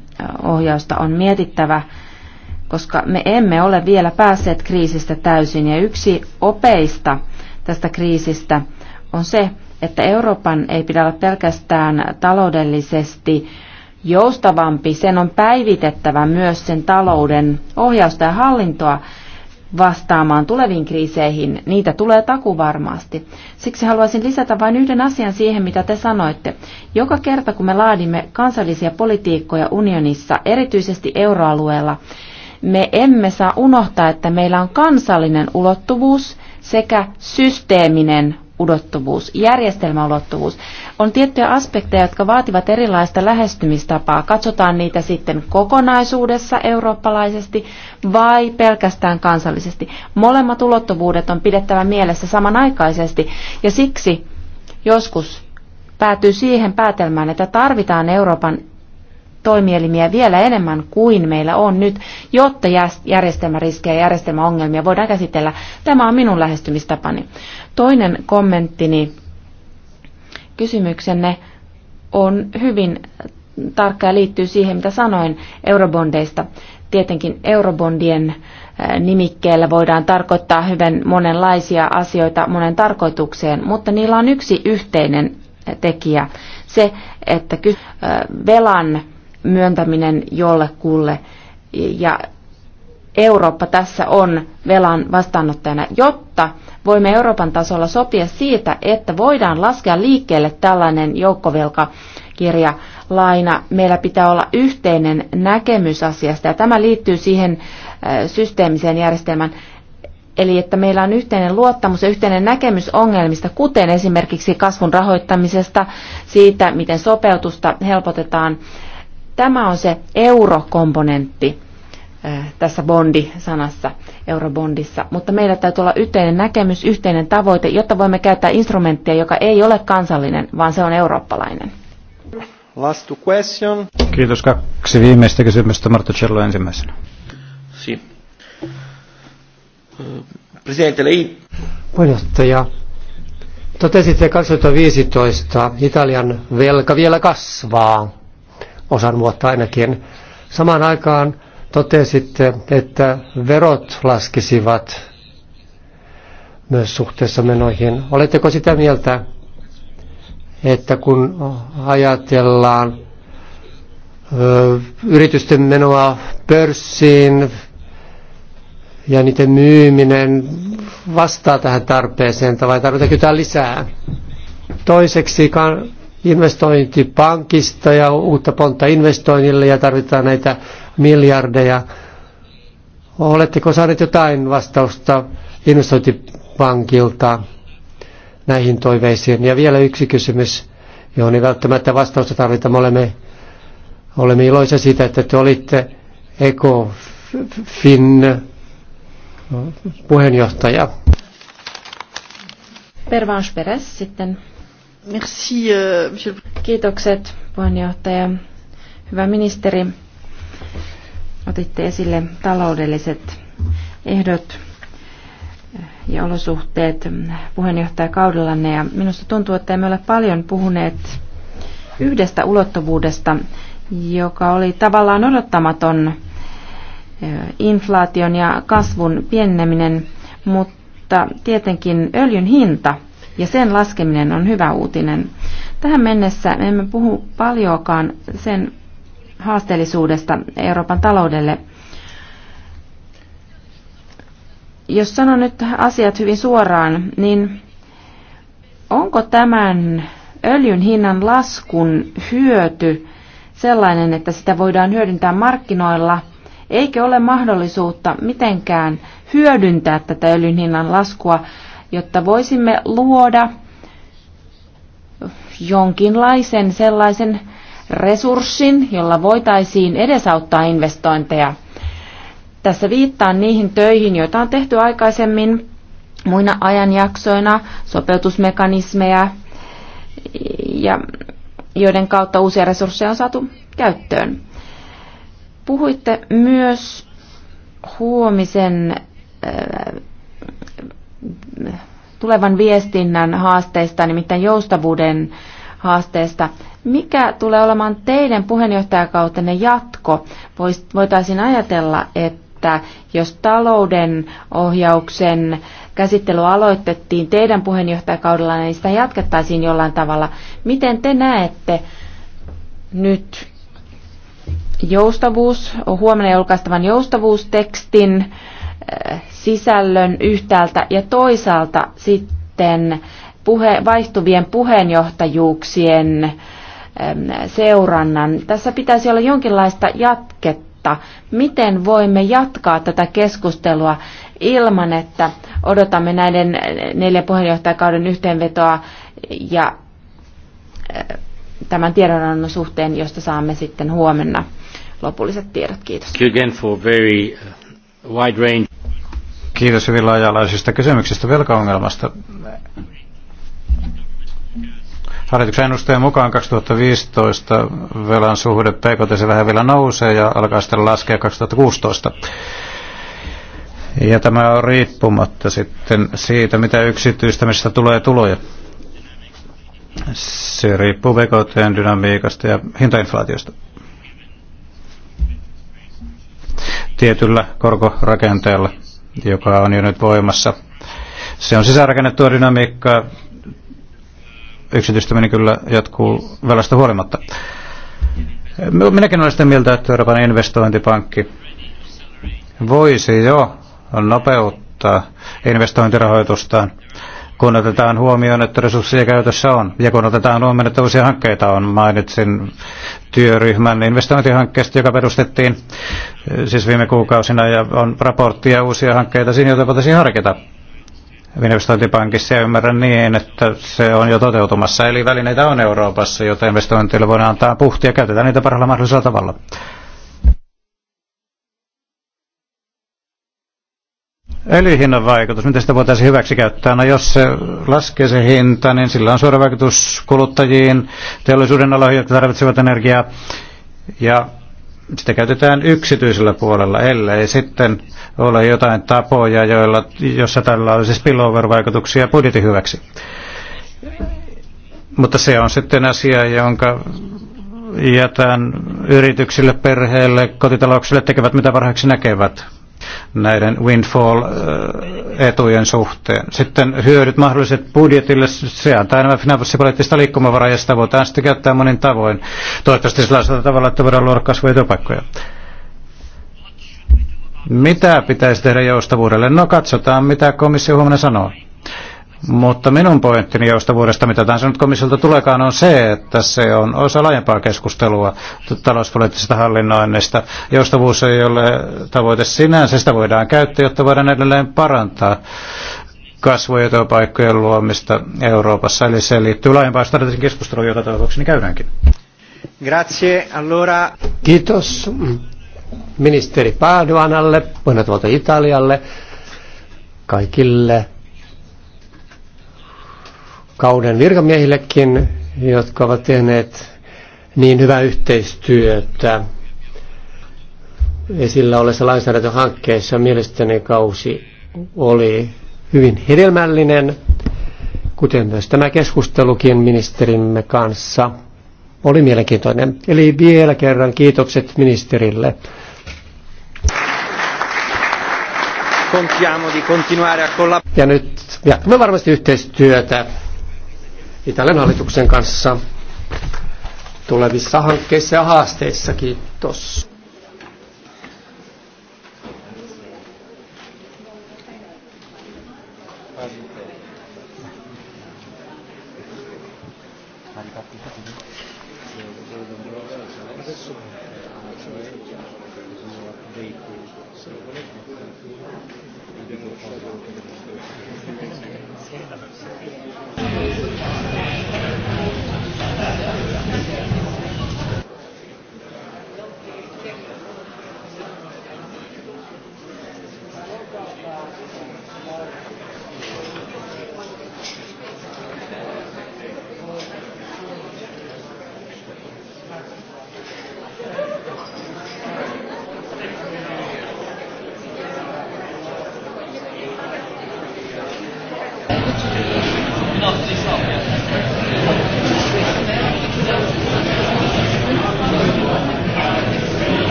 ohjausta on mietittävä, koska me emme ole vielä päässeet kriisistä täysin. Ja yksi opeista tästä kriisistä on se, että Euroopan ei pidä olla pelkästään taloudellisesti joustavampi, sen on päivitettävä myös sen talouden ohjausta ja hallintoa, vastaamaan tuleviin kriiseihin, niitä tulee varmasti. Siksi haluaisin lisätä vain yhden asian siihen, mitä te sanoitte. Joka kerta, kun me laadimme kansallisia politiikkoja unionissa, erityisesti euroalueella, me emme saa unohtaa, että meillä on kansallinen ulottuvuus sekä systeeminen ulottuvuus, järjestelmäulottuvuus. On tiettyjä aspekteja, jotka vaativat erilaista lähestymistapaa. Katsotaan niitä sitten kokonaisuudessa eurooppalaisesti vai pelkästään kansallisesti. Molemmat ulottuvuudet on pidettävä mielessä samanaikaisesti ja siksi joskus päätyy siihen päätelmään, että tarvitaan Euroopan toimielimiä vielä enemmän kuin meillä on nyt, jotta järjestelmäriskejä ja järjestelmäongelmia voidaan käsitellä. Tämä on minun lähestymistapani. Toinen kommenttini, kysymyksenne on hyvin tarkka ja liittyy siihen, mitä sanoin eurobondeista. Tietenkin eurobondien äh, nimikkeellä voidaan tarkoittaa hyvin monenlaisia asioita monen tarkoitukseen, mutta niillä on yksi yhteinen tekijä, se, että äh, velan myöntäminen jollekulle. Ja Eurooppa tässä on velan vastaanottajana, jotta voimme Euroopan tasolla sopia siitä, että voidaan laskea liikkeelle tällainen joukkovelkakirja laina. Meillä pitää olla yhteinen näkemys asiasta ja tämä liittyy siihen äh, systeemiseen järjestelmään. Eli että meillä on yhteinen luottamus ja yhteinen näkemys ongelmista, kuten esimerkiksi kasvun rahoittamisesta, siitä, miten sopeutusta helpotetaan Tämä on se eurokomponentti tässä bondi-sanassa, eurobondissa. Mutta meillä täytyy olla yhteinen näkemys, yhteinen tavoite, jotta voimme käyttää instrumenttia, joka ei ole kansallinen, vaan se on eurooppalainen. Last question. Kiitos. Kaksi viimeistä kysymystä. Marta Cello ensimmäisenä. Si. Presidente, lei... Puheenjohtaja, totesitte 2015 Italian velka vielä kasvaa osan vuotta ainakin. Samaan aikaan totesitte, että verot laskisivat myös suhteessa menoihin. Oletteko sitä mieltä, että kun ajatellaan ö, yritysten menoa pörssiin ja niiden myyminen vastaa tähän tarpeeseen, tai vai tarvitaanko jotain lisää? Toiseksi investointipankista ja uutta pontta investoinnille ja tarvitaan näitä miljardeja. Oletteko saaneet jotain vastausta investointipankilta näihin toiveisiin? Ja vielä yksi kysymys, johon ei välttämättä vastausta tarvita. Me olemme, olemme iloisia siitä, että te olitte ECOFIN puheenjohtaja. Pervans Peres sitten. Merci, euh, monsieur. Kiitokset puheenjohtaja. Hyvä ministeri, otitte esille taloudelliset ehdot ja olosuhteet puheenjohtajakaudellanne ja minusta tuntuu, että emme ole paljon puhuneet yhdestä ulottuvuudesta, joka oli tavallaan odottamaton inflaation ja kasvun pieneminen, mutta tietenkin öljyn hinta – ja sen laskeminen on hyvä uutinen. Tähän mennessä emme puhu paljoakaan sen haasteellisuudesta Euroopan taloudelle. Jos sanon nyt asiat hyvin suoraan, niin onko tämän öljyn hinnan laskun hyöty sellainen, että sitä voidaan hyödyntää markkinoilla, eikö ole mahdollisuutta mitenkään hyödyntää tätä öljyn hinnan laskua jotta voisimme luoda jonkinlaisen sellaisen resurssin, jolla voitaisiin edesauttaa investointeja. Tässä viittaan niihin töihin, joita on tehty aikaisemmin muina ajanjaksoina, sopeutusmekanismeja, ja joiden kautta uusia resursseja on saatu käyttöön. Puhuitte myös huomisen äh, tulevan viestinnän haasteista, nimittäin joustavuuden haasteesta. Mikä tulee olemaan teidän puheenjohtajakautenne jatko? Voitaisiin ajatella, että jos talouden ohjauksen käsittely aloitettiin teidän puheenjohtajakaudella, niin sitä jatkettaisiin jollain tavalla. Miten te näette nyt joustavuus, huomenna julkaistavan joustavuustekstin, Äh, sisällön yhtäältä ja toisaalta sitten puhe, vaihtuvien puheenjohtajuuksien ähm, seurannan. Tässä pitäisi olla jonkinlaista jatketta. Miten voimme jatkaa tätä keskustelua ilman, että odotamme näiden neljän puheenjohtajakauden yhteenvetoa ja äh, tämän tiedonannon suhteen, josta saamme sitten huomenna lopulliset tiedot. Kiitos. Uh, Kiitos hyvin laajalaisista kysymyksistä velkaongelmasta. Hallituksen ennusteen mukaan 2015 velan suhde PKT vähän vielä nousee ja alkaa sitten laskea 2016. Ja tämä on riippumatta sitten siitä, mitä yksityistämisestä tulee tuloja. Se riippuu BKTn dynamiikasta ja hintainflaatiosta. Tietyllä korkorakenteella joka on jo nyt voimassa. Se on sisäänrakennettua dynamiikkaa. Yksityistäminen kyllä jatkuu velasta huolimatta. Minäkin olen sitä mieltä, että Euroopan investointipankki voisi jo nopeuttaa investointirahoitustaan kun otetaan huomioon, että resursseja käytössä on, ja kun otetaan huomioon, että uusia hankkeita on, mainitsin työryhmän investointihankkeesta, joka perustettiin eh, siis viime kuukausina, ja on raporttia uusia hankkeita siinä, joita voitaisiin harkita investointipankissa, ja ymmärrän niin, että se on jo toteutumassa, eli välineitä on Euroopassa, joita investointeille voidaan antaa puhtia, käytetään niitä parhaalla mahdollisella tavalla. öljyhinnan vaikutus, miten sitä voitaisiin hyväksi käyttää? No jos se laskee se hinta, niin sillä on suora vaikutus kuluttajiin, teollisuuden aloihin, jotka tarvitsevat energiaa. Ja sitä käytetään yksityisellä puolella, ellei sitten ole jotain tapoja, joilla, jossa tällä olisi spillover-vaikutuksia budjetin hyväksi. Mutta se on sitten asia, jonka jätän yrityksille, perheille, kotitalouksille tekevät mitä parhaaksi näkevät näiden windfall-etujen äh, suhteen. Sitten hyödyt mahdolliset budjetille, se antaa enemmän finanssipoliittista liikkumavaraa ja sitä voidaan sitten käyttää monin tavoin. Toivottavasti sellaisella tavalla, että voidaan luoda kasvua työpaikkoja. Mitä pitäisi tehdä joustavuudelle? No katsotaan, mitä komissio huomenna sanoo. Mutta minun pointtini vuodesta, mitä tämän sanot komissiolta tulekaan, on se, että se on osa laajempaa keskustelua talouspoliittisesta hallinnoinnista. Joustavuus ei ole tavoite sinänsä, sitä voidaan käyttää, jotta voidaan edelleen parantaa kasvua ja työpaikkojen luomista Euroopassa. Eli se liittyy laajempaan strategisen keskusteluun, jota toivokseni käydäänkin. Grazie, allora... Kiitos ministeri Paduanalle, puheenjohtajalta Italialle, kaikille kauden virkamiehillekin, jotka ovat tehneet niin hyvää yhteistyötä esillä olleessa lainsäädäntöhankkeessa. Mielestäni kausi oli hyvin hedelmällinen, kuten myös tämä keskustelukin ministerimme kanssa oli mielenkiintoinen. Eli vielä kerran kiitokset ministerille. Ja nyt jatkamme varmasti yhteistyötä. Italian hallituksen kanssa tulevissa hankkeissa ja haasteissa. Kiitos.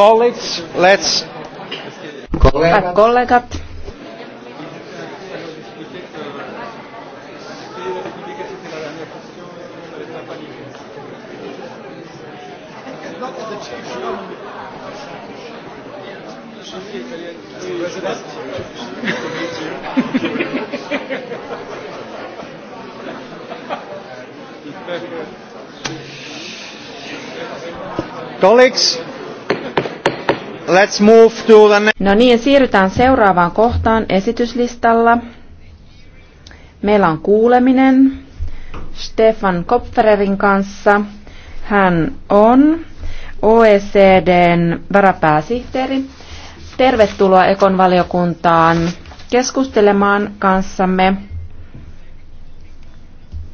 colleagues, let's... Kollegat. kollegat. Colleagues, Let's move to the... No niin, siirrytään seuraavaan kohtaan esityslistalla. Meillä on kuuleminen Stefan Kopfererin kanssa. Hän on OECDn varapääsihteeri. Tervetuloa Ekon valiokuntaan keskustelemaan kanssamme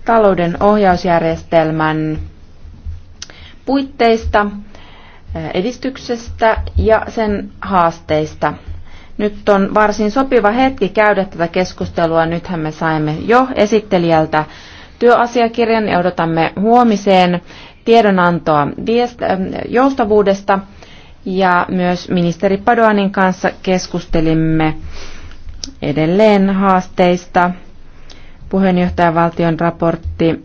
talouden ohjausjärjestelmän puitteista edistyksestä ja sen haasteista. Nyt on varsin sopiva hetki käydä tätä keskustelua. Nythän me saimme jo esittelijältä työasiakirjan ja odotamme huomiseen tiedonantoa joustavuudesta. Ja myös ministeri Padoanin kanssa keskustelimme edelleen haasteista. valtion raportti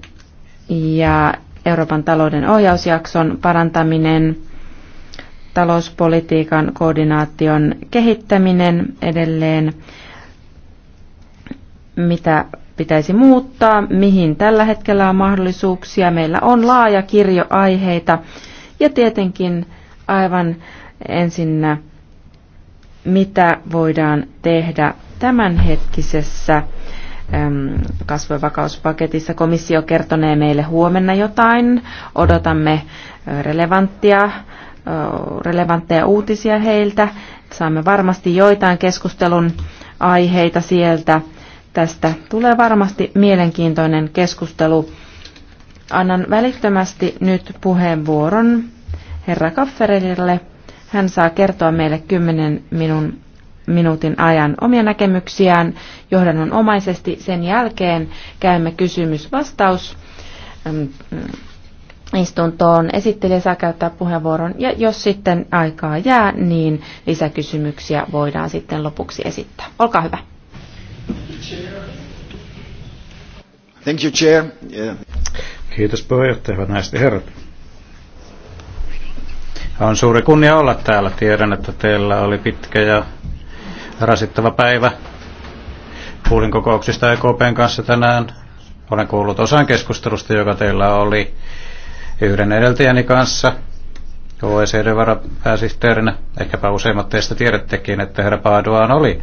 ja Euroopan talouden ohjausjakson parantaminen – talouspolitiikan koordinaation kehittäminen edelleen, mitä pitäisi muuttaa, mihin tällä hetkellä on mahdollisuuksia. Meillä on laaja kirjo aiheita ja tietenkin aivan ensinnä, mitä voidaan tehdä tämänhetkisessä kasvuvakauspaketissa. Komissio kertonee meille huomenna jotain. Odotamme relevanttia relevantteja uutisia heiltä. Saamme varmasti joitain keskustelun aiheita sieltä. Tästä tulee varmasti mielenkiintoinen keskustelu. Annan välittömästi nyt puheenvuoron herra Kafferille. Hän saa kertoa meille kymmenen minun, minuutin ajan omia näkemyksiään johdannon omaisesti. Sen jälkeen käymme kysymys-vastaus istuntoon. Esittelijä saa käyttää puheenvuoron ja jos sitten aikaa jää, niin lisäkysymyksiä voidaan sitten lopuksi esittää. Olkaa hyvä. Thank you, chair. Yeah. Kiitos puheenjohtaja, hyvät näistä herrat. On suuri kunnia olla täällä. Tiedän, että teillä oli pitkä ja rasittava päivä. Kuulin kokouksista EKPn kanssa tänään. Olen kuullut osan keskustelusta, joka teillä oli yhden edeltäjäni kanssa OECD-varapääsihteerinä. Ehkäpä useimmat teistä tiedättekin, että herra Paaduaan oli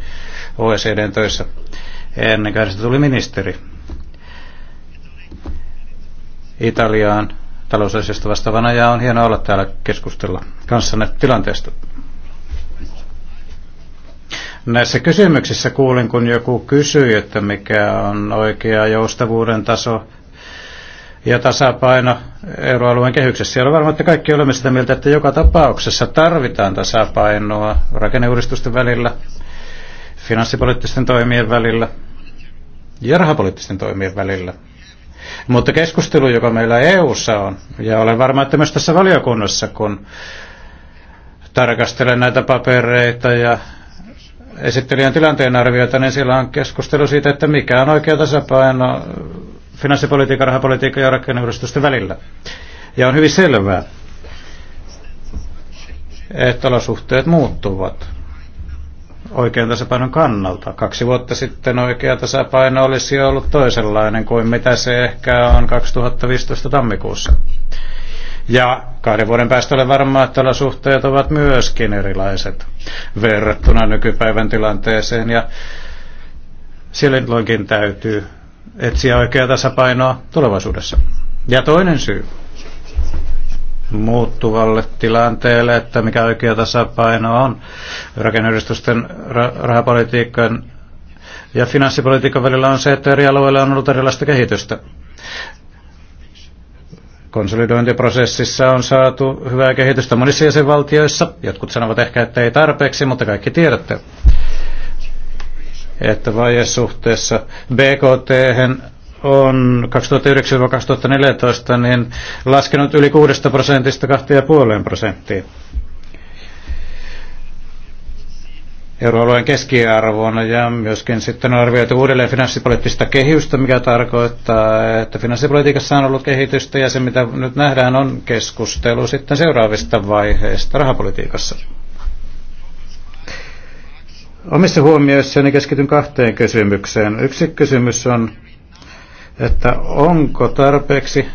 OECDn töissä ennen kuin se tuli ministeri Italiaan talousasioista vastaavana ja on hienoa olla täällä keskustella kanssanne tilanteesta. Näissä kysymyksissä kuulin, kun joku kysyi, että mikä on oikea joustavuuden taso ja tasapaino euroalueen kehyksessä. Siellä on varmaan, että kaikki olemme sitä mieltä, että joka tapauksessa tarvitaan tasapainoa rakenneuudistusten välillä, finanssipoliittisten toimien välillä ja rahapoliittisten toimien välillä. Mutta keskustelu, joka meillä EU:ssa on, ja olen varma, että myös tässä valiokunnassa, kun tarkastelen näitä papereita ja esittelijän tilanteen arvioita, niin siellä on keskustelu siitä, että mikä on oikea tasapaino finanssipolitiikan, rahapolitiikan ja rakenneuudistusten välillä. Ja on hyvin selvää, että olosuhteet muuttuvat oikean tasapainon kannalta. Kaksi vuotta sitten oikea tasapaino olisi ollut toisenlainen kuin mitä se ehkä on 2015 tammikuussa. Ja kahden vuoden päästä olen varma, että olosuhteet ovat myöskin erilaiset verrattuna nykypäivän tilanteeseen. Ja silloinkin täytyy etsiä oikeaa tasapainoa tulevaisuudessa. Ja toinen syy muuttuvalle tilanteelle, että mikä oikea tasapaino on rakenneuudistusten rahapolitiikan ja finanssipolitiikan välillä on se, että eri alueilla on ollut erilaista kehitystä. Konsolidointiprosessissa on saatu hyvää kehitystä monissa jäsenvaltioissa. Jotkut sanovat ehkä, että ei tarpeeksi, mutta kaikki tiedätte, että vaje suhteessa BKT on 2009-2014 niin laskenut yli 6 prosentista 2,5 prosenttiin. Euroalueen keskiarvona ja myöskin sitten on arvioitu uudelleen finanssipoliittista kehystä, mikä tarkoittaa, että finanssipolitiikassa on ollut kehitystä ja se mitä nyt nähdään on keskustelu sitten seuraavista vaiheista rahapolitiikassa. Omissa huomioissani keskityn kahteen kysymykseen. Yksi kysymys on, että onko tarpeeksi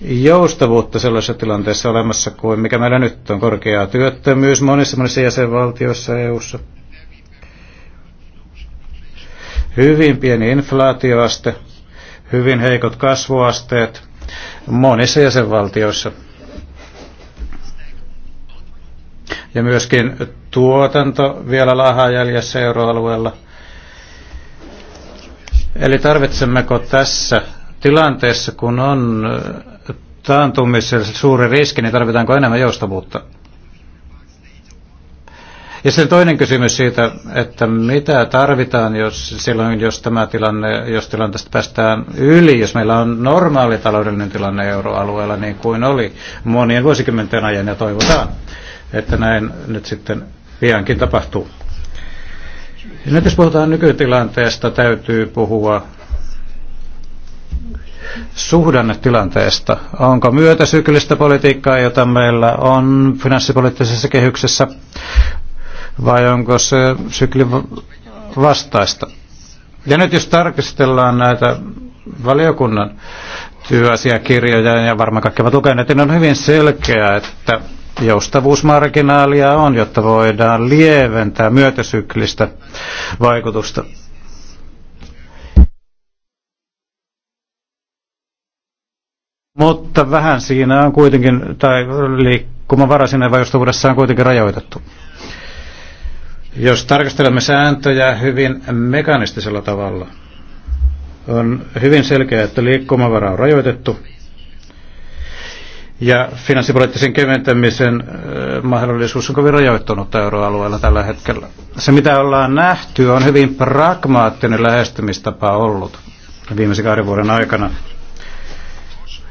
joustavuutta sellaisessa tilanteessa olemassa kuin mikä meillä nyt on korkea työttömyys monissa monissa jäsenvaltioissa EU-ssa. Hyvin pieni inflaatioaste, hyvin heikot kasvuasteet monissa jäsenvaltioissa. Ja myöskin tuotanto vielä laahaa jäljessä euroalueella. Eli tarvitsemmeko tässä tilanteessa, kun on äh, taantumisen suuri riski, niin tarvitaanko enemmän joustavuutta? Ja sitten toinen kysymys siitä, että mitä tarvitaan, jos, silloin, jos tämä tilanne, jos tilanteesta päästään yli, jos meillä on normaali taloudellinen tilanne euroalueella niin kuin oli monien vuosikymmenten ajan ja toivotaan että näin nyt sitten piankin tapahtuu. Ja nyt jos puhutaan nykytilanteesta, täytyy puhua suhdannetilanteesta. Onko myötäsyklistä politiikkaa, jota meillä on finanssipoliittisessa kehyksessä, vai onko se sykli vastaista? Ja nyt jos tarkistellaan näitä valiokunnan työasiakirjoja, ja varmaan kaikki ovat lukeneet, niin on hyvin selkeää, että joustavuusmarginaalia on, jotta voidaan lieventää myötäsyklistä vaikutusta. Mutta vähän siinä on kuitenkin, tai liikkumavara siinä joustavuudessa on kuitenkin rajoitettu. Jos tarkastelemme sääntöjä hyvin mekanistisella tavalla, on hyvin selkeää, että liikkumavara on rajoitettu – ja finanssipoliittisen keventämisen mahdollisuus on kovin rajoittunut euroalueella tällä hetkellä. Se mitä ollaan nähty on hyvin pragmaattinen lähestymistapa ollut viimeisen kahden vuoden aikana.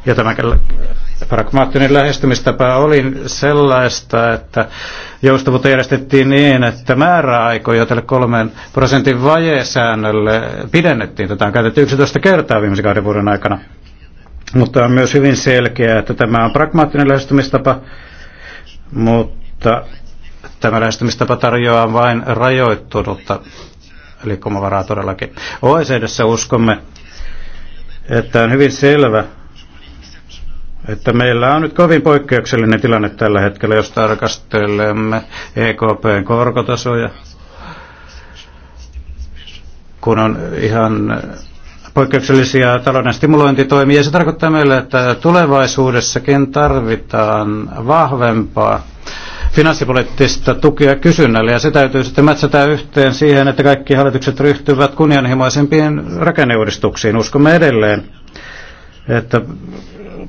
Ja tämä pragmaattinen lähestymistapa oli sellaista, että joustavuutta järjestettiin niin, että määräaikoja tälle kolmen prosentin vajesäännölle pidennettiin. Tätä on käytetty 11 kertaa viimeisen kahden vuoden aikana. Mutta on myös hyvin selkeää, että tämä on pragmaattinen lähestymistapa, mutta tämä lähestymistapa tarjoaa vain rajoittunutta liikkumavaraa todellakin. OECDssä uskomme, että on hyvin selvä, että meillä on nyt kovin poikkeuksellinen tilanne tällä hetkellä, jos tarkastelemme EKPn korkotasoja, kun on ihan poikkeuksellisia talouden stimulointitoimia. Se tarkoittaa meille, että tulevaisuudessakin tarvitaan vahvempaa finanssipoliittista tukea kysynnälle, ja se täytyy sitten mätsätä yhteen siihen, että kaikki hallitukset ryhtyvät kunnianhimoisempiin rakenneuudistuksiin. Uskomme edelleen, että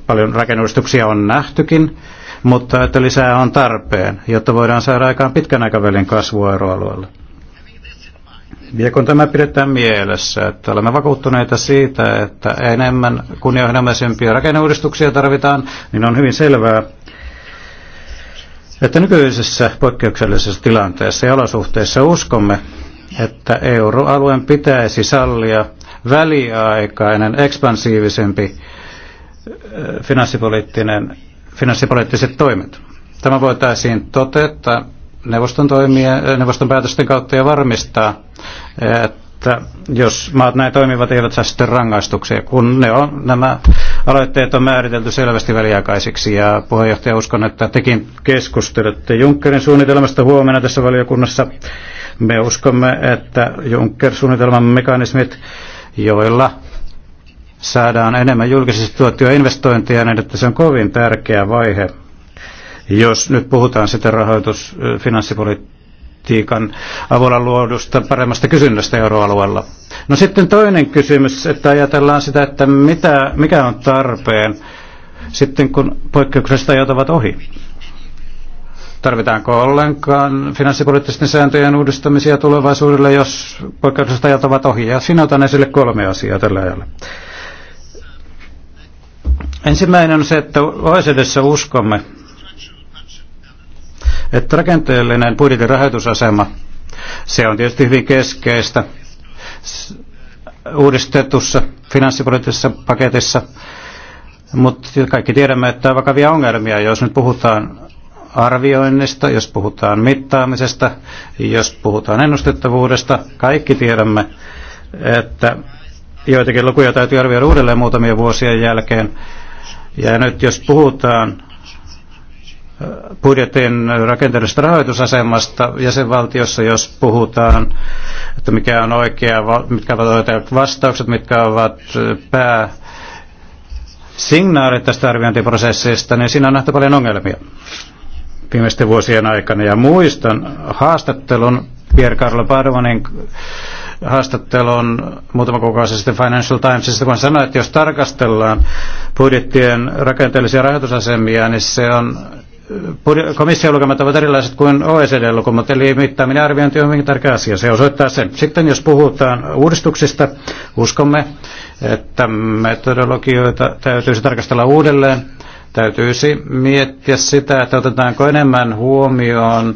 paljon rakenneuudistuksia on nähtykin, mutta että lisää on tarpeen, jotta voidaan saada aikaan pitkän aikavälin kasvua euroalueella. Ja kun tämä pidetään mielessä, että olemme vakuuttuneita siitä, että enemmän kunnianhimoisempia rakenneuudistuksia tarvitaan, niin on hyvin selvää, että nykyisessä poikkeuksellisessa tilanteessa ja olosuhteissa uskomme, että euroalueen pitäisi sallia väliaikainen, ekspansiivisempi finanssipoliittinen, finanssipoliittiset toimet. Tämä voitaisiin toteuttaa neuvoston, toimia, eh, neuvoston päätösten kautta ja varmistaa, että jos maat näin toimivat, eivät saa sitten rangaistuksia, kun ne on, nämä aloitteet on määritelty selvästi väliaikaisiksi. Ja puheenjohtaja, uskon, että tekin keskustelette Junckerin suunnitelmasta huomenna tässä valiokunnassa. Me uskomme, että Juncker-suunnitelman mekanismit, joilla saadaan enemmän julkisesti tuettuja investointeja, niin että se on kovin tärkeä vaihe jos nyt puhutaan sitä rahoitus finanssipolitiikan avulla luodusta paremmasta kysynnästä euroalueella. No sitten toinen kysymys, että ajatellaan sitä, että mitä, mikä on tarpeen sitten kun poikkeuksesta ajat ovat ohi. Tarvitaanko ollenkaan finanssipoliittisten sääntöjen uudistamisia tulevaisuudelle, jos poikkeuksesta ajat ovat ohi? Ja sinä otan esille kolme asiaa tällä ajalla. Ensimmäinen on se, että OECDssä uskomme, että rakenteellinen budjetin rahoitusasema, se on tietysti hyvin keskeistä uudistetussa finanssipoliittisessa paketissa, mutta kaikki tiedämme, että on vakavia ongelmia, jos nyt puhutaan arvioinnista, jos puhutaan mittaamisesta, jos puhutaan ennustettavuudesta, kaikki tiedämme, että joitakin lukuja täytyy arvioida uudelleen muutamia vuosien jälkeen. Ja nyt jos puhutaan budjetin rakenteellisesta rahoitusasemasta jäsenvaltiossa, jos puhutaan, että mikä on oikea, mitkä ovat oikeat vastaukset, mitkä ovat pää signaalit tästä arviointiprosessista, niin siinä on nähty paljon ongelmia viimeisten vuosien aikana. Ja muistan haastattelun, Pierre Carlo Padovanin haastattelun muutama kuukausi sitten Financial Timesista, kun sanoi, että jos tarkastellaan budjettien rakenteellisia rahoitusasemia, niin se on komission lukemat ovat erilaiset kuin OECD-lukemat, eli mittaaminen ja arviointi on hyvin tärkeä asia. Se osoittaa sen. Sitten jos puhutaan uudistuksista, uskomme, että metodologioita täytyisi tarkastella uudelleen. Täytyisi miettiä sitä, että otetaanko enemmän huomioon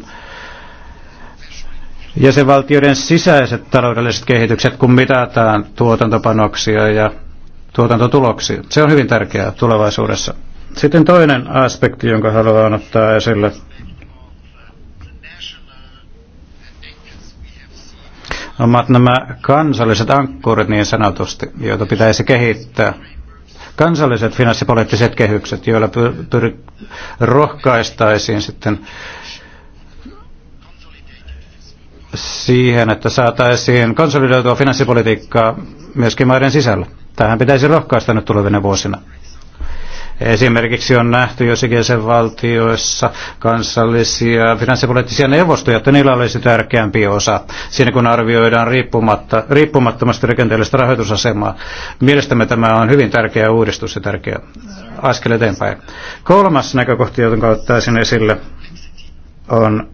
jäsenvaltioiden sisäiset taloudelliset kehitykset, kun mitataan tuotantopanoksia ja tuotantotuloksia. Se on hyvin tärkeää tulevaisuudessa. Sitten toinen aspekti, jonka haluan ottaa esille. Ovat nämä kansalliset ankkurit niin sanotusti, joita pitäisi kehittää. Kansalliset finanssipoliittiset kehykset, joilla pyr- pyr- rohkaistaisiin sitten siihen, että saataisiin konsolidoitua finanssipolitiikkaa myöskin maiden sisällä. Tähän pitäisi rohkaista nyt tulevina vuosina. Esimerkiksi on nähty jossakin valtioissa kansallisia finanssipoliittisia neuvostoja, että niillä olisi tärkeämpi osa siinä kun arvioidaan riippumatta, riippumattomasti rakenteellista rahoitusasemaa. Mielestämme tämä on hyvin tärkeä uudistus ja tärkeä askel eteenpäin. Kolmas näkökohta, jonka ottaisin esille, on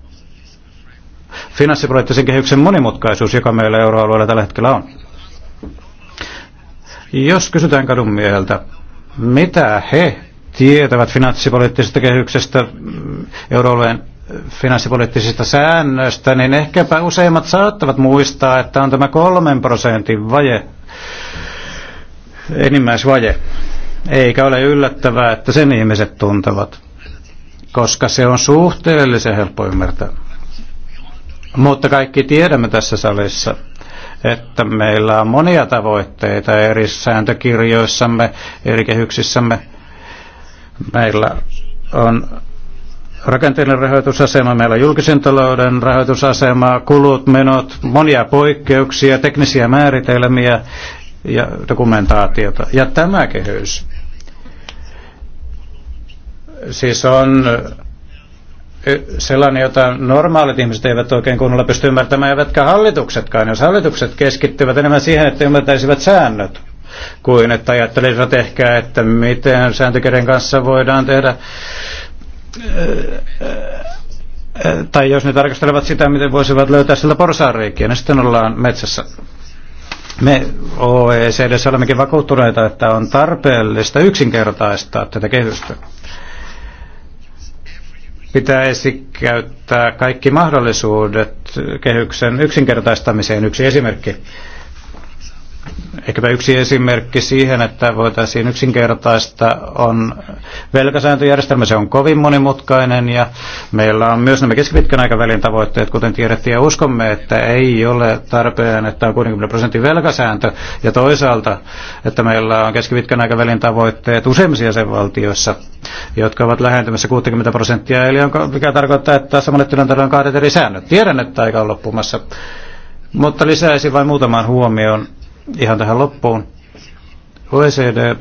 finanssipoliittisen kehyksen monimutkaisuus, joka meillä euroalueella tällä hetkellä on. Jos kysytään kadun mieheltä, mitä he tietävät finanssipoliittisesta kehyksestä, mm, euroalueen äh, finanssipoliittisista säännöistä, niin ehkäpä useimmat saattavat muistaa, että on tämä kolmen prosentin vaje, enimmäisvaje. Eikä ole yllättävää, että sen ihmiset tuntevat, koska se on suhteellisen helppo ymmärtää. Mutta kaikki tiedämme tässä salissa, että meillä on monia tavoitteita eri sääntökirjoissamme, eri kehyksissämme. Meillä on rakenteellinen rahoitusasema, meillä on julkisen talouden rahoitusasema, kulut, menot, monia poikkeuksia, teknisiä määritelmiä ja dokumentaatiota. Ja tämä kehys siis on sellainen, jota normaalit ihmiset eivät oikein kunnolla pysty ymmärtämään, eivätkä hallituksetkaan. Jos hallitukset keskittyvät enemmän siihen, että ymmärtäisivät säännöt, kuin että ajattelisivat ehkä, että miten sääntökirjan kanssa voidaan tehdä tai jos ne tarkastelevat sitä, miten voisivat löytää sillä porsaanreikiä, niin sitten ollaan metsässä. Me OECDssä olemmekin vakuuttuneita, että on tarpeellista yksinkertaistaa tätä kehystä pitäisi käyttää kaikki mahdollisuudet kehyksen yksinkertaistamiseen. Yksi esimerkki ehkäpä yksi esimerkki siihen, että voitaisiin yksinkertaista, on velkasääntöjärjestelmä, se on kovin monimutkainen ja meillä on myös nämä keskipitkän aikavälin tavoitteet, kuten tiedettiin, ja uskomme, että ei ole tarpeen, että on 60 prosentin velkasääntö, ja toisaalta, että meillä on keskipitkän aikavälin tavoitteet useimmissa jäsenvaltioissa, jotka ovat lähentymässä 60 prosenttia, eli on, mikä tarkoittaa, että samalle tilanteelle on kahdet eri säännöt. Tiedän, että aika on loppumassa, mutta lisäisin vain muutaman huomioon ihan tähän loppuun. OECD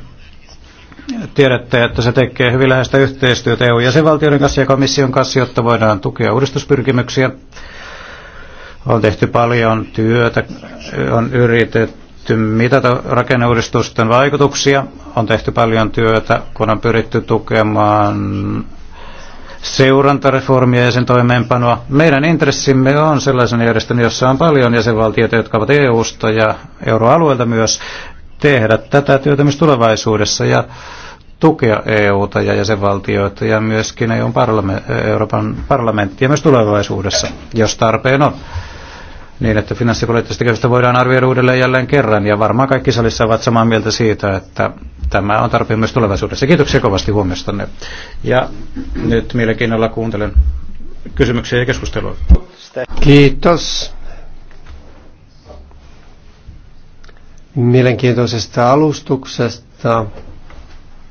tiedätte, että se tekee hyvin läheistä yhteistyötä EU-jäsenvaltioiden kanssa ja komission kanssa, jotta voidaan tukea uudistuspyrkimyksiä. On tehty paljon työtä, on yritetty mitata rakenneuudistusten vaikutuksia, on tehty paljon työtä, kun on pyritty tukemaan seurantareformia ja sen toimeenpanoa. Meidän intressimme on sellaisen järjestön, jossa on paljon jäsenvaltioita, jotka ovat EU-sta ja euroalueelta myös, tehdä tätä työtä myös tulevaisuudessa ja tukea EUta ja jäsenvaltioita ja myöskin eu Euroopan parlamenttia myös tulevaisuudessa, jos tarpeen on niin, että finanssipoliittista kehystä voidaan arvioida uudelleen jälleen kerran. Ja varmaan kaikki salissa ovat samaa mieltä siitä, että tämä on tarpeen myös tulevaisuudessa. Kiitoksia kovasti huomiostanne. Ja nyt mielenkiinnolla kuuntelen kysymyksiä ja keskustelua. Kiitos mielenkiintoisesta alustuksesta.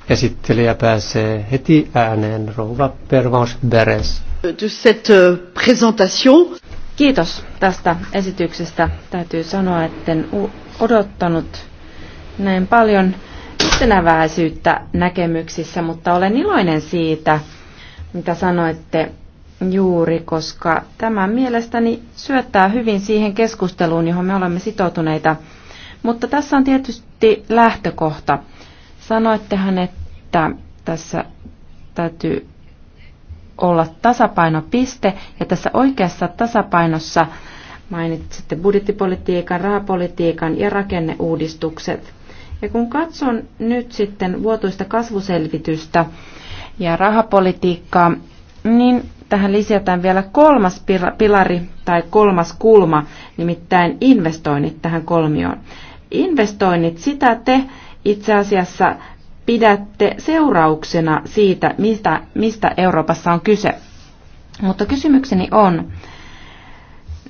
Esittelijä pääsee heti ääneen, rouva Pervans Beres. De cette euh, présentation. Kiitos tästä esityksestä. Täytyy sanoa, en odottanut näin paljon yhtenäväisyyttä näkemyksissä, mutta olen iloinen siitä, mitä sanoitte juuri, koska tämä mielestäni syöttää hyvin siihen keskusteluun, johon me olemme sitoutuneita. Mutta tässä on tietysti lähtökohta. Sanoittehan, että tässä täytyy olla tasapainopiste, ja tässä oikeassa tasapainossa mainitsitte budjettipolitiikan, rahapolitiikan ja rakenneuudistukset. Ja kun katson nyt sitten vuotuista kasvuselvitystä ja rahapolitiikkaa, niin tähän lisätään vielä kolmas pilari tai kolmas kulma, nimittäin investoinnit tähän kolmioon. Investoinnit, sitä te itse asiassa pidätte seurauksena siitä, mistä, mistä Euroopassa on kyse. Mutta kysymykseni on,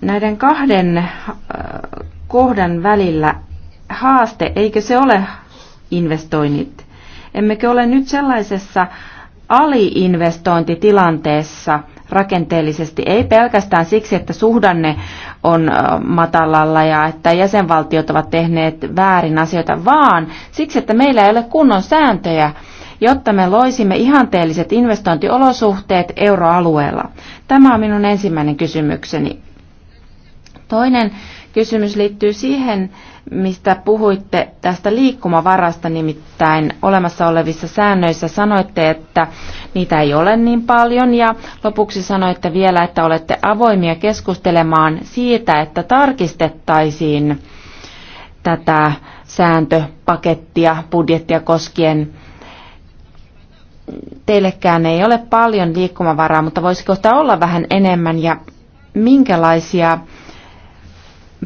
näiden kahden äh, kohdan välillä haaste, eikö se ole investoinnit? Emmekö ole nyt sellaisessa aliinvestointitilanteessa, rakenteellisesti, ei pelkästään siksi, että suhdanne on matalalla ja että jäsenvaltiot ovat tehneet väärin asioita, vaan siksi, että meillä ei ole kunnon sääntöjä, jotta me loisimme ihanteelliset investointiolosuhteet euroalueella. Tämä on minun ensimmäinen kysymykseni. Toinen Kysymys liittyy siihen, mistä puhuitte tästä liikkumavarasta, nimittäin olemassa olevissa säännöissä sanoitte, että niitä ei ole niin paljon ja lopuksi sanoitte vielä, että olette avoimia keskustelemaan siitä, että tarkistettaisiin tätä sääntöpakettia budjettia koskien. Teillekään ei ole paljon liikkumavaraa, mutta voisiko sitä olla vähän enemmän ja minkälaisia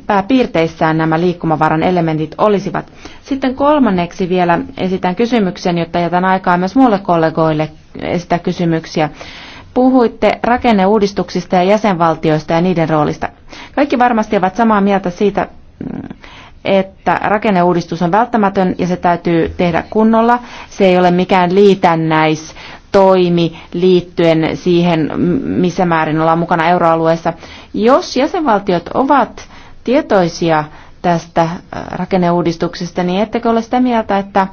pääpiirteissään nämä liikkumavaran elementit olisivat. Sitten kolmanneksi vielä esitän kysymyksen, jotta jätän aikaa myös muille kollegoille esittää kysymyksiä. Puhuitte rakenneuudistuksista ja jäsenvaltioista ja niiden roolista. Kaikki varmasti ovat samaa mieltä siitä, mm, että rakenneuudistus on välttämätön ja se täytyy tehdä kunnolla. Se ei ole mikään liitännäis toimi liittyen siihen, missä määrin ollaan mukana euroalueessa. Jos jäsenvaltiot ovat tietoisia tästä äh, rakenneuudistuksesta, niin ettekö ole sitä mieltä, että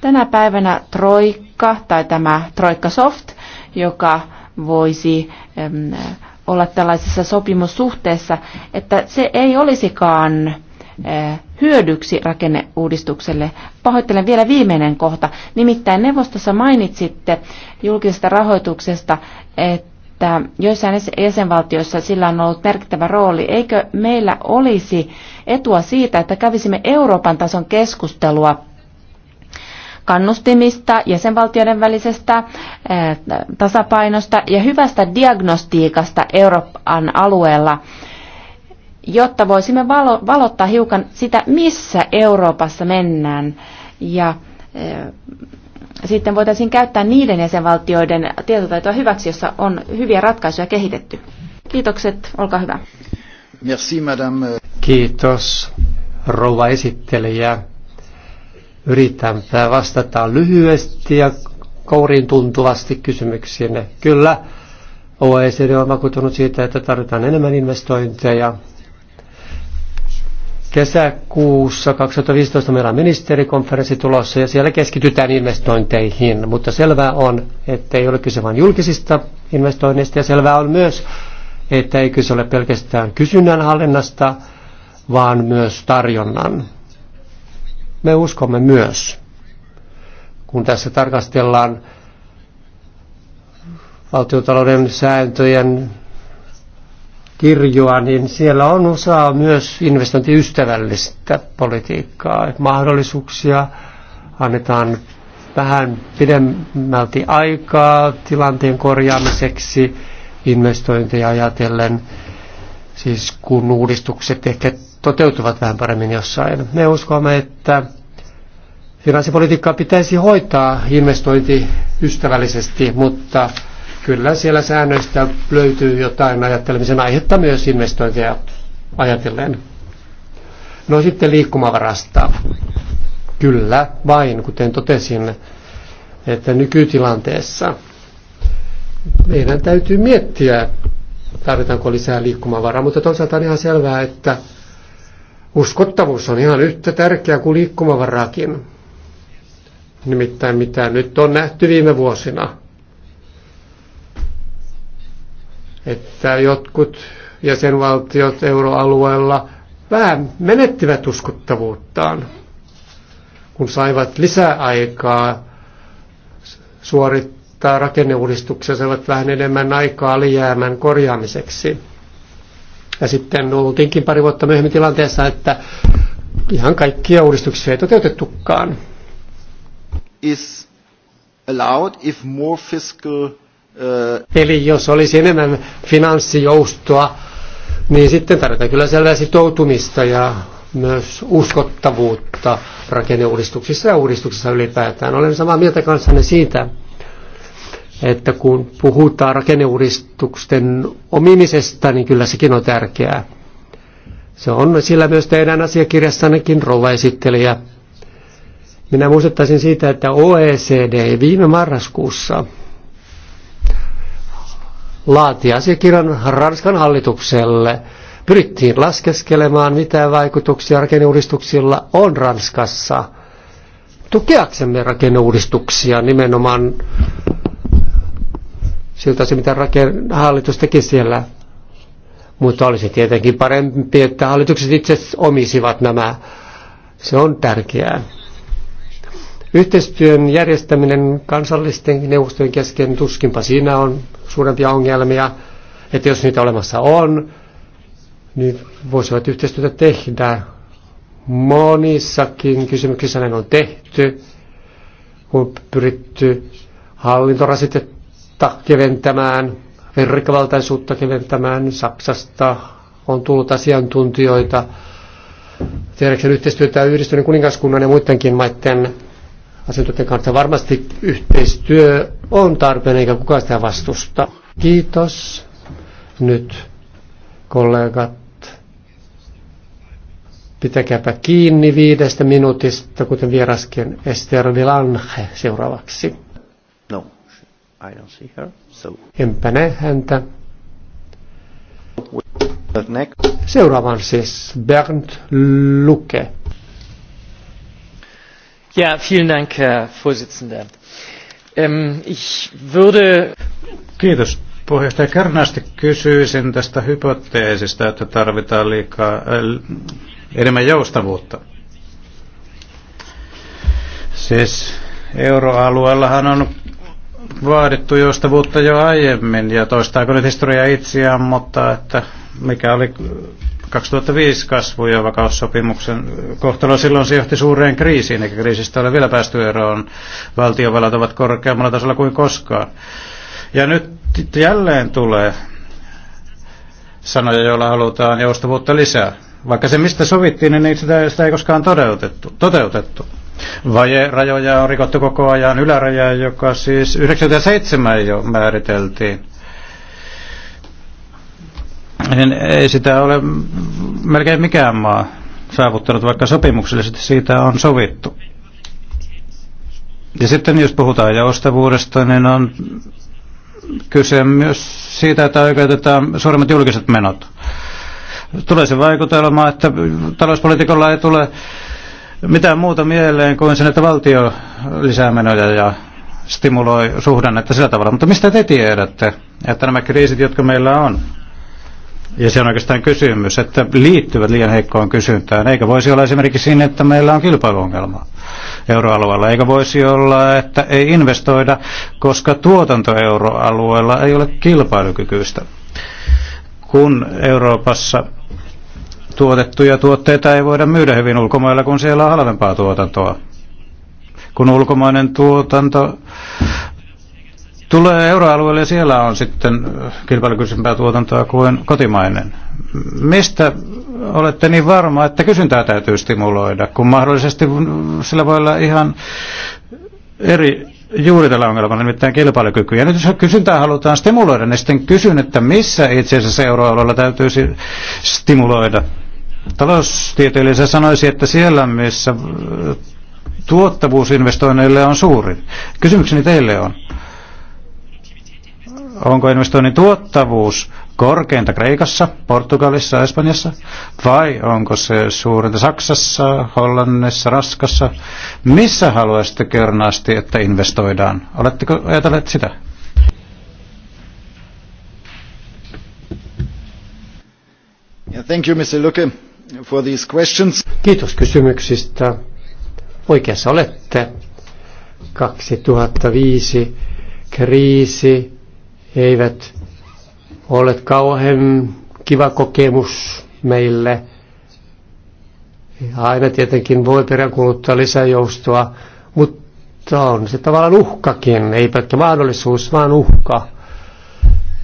tänä päivänä Troikka tai tämä Troikka Soft, joka voisi olla tällaisessa sopimussuhteessa, että se ei olisikaan eh, hyödyksi rakenneuudistukselle. Pahoittelen vielä viimeinen kohta. Nimittäin neuvostossa mainitsitte julkisesta rahoituksesta, että että joissain jäsenvaltioissa sillä on ollut merkittävä rooli. Eikö meillä olisi etua siitä, että kävisimme Euroopan tason keskustelua kannustimista, jäsenvaltioiden välisestä eh, tasapainosta ja hyvästä diagnostiikasta Euroopan alueella, jotta voisimme valo, valottaa hiukan sitä, missä Euroopassa mennään ja eh, sitten voitaisiin käyttää niiden jäsenvaltioiden tietotaitoa hyväksi, jossa on hyviä ratkaisuja kehitetty. Kiitokset, olkaa hyvä. Merci, madame. Kiitos, rouva esittelijä. Yritänpä vastata lyhyesti ja kouriin tuntuvasti kysymyksiin. Kyllä, OECD on vakuuttunut siitä, että tarvitaan enemmän investointeja Kesäkuussa 2015 meillä on ministerikonferenssi tulossa ja siellä keskitytään investointeihin, mutta selvää on, että ei ole kyse vain julkisista investoinneista ja selvää on myös, että ei kyse ole pelkästään kysynnän hallinnasta, vaan myös tarjonnan. Me uskomme myös, kun tässä tarkastellaan valtiotalouden sääntöjen kirjoa, niin siellä on osa myös investointiystävällistä politiikkaa. Mahdollisuuksia annetaan vähän pidemmälti aikaa tilanteen korjaamiseksi investointeja ajatellen, siis kun uudistukset ehkä toteutuvat vähän paremmin jossain. Me uskomme, että finanssipolitiikkaa pitäisi hoitaa investointiystävällisesti, mutta kyllä siellä säännöistä löytyy jotain ajattelemisen aihetta myös investointeja ajatellen. No sitten liikkumavarasta. Kyllä, vain, kuten totesin, että nykytilanteessa meidän täytyy miettiä, tarvitaanko lisää liikkumavaraa, mutta toisaalta on ihan selvää, että uskottavuus on ihan yhtä tärkeä kuin liikkumavaraakin. Nimittäin mitä nyt on nähty viime vuosina – että jotkut jäsenvaltiot euroalueella vähän menettivät uskottavuuttaan, kun saivat lisäaikaa suorittaa rakenneuudistuksia, saivat vähän enemmän aikaa alijäämän korjaamiseksi. Ja sitten oltiinkin pari vuotta myöhemmin tilanteessa, että ihan kaikkia uudistuksia ei toteutettukaan. Is allowed if more fiscal Eli jos olisi enemmän finanssijoustoa, niin sitten tarvitaan kyllä selvää sitoutumista ja myös uskottavuutta rakenneuudistuksissa ja uudistuksissa ylipäätään. Olen samaa mieltä kanssanne siitä, että kun puhutaan rakenneuudistusten omimisesta, niin kyllä sekin on tärkeää. Se on sillä myös teidän asiakirjassannekin, rouva esittelijä. Minä muistuttaisin siitä, että OECD viime marraskuussa laatia asiakirjan Ranskan hallitukselle. Pyrittiin laskeskelemaan, mitä vaikutuksia rakenneuudistuksilla on Ranskassa. Tukeaksemme rakenneuudistuksia nimenomaan siltä se, mitä hallitus teki siellä. Mutta olisi tietenkin parempi, että hallitukset itse omisivat nämä. Se on tärkeää. Yhteistyön järjestäminen kansallisten neuvostojen kesken tuskinpa siinä on suurempia ongelmia, että jos niitä olemassa on, niin voisivat yhteistyötä tehdä. Monissakin kysymyksissä näin on tehty, kun pyritty hallintorasitetta keventämään, verrikkavaltaisuutta keventämään. Saksasta on tullut asiantuntijoita tehdäkseen yhteistyötä yhdistyneen kuningaskunnan ja muidenkin maiden asiantuntijan kanssa. Varmasti yhteistyö on tarpeen, eikä kukaan sitä vastusta. Kiitos nyt kollegat. Pitäkääpä kiinni viidestä minuutista, kuten vieraskin Ester Vilanche seuraavaksi. No, I don't see her, so... Enpä näe häntä. Seuraavan siis Bernd Luke. Herr Vorsitzender. Ähm, ich würde... Kiitos. Puheenjohtaja Kärnästi kysyisin tästä hypoteesista, että tarvitaan liikaa, äh, enemmän joustavuutta. Siis euroalueellahan on vaadittu joustavuutta jo aiemmin ja toistaako nyt historia itseään, mutta että mikä oli 2005 kasvu- ja vakaussopimuksen kohtalo silloin se johti suureen kriisiin, eikä kriisistä ole vielä päästy eroon. valtiovalat ovat korkeammalla tasolla kuin koskaan. Ja nyt jälleen tulee sanoja, joilla halutaan joustavuutta lisää. Vaikka se mistä sovittiin, niin sitä, sitä ei koskaan toteutettu. toteutettu. Vaje rajoja on rikottu koko ajan, ylärajaa, joka siis 97 jo määriteltiin niin ei sitä ole melkein mikään maa saavuttanut, vaikka sopimuksellisesti siitä on sovittu. Ja sitten jos puhutaan joustavuudesta, niin on kyse myös siitä, että oikeutetaan suuremmat julkiset menot. Tulee se vaikutelma, että talouspolitiikolla ei tule mitään muuta mieleen kuin sen, että valtio lisää menoja ja stimuloi suhdannetta sillä tavalla. Mutta mistä te tiedätte, että nämä kriisit, jotka meillä on, ja se on oikeastaan kysymys, että liittyvät liian heikkoon kysyntään. Eikä voisi olla esimerkiksi sinne, niin, että meillä on kilpailuongelma euroalueella. Eikä voisi olla, että ei investoida, koska tuotanto euroalueella ei ole kilpailukykyistä. Kun Euroopassa tuotettuja tuotteita ei voida myydä hyvin ulkomailla, kun siellä on halvempaa tuotantoa. Kun ulkomainen tuotanto tulee euroalueelle ja siellä on sitten äh, kilpailukysympää tuotantoa kuin kotimainen. Mistä olette niin varma, että kysyntää täytyy stimuloida, kun mahdollisesti sillä voi olla ihan eri juuri tällä ongelmalla, nimittäin kilpailukyky. Ja nyt jos kysyntää halutaan stimuloida, niin sitten kysyn, että missä itse asiassa euroalueella täytyisi stimuloida. Taloustieteilijä sanoisi, että siellä, missä tuottavuusinvestoinneille on suurin. Kysymykseni teille on, onko investoinnin tuottavuus korkeinta Kreikassa, Portugalissa, Espanjassa, vai onko se suurinta Saksassa, Hollannissa, Raskassa? Missä haluaisitte kernaasti, että investoidaan? Oletteko ajatelleet sitä? Thank you, Mr. Luke, for these questions. Kiitos kysymyksistä. Oikeassa olette. 2005 kriisi eivät ole kauhean kiva kokemus meille. Aina tietenkin voi peräänkuuluttaa lisäjoustoa, mutta on se tavallaan uhkakin, ei pelkkä mahdollisuus, vaan uhka.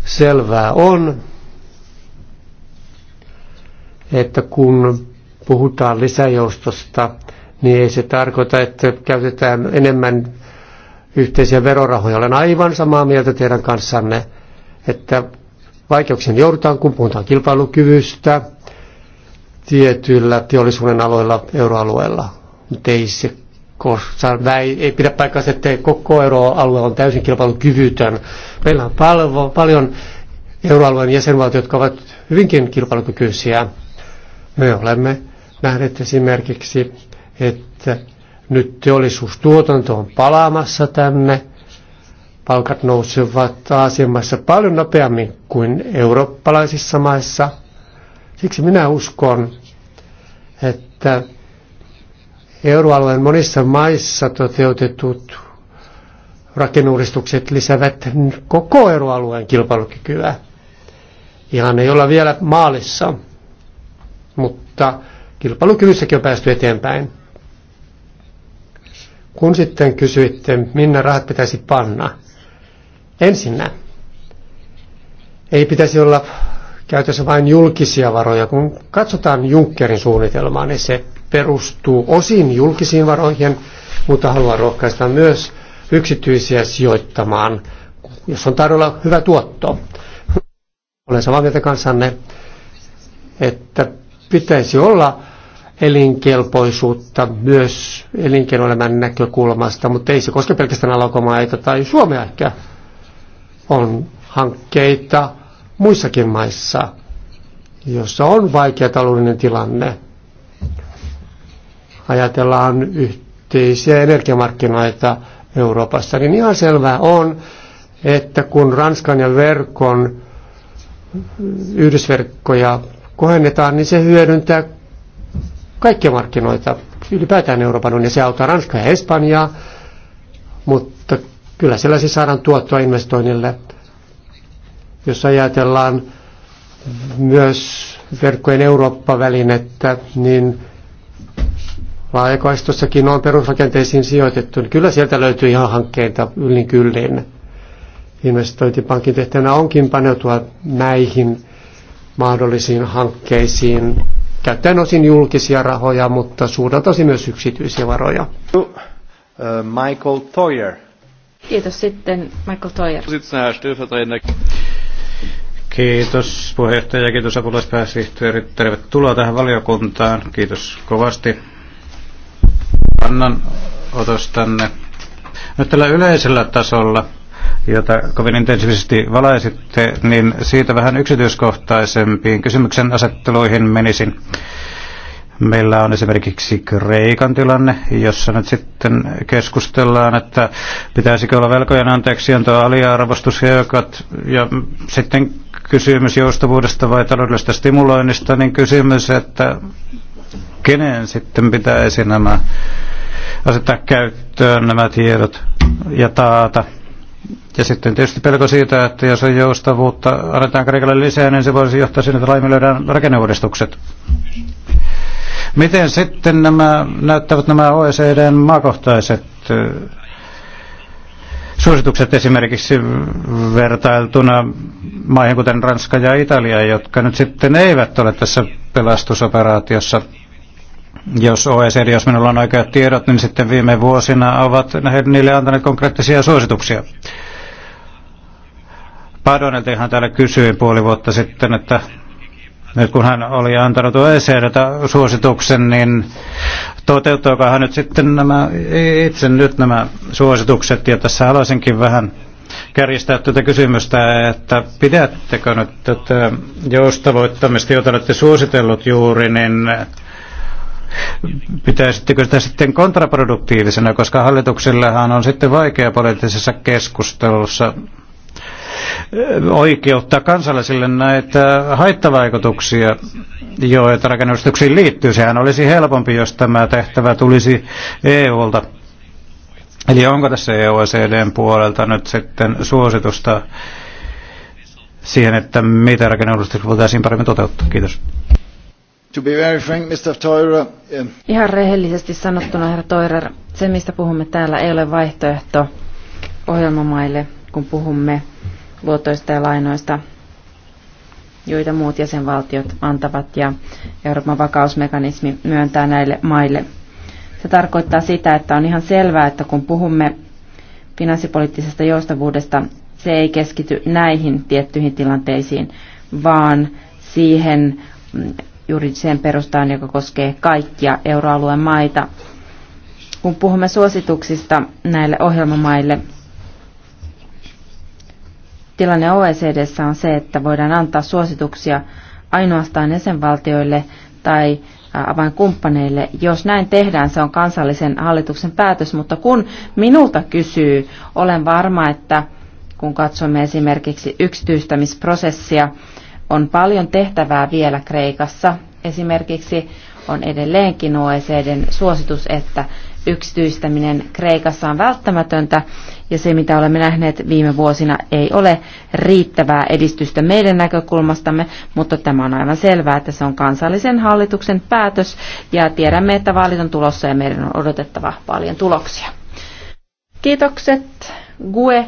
Selvää on, että kun puhutaan lisäjoustosta, niin ei se tarkoita, että käytetään enemmän yhteisiä verorahoja. Olen aivan samaa mieltä teidän kanssanne, että vaikeuksien joudutaan, kun puhutaan kilpailukyvystä tietyillä teollisuuden aloilla euroalueella. Mutta ei se koska ei, ei pidä paikkaansa, että koko euroalue on täysin kilpailukyvytön. Meillä on pal- paljon euroalueen jäsenvaltioita, jotka ovat hyvinkin kilpailukykyisiä. Me olemme nähneet esimerkiksi, että nyt teollisuustuotanto on palaamassa tänne. Palkat nousevat Aasian maissa paljon nopeammin kuin eurooppalaisissa maissa. Siksi minä uskon, että euroalueen monissa maissa toteutetut rakennuudistukset lisäävät koko euroalueen kilpailukykyä. Ihan ei olla vielä maalissa, mutta kilpailukyvyssäkin on päästy eteenpäin. Kun sitten kysyitte, minne rahat pitäisi panna. Ensinnä, ei pitäisi olla käytössä vain julkisia varoja. Kun katsotaan Junckerin suunnitelmaa, niin se perustuu osin julkisiin varoihin, mutta haluan rohkaista myös yksityisiä sijoittamaan, jos on tarjolla hyvä tuotto. Olen samaa mieltä kanssanne, että pitäisi olla elinkelpoisuutta myös elinkeinoelämän näkökulmasta, mutta ei se koske pelkästään alokomaita tai Suomea ehkä. On hankkeita muissakin maissa, jossa on vaikea taloudellinen tilanne. Ajatellaan yhteisiä energiamarkkinoita Euroopassa, niin ihan selvää on, että kun Ranskan ja verkon yhdysverkkoja kohennetaan, niin se hyödyntää kaikkia markkinoita, ylipäätään Euroopan unionia. Se auttaa Ranskaa ja Espanjaa, mutta kyllä siellä siis saadaan tuottoa investoinnille. Jos ajatellaan myös verkkojen Eurooppa-välinettä, niin laajakaistossakin on perusrakenteisiin sijoitettu. Niin kyllä sieltä löytyy ihan hankkeita yllin kyllin. Investointipankin tehtävänä onkin paneutua näihin mahdollisiin hankkeisiin käyttäen osin julkisia rahoja, mutta suurelta osin myös yksityisiä varoja. Uh, Michael Toyer. Kiitos sitten Michael Toyer. Kiitos puheenjohtaja ja kiitos apulaispääsihteeri. Tervetuloa tähän valiokuntaan. Kiitos kovasti kannanotostanne. Nyt tällä yleisellä tasolla – jota kovin intensiivisesti valaisitte, niin siitä vähän yksityiskohtaisempiin kysymyksen asetteluihin menisin. Meillä on esimerkiksi Kreikan tilanne, jossa nyt sitten keskustellaan, että pitäisikö olla velkojen anteeksi antaa aliarvostus ja, ja sitten kysymys joustavuudesta vai taloudellisesta stimuloinnista, niin kysymys, että kenen sitten pitäisi nämä asettaa käyttöön nämä tiedot ja taata ja sitten tietysti pelko siitä, että jos on joustavuutta annetaan Kreikalle lisää, niin se voisi johtaa siihen, että laiminlyödään rakenneuudistukset. Miten sitten nämä, näyttävät nämä OECDn maakohtaiset eh, suositukset esimerkiksi vertailtuna maihin kuten Ranska ja Italia, jotka nyt sitten eivät ole tässä pelastusoperaatiossa. Jos OECD, jos minulla on oikeat tiedot, niin sitten viime vuosina ovat niille antaneet konkreettisia suosituksia. Padonelta, ihan täällä kysyin puoli vuotta sitten, että nyt kun hän oli antanut ECDtä suosituksen, niin toteuttaako hän nyt sitten nämä, itse nyt nämä suositukset, ja tässä haluaisinkin vähän kärjistää tätä kysymystä, että pidättekö nyt tätä joustavoittamista, jota olette suositellut juuri, niin pitäisittekö sitä sitten kontraproduktiivisena, koska hallituksillahan on sitten vaikea poliittisessa keskustelussa oikeuttaa kansalaisille näitä haittavaikutuksia, joita rakennustuksiin liittyy. Sehän olisi helpompi, jos tämä tehtävä tulisi EUlta. Eli onko tässä EUCDn puolelta nyt sitten suositusta siihen, että mitä rakennustuksia voitaisiin paremmin toteuttaa? Kiitos. To be very frank, Mr. Teurer, yeah. Ihan rehellisesti sanottuna, herra Toirer, se mistä puhumme täällä ei ole vaihtoehto ohjelmamaille, kun puhumme luotoista ja lainoista, joita muut jäsenvaltiot antavat ja Euroopan vakausmekanismi myöntää näille maille. Se tarkoittaa sitä, että on ihan selvää, että kun puhumme finanssipoliittisesta joustavuudesta, se ei keskity näihin tiettyihin tilanteisiin, vaan siihen mm, juridiseen perustaan, joka koskee kaikkia euroalueen maita. Kun puhumme suosituksista näille ohjelmamaille, Tilanne OECDssä on se, että voidaan antaa suosituksia ainoastaan jäsenvaltioille tai avainkumppaneille. Jos näin tehdään, se on kansallisen hallituksen päätös, mutta kun minulta kysyy, olen varma, että kun katsomme esimerkiksi yksityistämisprosessia, on paljon tehtävää vielä Kreikassa. Esimerkiksi on edelleenkin OECDn suositus, että yksityistäminen Kreikassa on välttämätöntä ja se, mitä olemme nähneet viime vuosina, ei ole riittävää edistystä meidän näkökulmastamme, mutta tämä on aivan selvää, että se on kansallisen hallituksen päätös ja tiedämme, että vaalit on tulossa ja meidän on odotettava paljon tuloksia. Kiitokset Gue,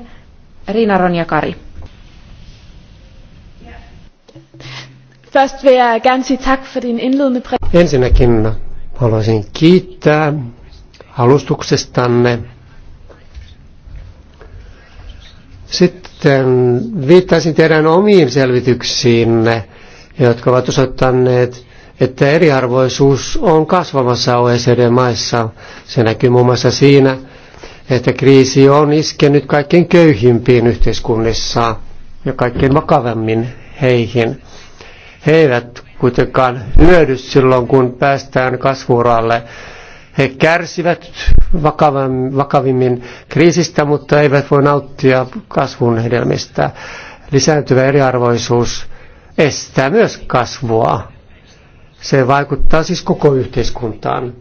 Riina Ronja Kari. Ensinnäkin haluaisin kiittää alustuksestanne. Sitten viittaisin teidän omiin selvityksiinne, jotka ovat osoittaneet, että eriarvoisuus on kasvamassa OECD-maissa. Se näkyy muun muassa siinä, että kriisi on iskenyt kaikkein köyhimpiin yhteiskunnissa ja kaikkein vakavammin heihin. He eivät kuitenkaan hyödy silloin, kun päästään kasvuuralle he kärsivät vakavimmin kriisistä, mutta eivät voi nauttia kasvun hedelmistä. Lisääntyvä eriarvoisuus estää myös kasvua. Se vaikuttaa siis koko yhteiskuntaan.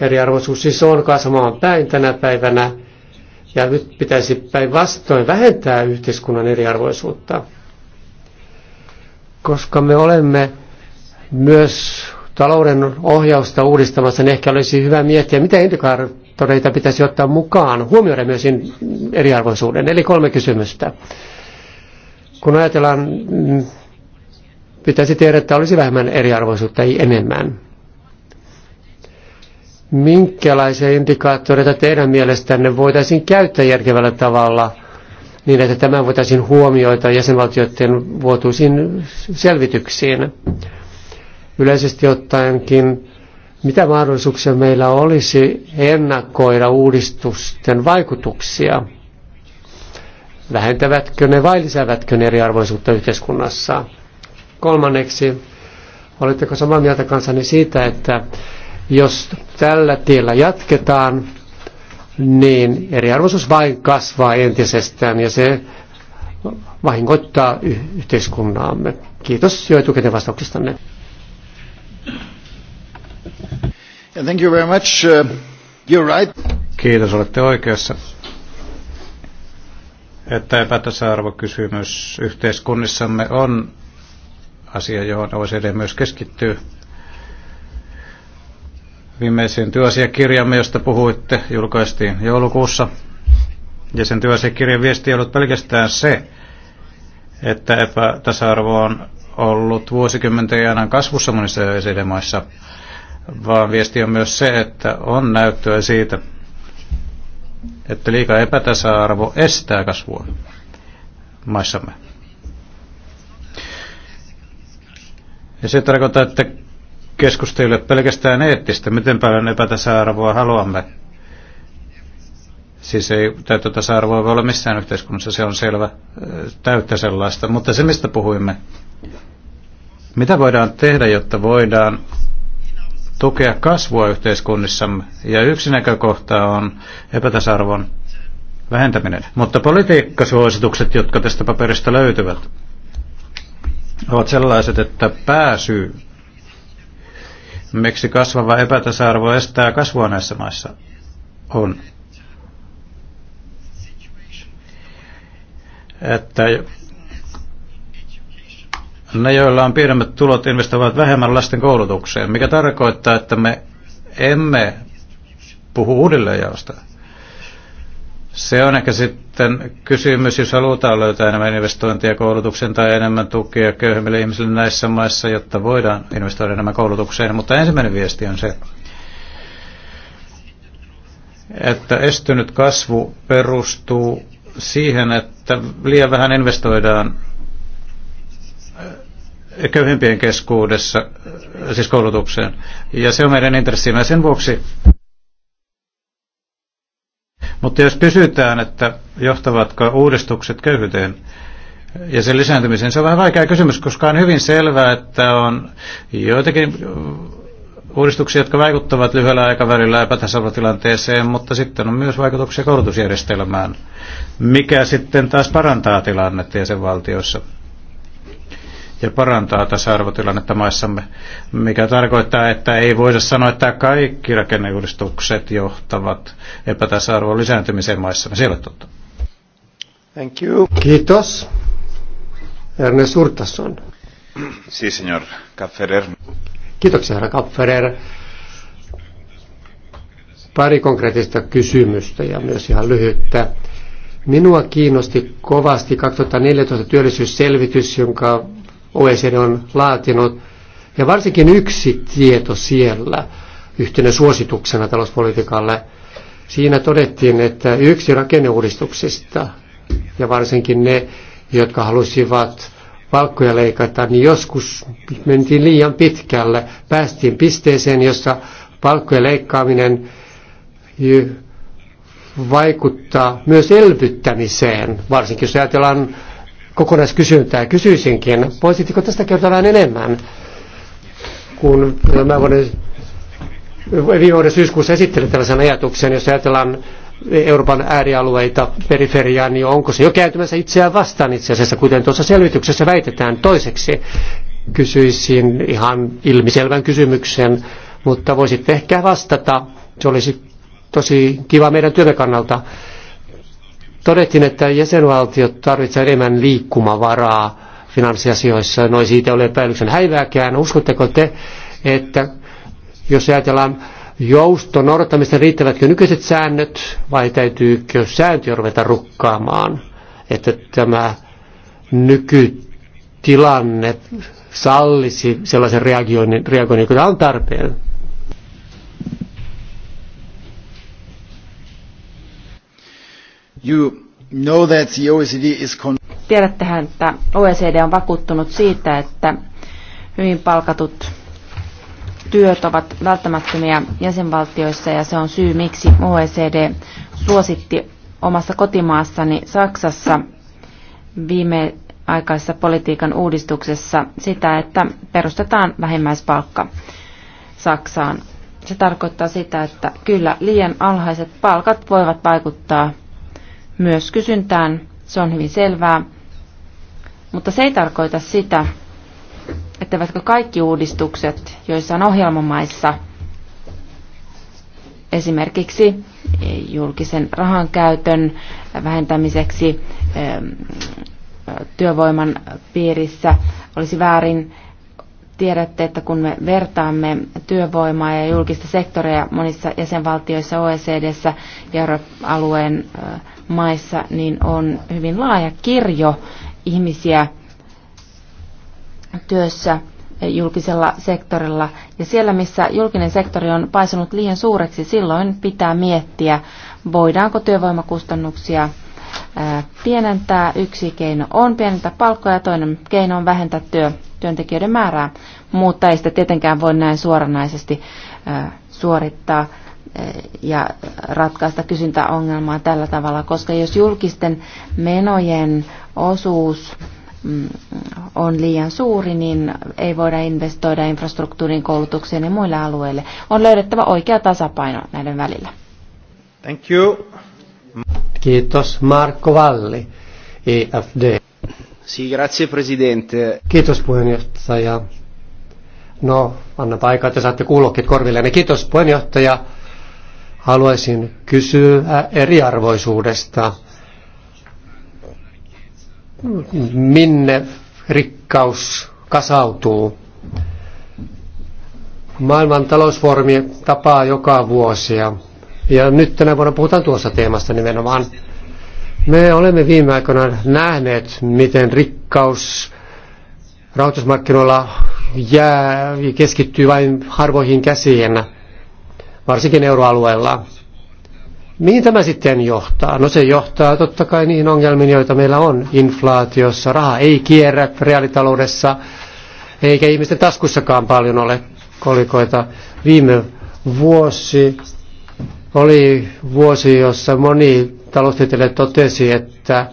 Eriarvoisuus siis on kasvamaan päin tänä päivänä, ja nyt pitäisi päinvastoin vähentää yhteiskunnan eriarvoisuutta. Koska me olemme myös talouden ohjausta uudistamassa, niin ehkä olisi hyvä miettiä, mitä indikaattoreita pitäisi ottaa mukaan, huomioida myös eriarvoisuuden. Eli kolme kysymystä. Kun ajatellaan, mm, pitäisi tiedä, että olisi vähemmän eriarvoisuutta, ei enemmän. Minkälaisia indikaattoreita teidän mielestänne voitaisiin käyttää järkevällä tavalla niin, että tämä voitaisiin huomioida jäsenvaltioiden vuotuisiin selvityksiin? yleisesti ottaenkin, mitä mahdollisuuksia meillä olisi ennakoida uudistusten vaikutuksia? Vähentävätkö ne vai lisäävätkö ne eriarvoisuutta yhteiskunnassa? Kolmanneksi, oletteko samaa mieltä kanssani siitä, että jos tällä tiellä jatketaan, niin eriarvoisuus vain kasvaa entisestään ja se vahingoittaa yhteiskunnaamme. Kiitos jo etukäteen vastauksistanne. Thank you very much. Uh, you're right. Kiitos, olette oikeassa. Että epätasa-arvokysymys yhteiskunnissamme on asia, johon OECD myös keskittyy. Viimeisin työasiakirjamme, josta puhuitte, julkaistiin joulukuussa. Ja sen työasiakirjan viesti ei ollut pelkästään se, että epätasa-arvo on ollut vuosikymmenten ajan kasvussa monissa maissa, vaan viesti on myös se, että on näyttöä siitä, että liika epätasa-arvo estää kasvua maissamme. Ja se tarkoittaa, että keskusta pelkästään eettistä, miten paljon epätasa-arvoa haluamme. Siis ei täyttä tasa-arvoa voi olla missään yhteiskunnassa, se on selvä täyttä sellaista. Mutta se, mistä puhuimme, mitä voidaan tehdä, jotta voidaan tukea kasvua yhteiskunnissamme? Ja yksi näkökohta on epätasarvon vähentäminen. Mutta politiikkasuositukset, jotka tästä paperista löytyvät, ovat sellaiset, että pääsy, miksi kasvava epätasa-arvo estää kasvua näissä maissa, on, että ne, joilla on pienemmät tulot, investoivat vähemmän lasten koulutukseen, mikä tarkoittaa, että me emme puhu uudelleenjaosta. Se on ehkä sitten kysymys, jos halutaan löytää enemmän investointia koulutuksen tai enemmän tukea köyhemmille ihmisille näissä maissa, jotta voidaan investoida enemmän koulutukseen. Mutta ensimmäinen viesti on se, että estynyt kasvu perustuu siihen, että liian vähän investoidaan köyhimpien keskuudessa, siis koulutukseen. Ja se on meidän intressimme sen vuoksi. Mutta jos pysytään, että johtavatko uudistukset köyhyyteen ja sen lisääntymiseen, se on vähän vaikea kysymys, koska on hyvin selvää, että on joitakin uudistuksia, jotka vaikuttavat lyhyellä aikavälillä epätasarvotilanteeseen, mutta sitten on myös vaikutuksia koulutusjärjestelmään, mikä sitten taas parantaa tilannetta sen valtiossa ja parantaa tasa-arvotilannetta maissamme, mikä tarkoittaa, että ei voida sanoa, että kaikki rakenneuudistukset johtavat epätasa-arvon lisääntymiseen maissamme. Se on totta. Thank you. Kiitos. Erne Surtasson. Si, señor Kafferer. Kiitoksia, herra Kafferer. Pari konkreettista kysymystä ja myös ihan lyhyttä. Minua kiinnosti kovasti 2014 työllisyysselvitys, jonka OECD on laatinut, ja varsinkin yksi tieto siellä yhtenä suosituksena talouspolitiikalle. Siinä todettiin, että yksi rakenneuudistuksista, ja varsinkin ne, jotka halusivat palkkoja leikata, niin joskus mentiin liian pitkälle. Päästiin pisteeseen, jossa palkkojen leikkaaminen vaikuttaa myös elvyttämiseen, varsinkin jos ajatellaan kokonaiskysyntää. Kysyisinkin, voisitko tästä kertoa vähän enemmän, kun mä voin viime vuoden syyskuussa esittelin tällaisen ajatuksen, jos ajatellaan Euroopan äärialueita, periferiaa, niin onko se jo kääntymässä itseään vastaan itse asiassa, kuten tuossa selvityksessä väitetään toiseksi. Kysyisin ihan ilmiselvän kysymyksen, mutta voisitte ehkä vastata. Se olisi tosi kiva meidän työmme kannalta todettiin, että jäsenvaltiot tarvitsevat enemmän liikkumavaraa finanssiasioissa. No ei siitä ole epäilyksen häivääkään. Uskotteko te, että jos ajatellaan jouston noudattamista, riittävätkö nykyiset säännöt vai täytyykö sääntöjä ruveta rukkaamaan, että tämä nykytilanne sallisi sellaisen reagoinnin, reagoinnin joka on tarpeen You know that the OECD is Tiedättehän, että OECD on vakuuttunut siitä, että hyvin palkatut työt ovat välttämättömiä jäsenvaltioissa ja se on syy, miksi OECD suositti omassa kotimaassani Saksassa viime aikaisessa politiikan uudistuksessa sitä, että perustetaan vähimmäispalkka Saksaan. Se tarkoittaa sitä, että kyllä liian alhaiset palkat voivat vaikuttaa myös kysyntään. Se on hyvin selvää. Mutta se ei tarkoita sitä, vaikka kaikki uudistukset, joissa on ohjelmamaissa, esimerkiksi julkisen rahan käytön vähentämiseksi ehm, työvoiman piirissä, olisi väärin Tiedätte, että kun me vertaamme työvoimaa ja julkista sektoria monissa jäsenvaltioissa, OECDssä ja alueen maissa, niin on hyvin laaja kirjo ihmisiä työssä julkisella sektorilla. Ja siellä, missä julkinen sektori on paisunut liian suureksi, silloin pitää miettiä, voidaanko työvoimakustannuksia pienentää. Yksi keino on pienentää palkkoja, toinen keino on vähentää työ, työntekijöiden määrää, mutta ei sitä tietenkään voi näin suoranaisesti suorittaa ja ratkaista kysyntäongelmaa tällä tavalla, koska jos julkisten menojen osuus mm, on liian suuri, niin ei voida investoida infrastruktuurin koulutukseen ja muille alueille. On löydettävä oikea tasapaino näiden välillä. Thank you. Kiitos Marko Valli, EFD grazie presidente. Kiitos puheenjohtaja. No, anna aikaa, että saatte kuulokkeet korvillenne. Niin kiitos puheenjohtaja. Haluaisin kysyä äh, eriarvoisuudesta. Minne rikkaus kasautuu? Maailman talousfoorumi tapaa joka vuosi ja nyt tänä vuonna puhutaan tuossa teemasta nimenomaan. Me olemme viime aikoina nähneet, miten rikkaus rahoitusmarkkinoilla jää, keskittyy vain harvoihin käsiin, varsinkin euroalueella. Mihin tämä sitten johtaa? No se johtaa totta kai niihin ongelmiin, joita meillä on inflaatiossa. Raha ei kierrä reaalitaloudessa, eikä ihmisten taskussakaan paljon ole kolikoita. Viime vuosi oli vuosi, jossa moni taloustieteilijä totesi, että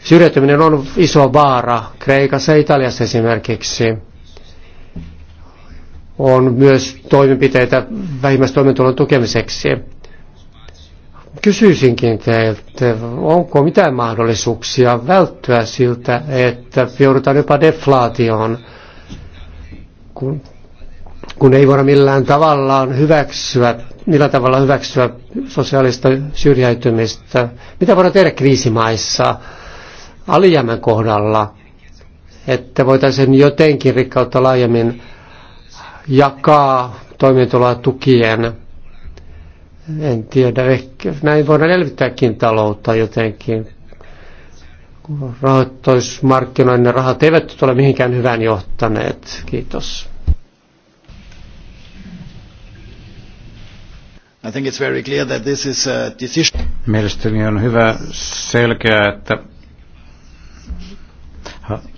syrjäytyminen on iso vaara Kreikassa ja Italiassa esimerkiksi. On myös toimenpiteitä vähimmäistoimeentulon tukemiseksi. Kysyisinkin teiltä, onko mitään mahdollisuuksia välttyä siltä, että joudutaan jopa deflaatioon, kun, kun ei voida millään tavallaan hyväksyä millä tavalla hyväksyä sosiaalista syrjäytymistä, mitä voidaan tehdä kriisimaissa alijäämän kohdalla, että voitaisiin jotenkin rikkautta laajemmin jakaa toimintoloa tukien. En tiedä, ehkä näin voidaan elvyttääkin taloutta jotenkin. Rahoitusmarkkinoiden rahat eivät ole mihinkään hyvään johtaneet. Kiitos. I think it's very clear that this is a decision. Mielestäni on hyvä selkeä, että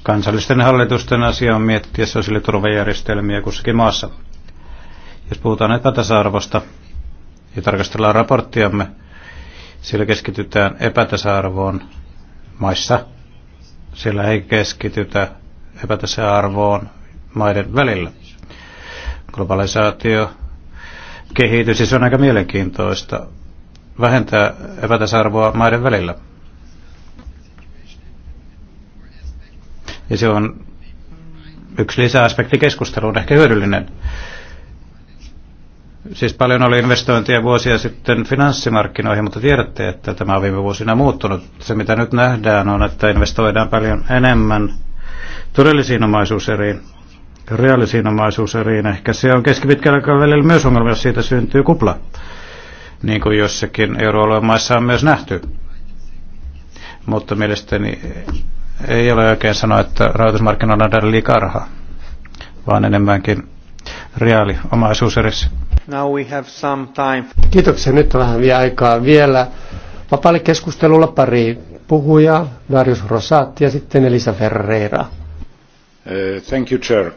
kansallisten hallitusten asia on miettiä sosiaaliturvajärjestelmiä kussakin maassa. Jos puhutaan epätasa-arvosta ja tarkastellaan raporttiamme, sillä keskitytään epätasa-arvoon maissa. Sillä ei keskitytä epätasa-arvoon maiden välillä. Globalisaatio, kehitys, ja se on aika mielenkiintoista vähentää epätasa-arvoa maiden välillä. Ja se on yksi lisäaspekti keskusteluun, ehkä hyödyllinen. Siis paljon oli investointia vuosia sitten finanssimarkkinoihin, mutta tiedätte, että tämä on viime vuosina muuttunut. Se mitä nyt nähdään on, että investoidaan paljon enemmän todellisiin omaisuuseriin, reaalisiin omaisuuseriin. Ehkä se on keskipitkällä aikavälillä myös ongelma, jos siitä syntyy kupla, niin kuin jossakin euroalueen maissa on myös nähty. Mutta mielestäni ei ole oikein sanoa, että rahoitusmarkkinoilla on liikaa rahaa, vaan enemmänkin reaali omaisuuserissä. Now we have some time. Kiitoksia. Nyt on vähän vielä aikaa vielä. Vapaalle keskustelulla pari puhujaa, Darius Rosat ja sitten Elisa Ferreira. Uh, thank you, Chair.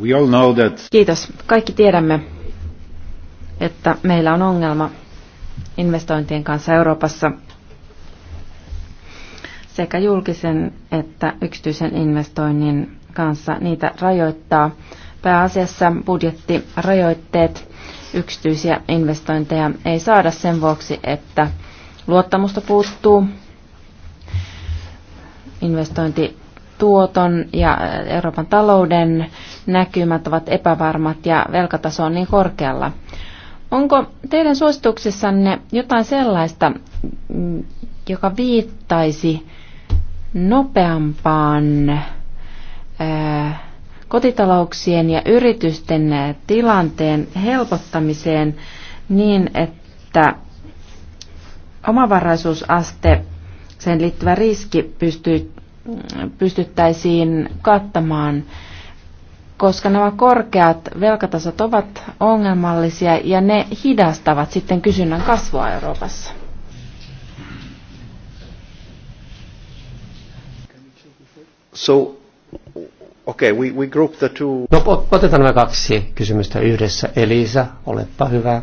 We all know that... Kiitos. Kaikki tiedämme, että meillä on ongelma investointien kanssa Euroopassa sekä julkisen että yksityisen investoinnin kanssa. Niitä rajoittaa pääasiassa budjettirajoitteet. Yksityisiä investointeja ei saada sen vuoksi, että luottamusta puuttuu. Investointi tuoton ja Euroopan talouden näkymät ovat epävarmat ja velkataso on niin korkealla. Onko teidän suosituksissanne jotain sellaista, mm, joka viittaisi nopeampaan kotitalouksien ja yritysten tilanteen helpottamiseen niin, että omavaraisuusaste, sen liittyvä riski pystyy pystyttäisiin kattamaan, koska nämä korkeat velkatasot ovat ongelmallisia ja ne hidastavat sitten kysynnän kasvua Euroopassa. So, okay, we, we group the two. No, otetaan nämä kaksi kysymystä yhdessä. Elisa, olepa hyvä.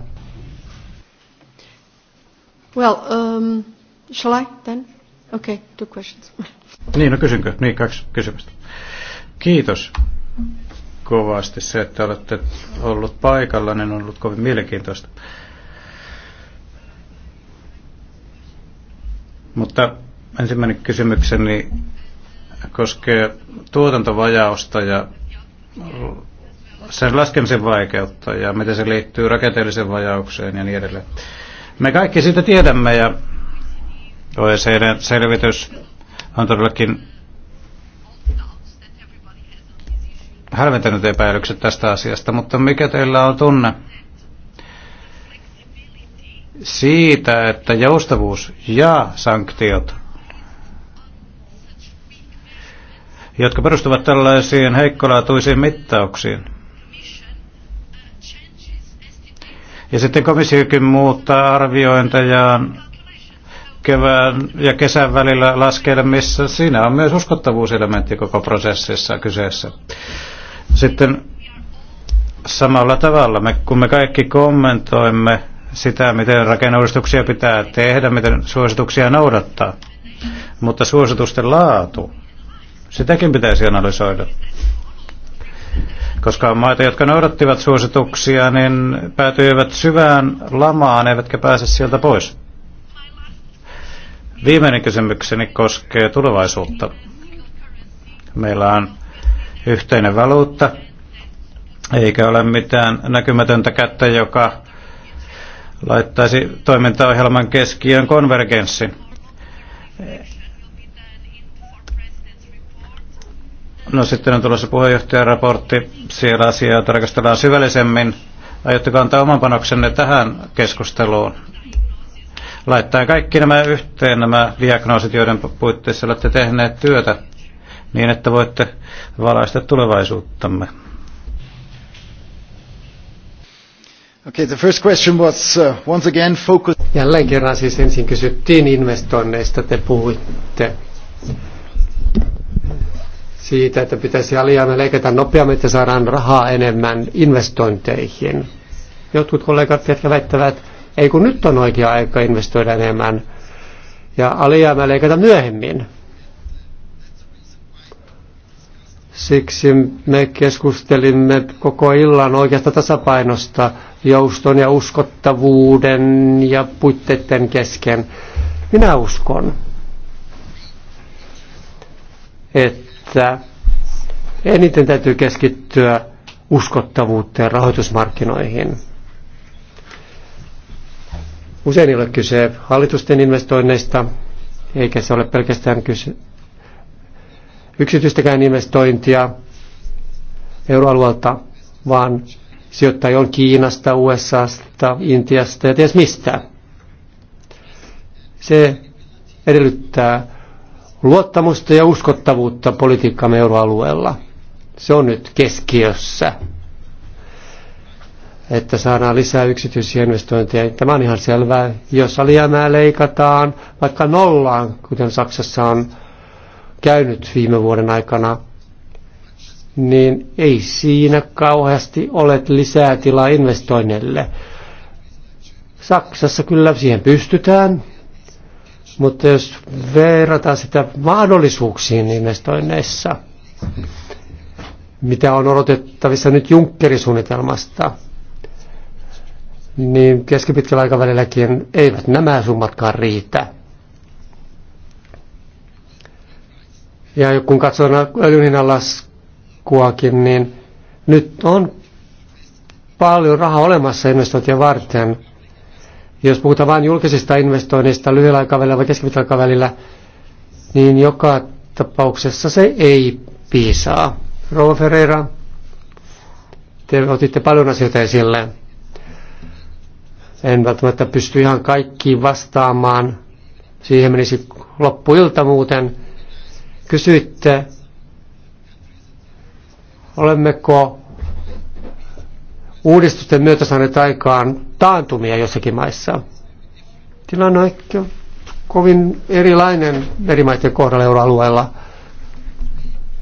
Well, um, shall I then? Okay, two questions. Niin, no kysynkö? Niin, kaksi kysymystä. Kiitos kovasti se, että olette ollut paikalla, niin on ollut kovin mielenkiintoista. Mutta ensimmäinen kysymykseni koskee tuotantovajausta ja sen laskemisen vaikeutta ja miten se liittyy rakenteelliseen vajaukseen ja niin edelleen. Me kaikki siitä tiedämme ja oecd selvitys on todellakin hälventänyt epäilykset tästä asiasta, mutta mikä teillä on tunne siitä, että joustavuus ja sanktiot, jotka perustuvat tällaisiin heikkolaatuisiin mittauksiin, ja sitten komissiokin muuttaa arviointejaan kevään ja kesän välillä laskelmissa. Siinä on myös uskottavuuselementti koko prosessissa kyseessä. Sitten samalla tavalla, me, kun me kaikki kommentoimme sitä, miten rakenneuudistuksia pitää tehdä, miten suosituksia noudattaa, mutta suositusten laatu, sitäkin pitäisi analysoida. Koska maita, jotka noudattivat suosituksia, niin päätyivät syvään lamaan, eivätkä pääse sieltä pois. Viimeinen kysymykseni koskee tulevaisuutta. Meillä on yhteinen valuutta, eikä ole mitään näkymätöntä kättä, joka laittaisi toimintaohjelman keskiön konvergenssin. No sitten on tulossa puheenjohtajan raportti. Siellä asiaa tarkastellaan syvällisemmin. Aiotteko antaa oman panoksenne tähän keskusteluun? Laittaa kaikki nämä yhteen, nämä diagnoosit, joiden puitteissa olette tehneet työtä, niin että voitte valaista tulevaisuuttamme. Okay, the first question was uh, once again focus. Jälleen kerran siis ensin kysyttiin investoinneista, te puhuitte siitä, että pitäisi alijäämä leikata nopeammin, että saadaan rahaa enemmän investointeihin. Jotkut kollegat, jotka väittävät, ei kun nyt on oikea aika investoida enemmän ja alijäämää leikata myöhemmin. Siksi me keskustelimme koko illan oikeasta tasapainosta jouston ja uskottavuuden ja puitteiden kesken. Minä uskon, että eniten täytyy keskittyä uskottavuuteen rahoitusmarkkinoihin. Usein ei ole kyse hallitusten investoinneista, eikä se ole pelkästään kyse yksityistäkään investointia euroalueelta, vaan sijoittaja on Kiinasta, USAsta, Intiasta ja ties mistä. Se edellyttää luottamusta ja uskottavuutta politiikkamme euroalueella. Se on nyt keskiössä että saadaan lisää yksityisiä investointeja. Tämä on ihan selvää. Jos alijäämää leikataan vaikka nollaan, kuten Saksassa on käynyt viime vuoden aikana, niin ei siinä kauheasti ole lisää tilaa investoinneille. Saksassa kyllä siihen pystytään, mutta jos verrataan sitä mahdollisuuksiin investoinneissa, mitä on odotettavissa nyt Junckerin suunnitelmasta, niin keskipitkällä aikavälilläkin eivät nämä summatkaan riitä. Ja kun katsoo öljyn laskuakin, niin nyt on paljon rahaa olemassa investointia varten. Jos puhutaan vain julkisista investoinnista lyhyellä aikavälillä vai keskipitkällä aikavälillä, niin joka tapauksessa se ei piisaa. Rova Ferreira, te otitte paljon asioita esille. En välttämättä pysty ihan kaikkiin vastaamaan. Siihen menisi loppuilta muuten. Kysyitte, olemmeko uudistusten myötä saaneet aikaan taantumia jossakin maissa. Tilanne on ehkä kovin erilainen eri maiden kohdalla euroalueella.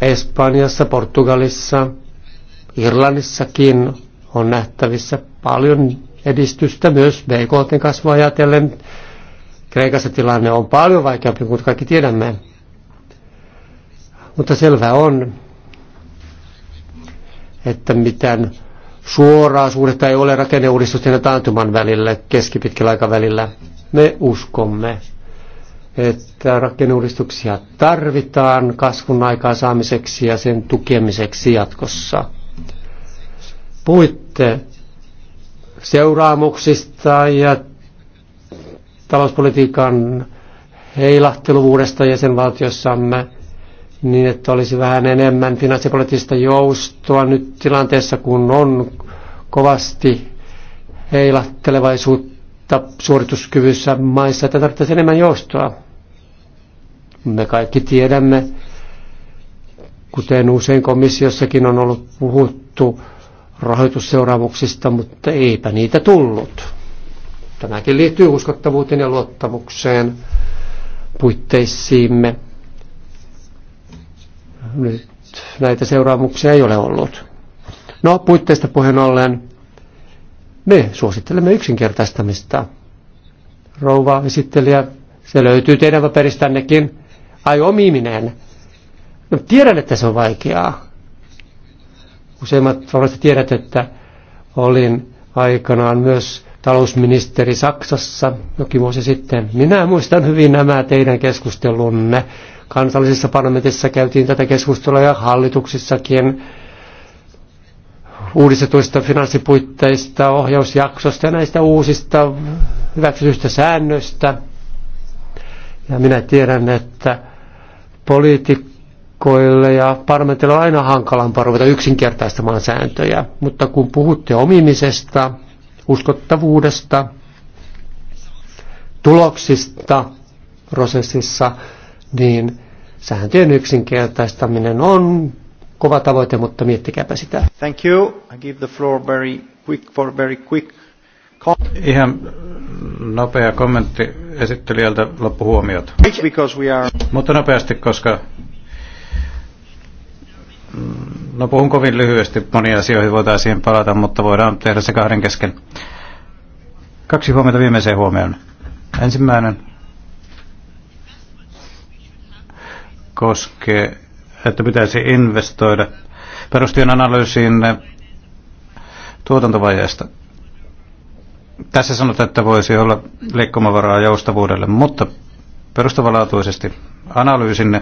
Espanjassa, Portugalissa, Irlannissakin on nähtävissä paljon edistystä myös BKT kasvua ajatellen. Kreikassa tilanne on paljon vaikeampi kuin kaikki tiedämme. Mutta selvää on, että mitään suoraa suhdetta ei ole rakenneuudistusten ja taantuman välillä keskipitkällä aikavälillä. Me uskomme, että rakenneuudistuksia tarvitaan kasvun aikaansaamiseksi ja sen tukemiseksi jatkossa. Puitte seuraamuksista ja talouspolitiikan heilahteluvuudesta jäsenvaltiossamme niin, että olisi vähän enemmän finanssipoliittista joustoa nyt tilanteessa, kun on kovasti heilahtelevaisuutta suorituskyvyssä maissa, että tarvitsisi enemmän joustoa. Me kaikki tiedämme, kuten usein komissiossakin on ollut puhuttu, rahoitusseuraamuksista, mutta eipä niitä tullut. Tämäkin liittyy uskottavuuteen ja luottamukseen puitteissiimme. Nyt näitä seuraamuksia ei ole ollut. No, puitteista puheen ollen, me suosittelemme yksinkertaistamista. Rouva esittelijä, se löytyy teidän paperistannekin. Ai omiminen. No, tiedän, että se on vaikeaa. Useimmat varmasti tiedät, että olin aikanaan myös talousministeri Saksassa jokin vuosi sitten. Minä muistan hyvin nämä teidän keskustelunne. Kansallisessa parlamentissa käytiin tätä keskustelua ja hallituksissakin uudistetuista finanssipuitteista, ohjausjaksosta ja näistä uusista hyväksytyistä säännöistä. Ja minä tiedän, että poliitikko poliitikoille ja parlamentille on aina hankalampaa ruveta yksinkertaistamaan sääntöjä, mutta kun puhutte omimisesta, uskottavuudesta, tuloksista prosessissa, niin sääntöjen yksinkertaistaminen on kova tavoite, mutta miettikääpä sitä. Thank you. I give the floor very quick for very quick Ihan nopea kommentti esittelijältä loppuhuomiot. Mutta nopeasti, koska No puhun kovin lyhyesti, monia asioihin voitaisiin palata, mutta voidaan tehdä se kahden kesken. Kaksi huomiota viimeiseen huomioon. Ensimmäinen koskee, että pitäisi investoida perustien analyysiin tuotantovajeesta. Tässä sanotaan, että voisi olla liikkumavaraa joustavuudelle, mutta perustavanlaatuisesti analyysinne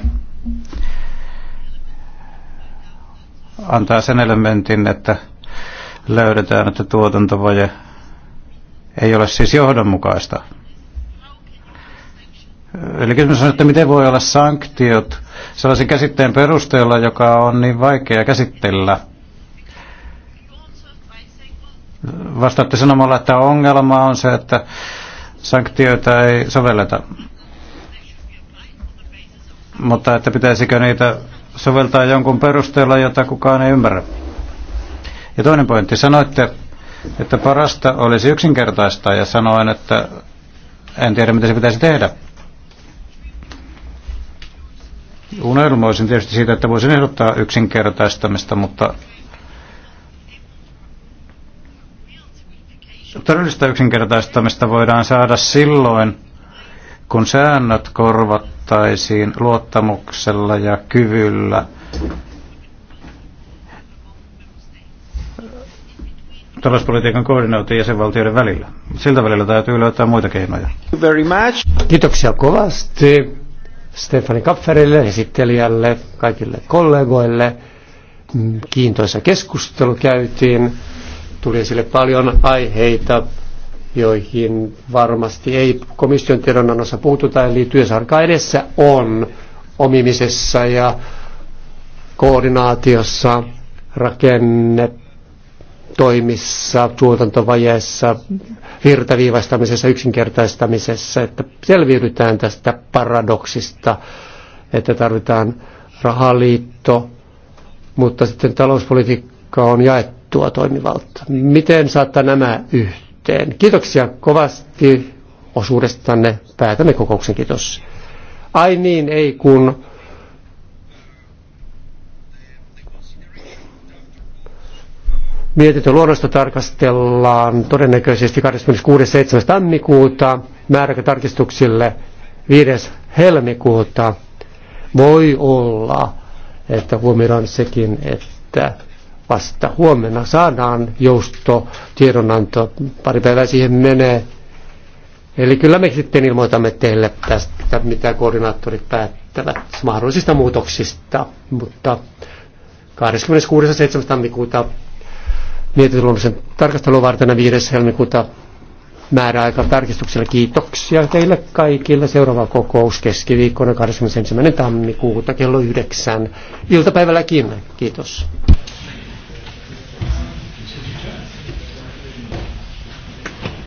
antaa sen elementin, että löydetään, että tuotantovaje ei ole siis johdonmukaista. Eli kysymys on, että miten voi olla sanktiot sellaisen käsitteen perusteella, joka on niin vaikea käsitellä. Vastaatte sanomalla, että ongelma on se, että sanktioita ei sovelleta. Mutta että pitäisikö niitä soveltaa jonkun perusteella, jota kukaan ei ymmärrä. Ja toinen pointti, sanoitte, että parasta olisi yksinkertaista ja sanoin, että en tiedä mitä se pitäisi tehdä. Unelmoisin tietysti siitä, että voisin ehdottaa yksinkertaistamista, mutta todellista yksinkertaistamista voidaan saada silloin, kun säännöt korvat rakennettaisiin luottamuksella ja kyvyllä talouspolitiikan koordinointi jäsenvaltioiden välillä. Siltä välillä täytyy löytää muita keinoja. Very much. Kiitoksia kovasti Stefani Kapferille, esittelijälle, kaikille kollegoille. Kiintoisa keskustelu käytiin. Tuli esille paljon aiheita joihin varmasti ei komission tiedonannossa puututa, eli työsarka edessä on omimisessa ja koordinaatiossa, rakenne, toimissa, tuotantovajeessa, virtaviivastamisessa, yksinkertaistamisessa, että selviydytään tästä paradoksista, että tarvitaan rahaliitto, mutta sitten talouspolitiikka on jaettua toimivalta. Miten saattaa nämä yhteen? yhteen. Kiitoksia kovasti osuudestanne. Päätämme kokouksen. Kiitos. Ai niin, ei kun... Mietintö luonnosta tarkastellaan todennäköisesti 26.7. tammikuuta, määräkä tarkistuksille 5. helmikuuta. Voi olla, että huomioidaan sekin, että vasta huomenna saadaan jousto tiedonanto. Pari päivää siihen menee. Eli kyllä me sitten ilmoitamme teille tästä, mitä koordinaattorit päättävät mahdollisista muutoksista. Mutta 26. ja 7. tammikuuta mietitulomisen tarkastelua varten 5. helmikuuta määräaika tarkistuksella. Kiitoksia teille kaikille. Seuraava kokous keskiviikkona 21. tammikuuta kello 9 iltapäivälläkin. Kiitos.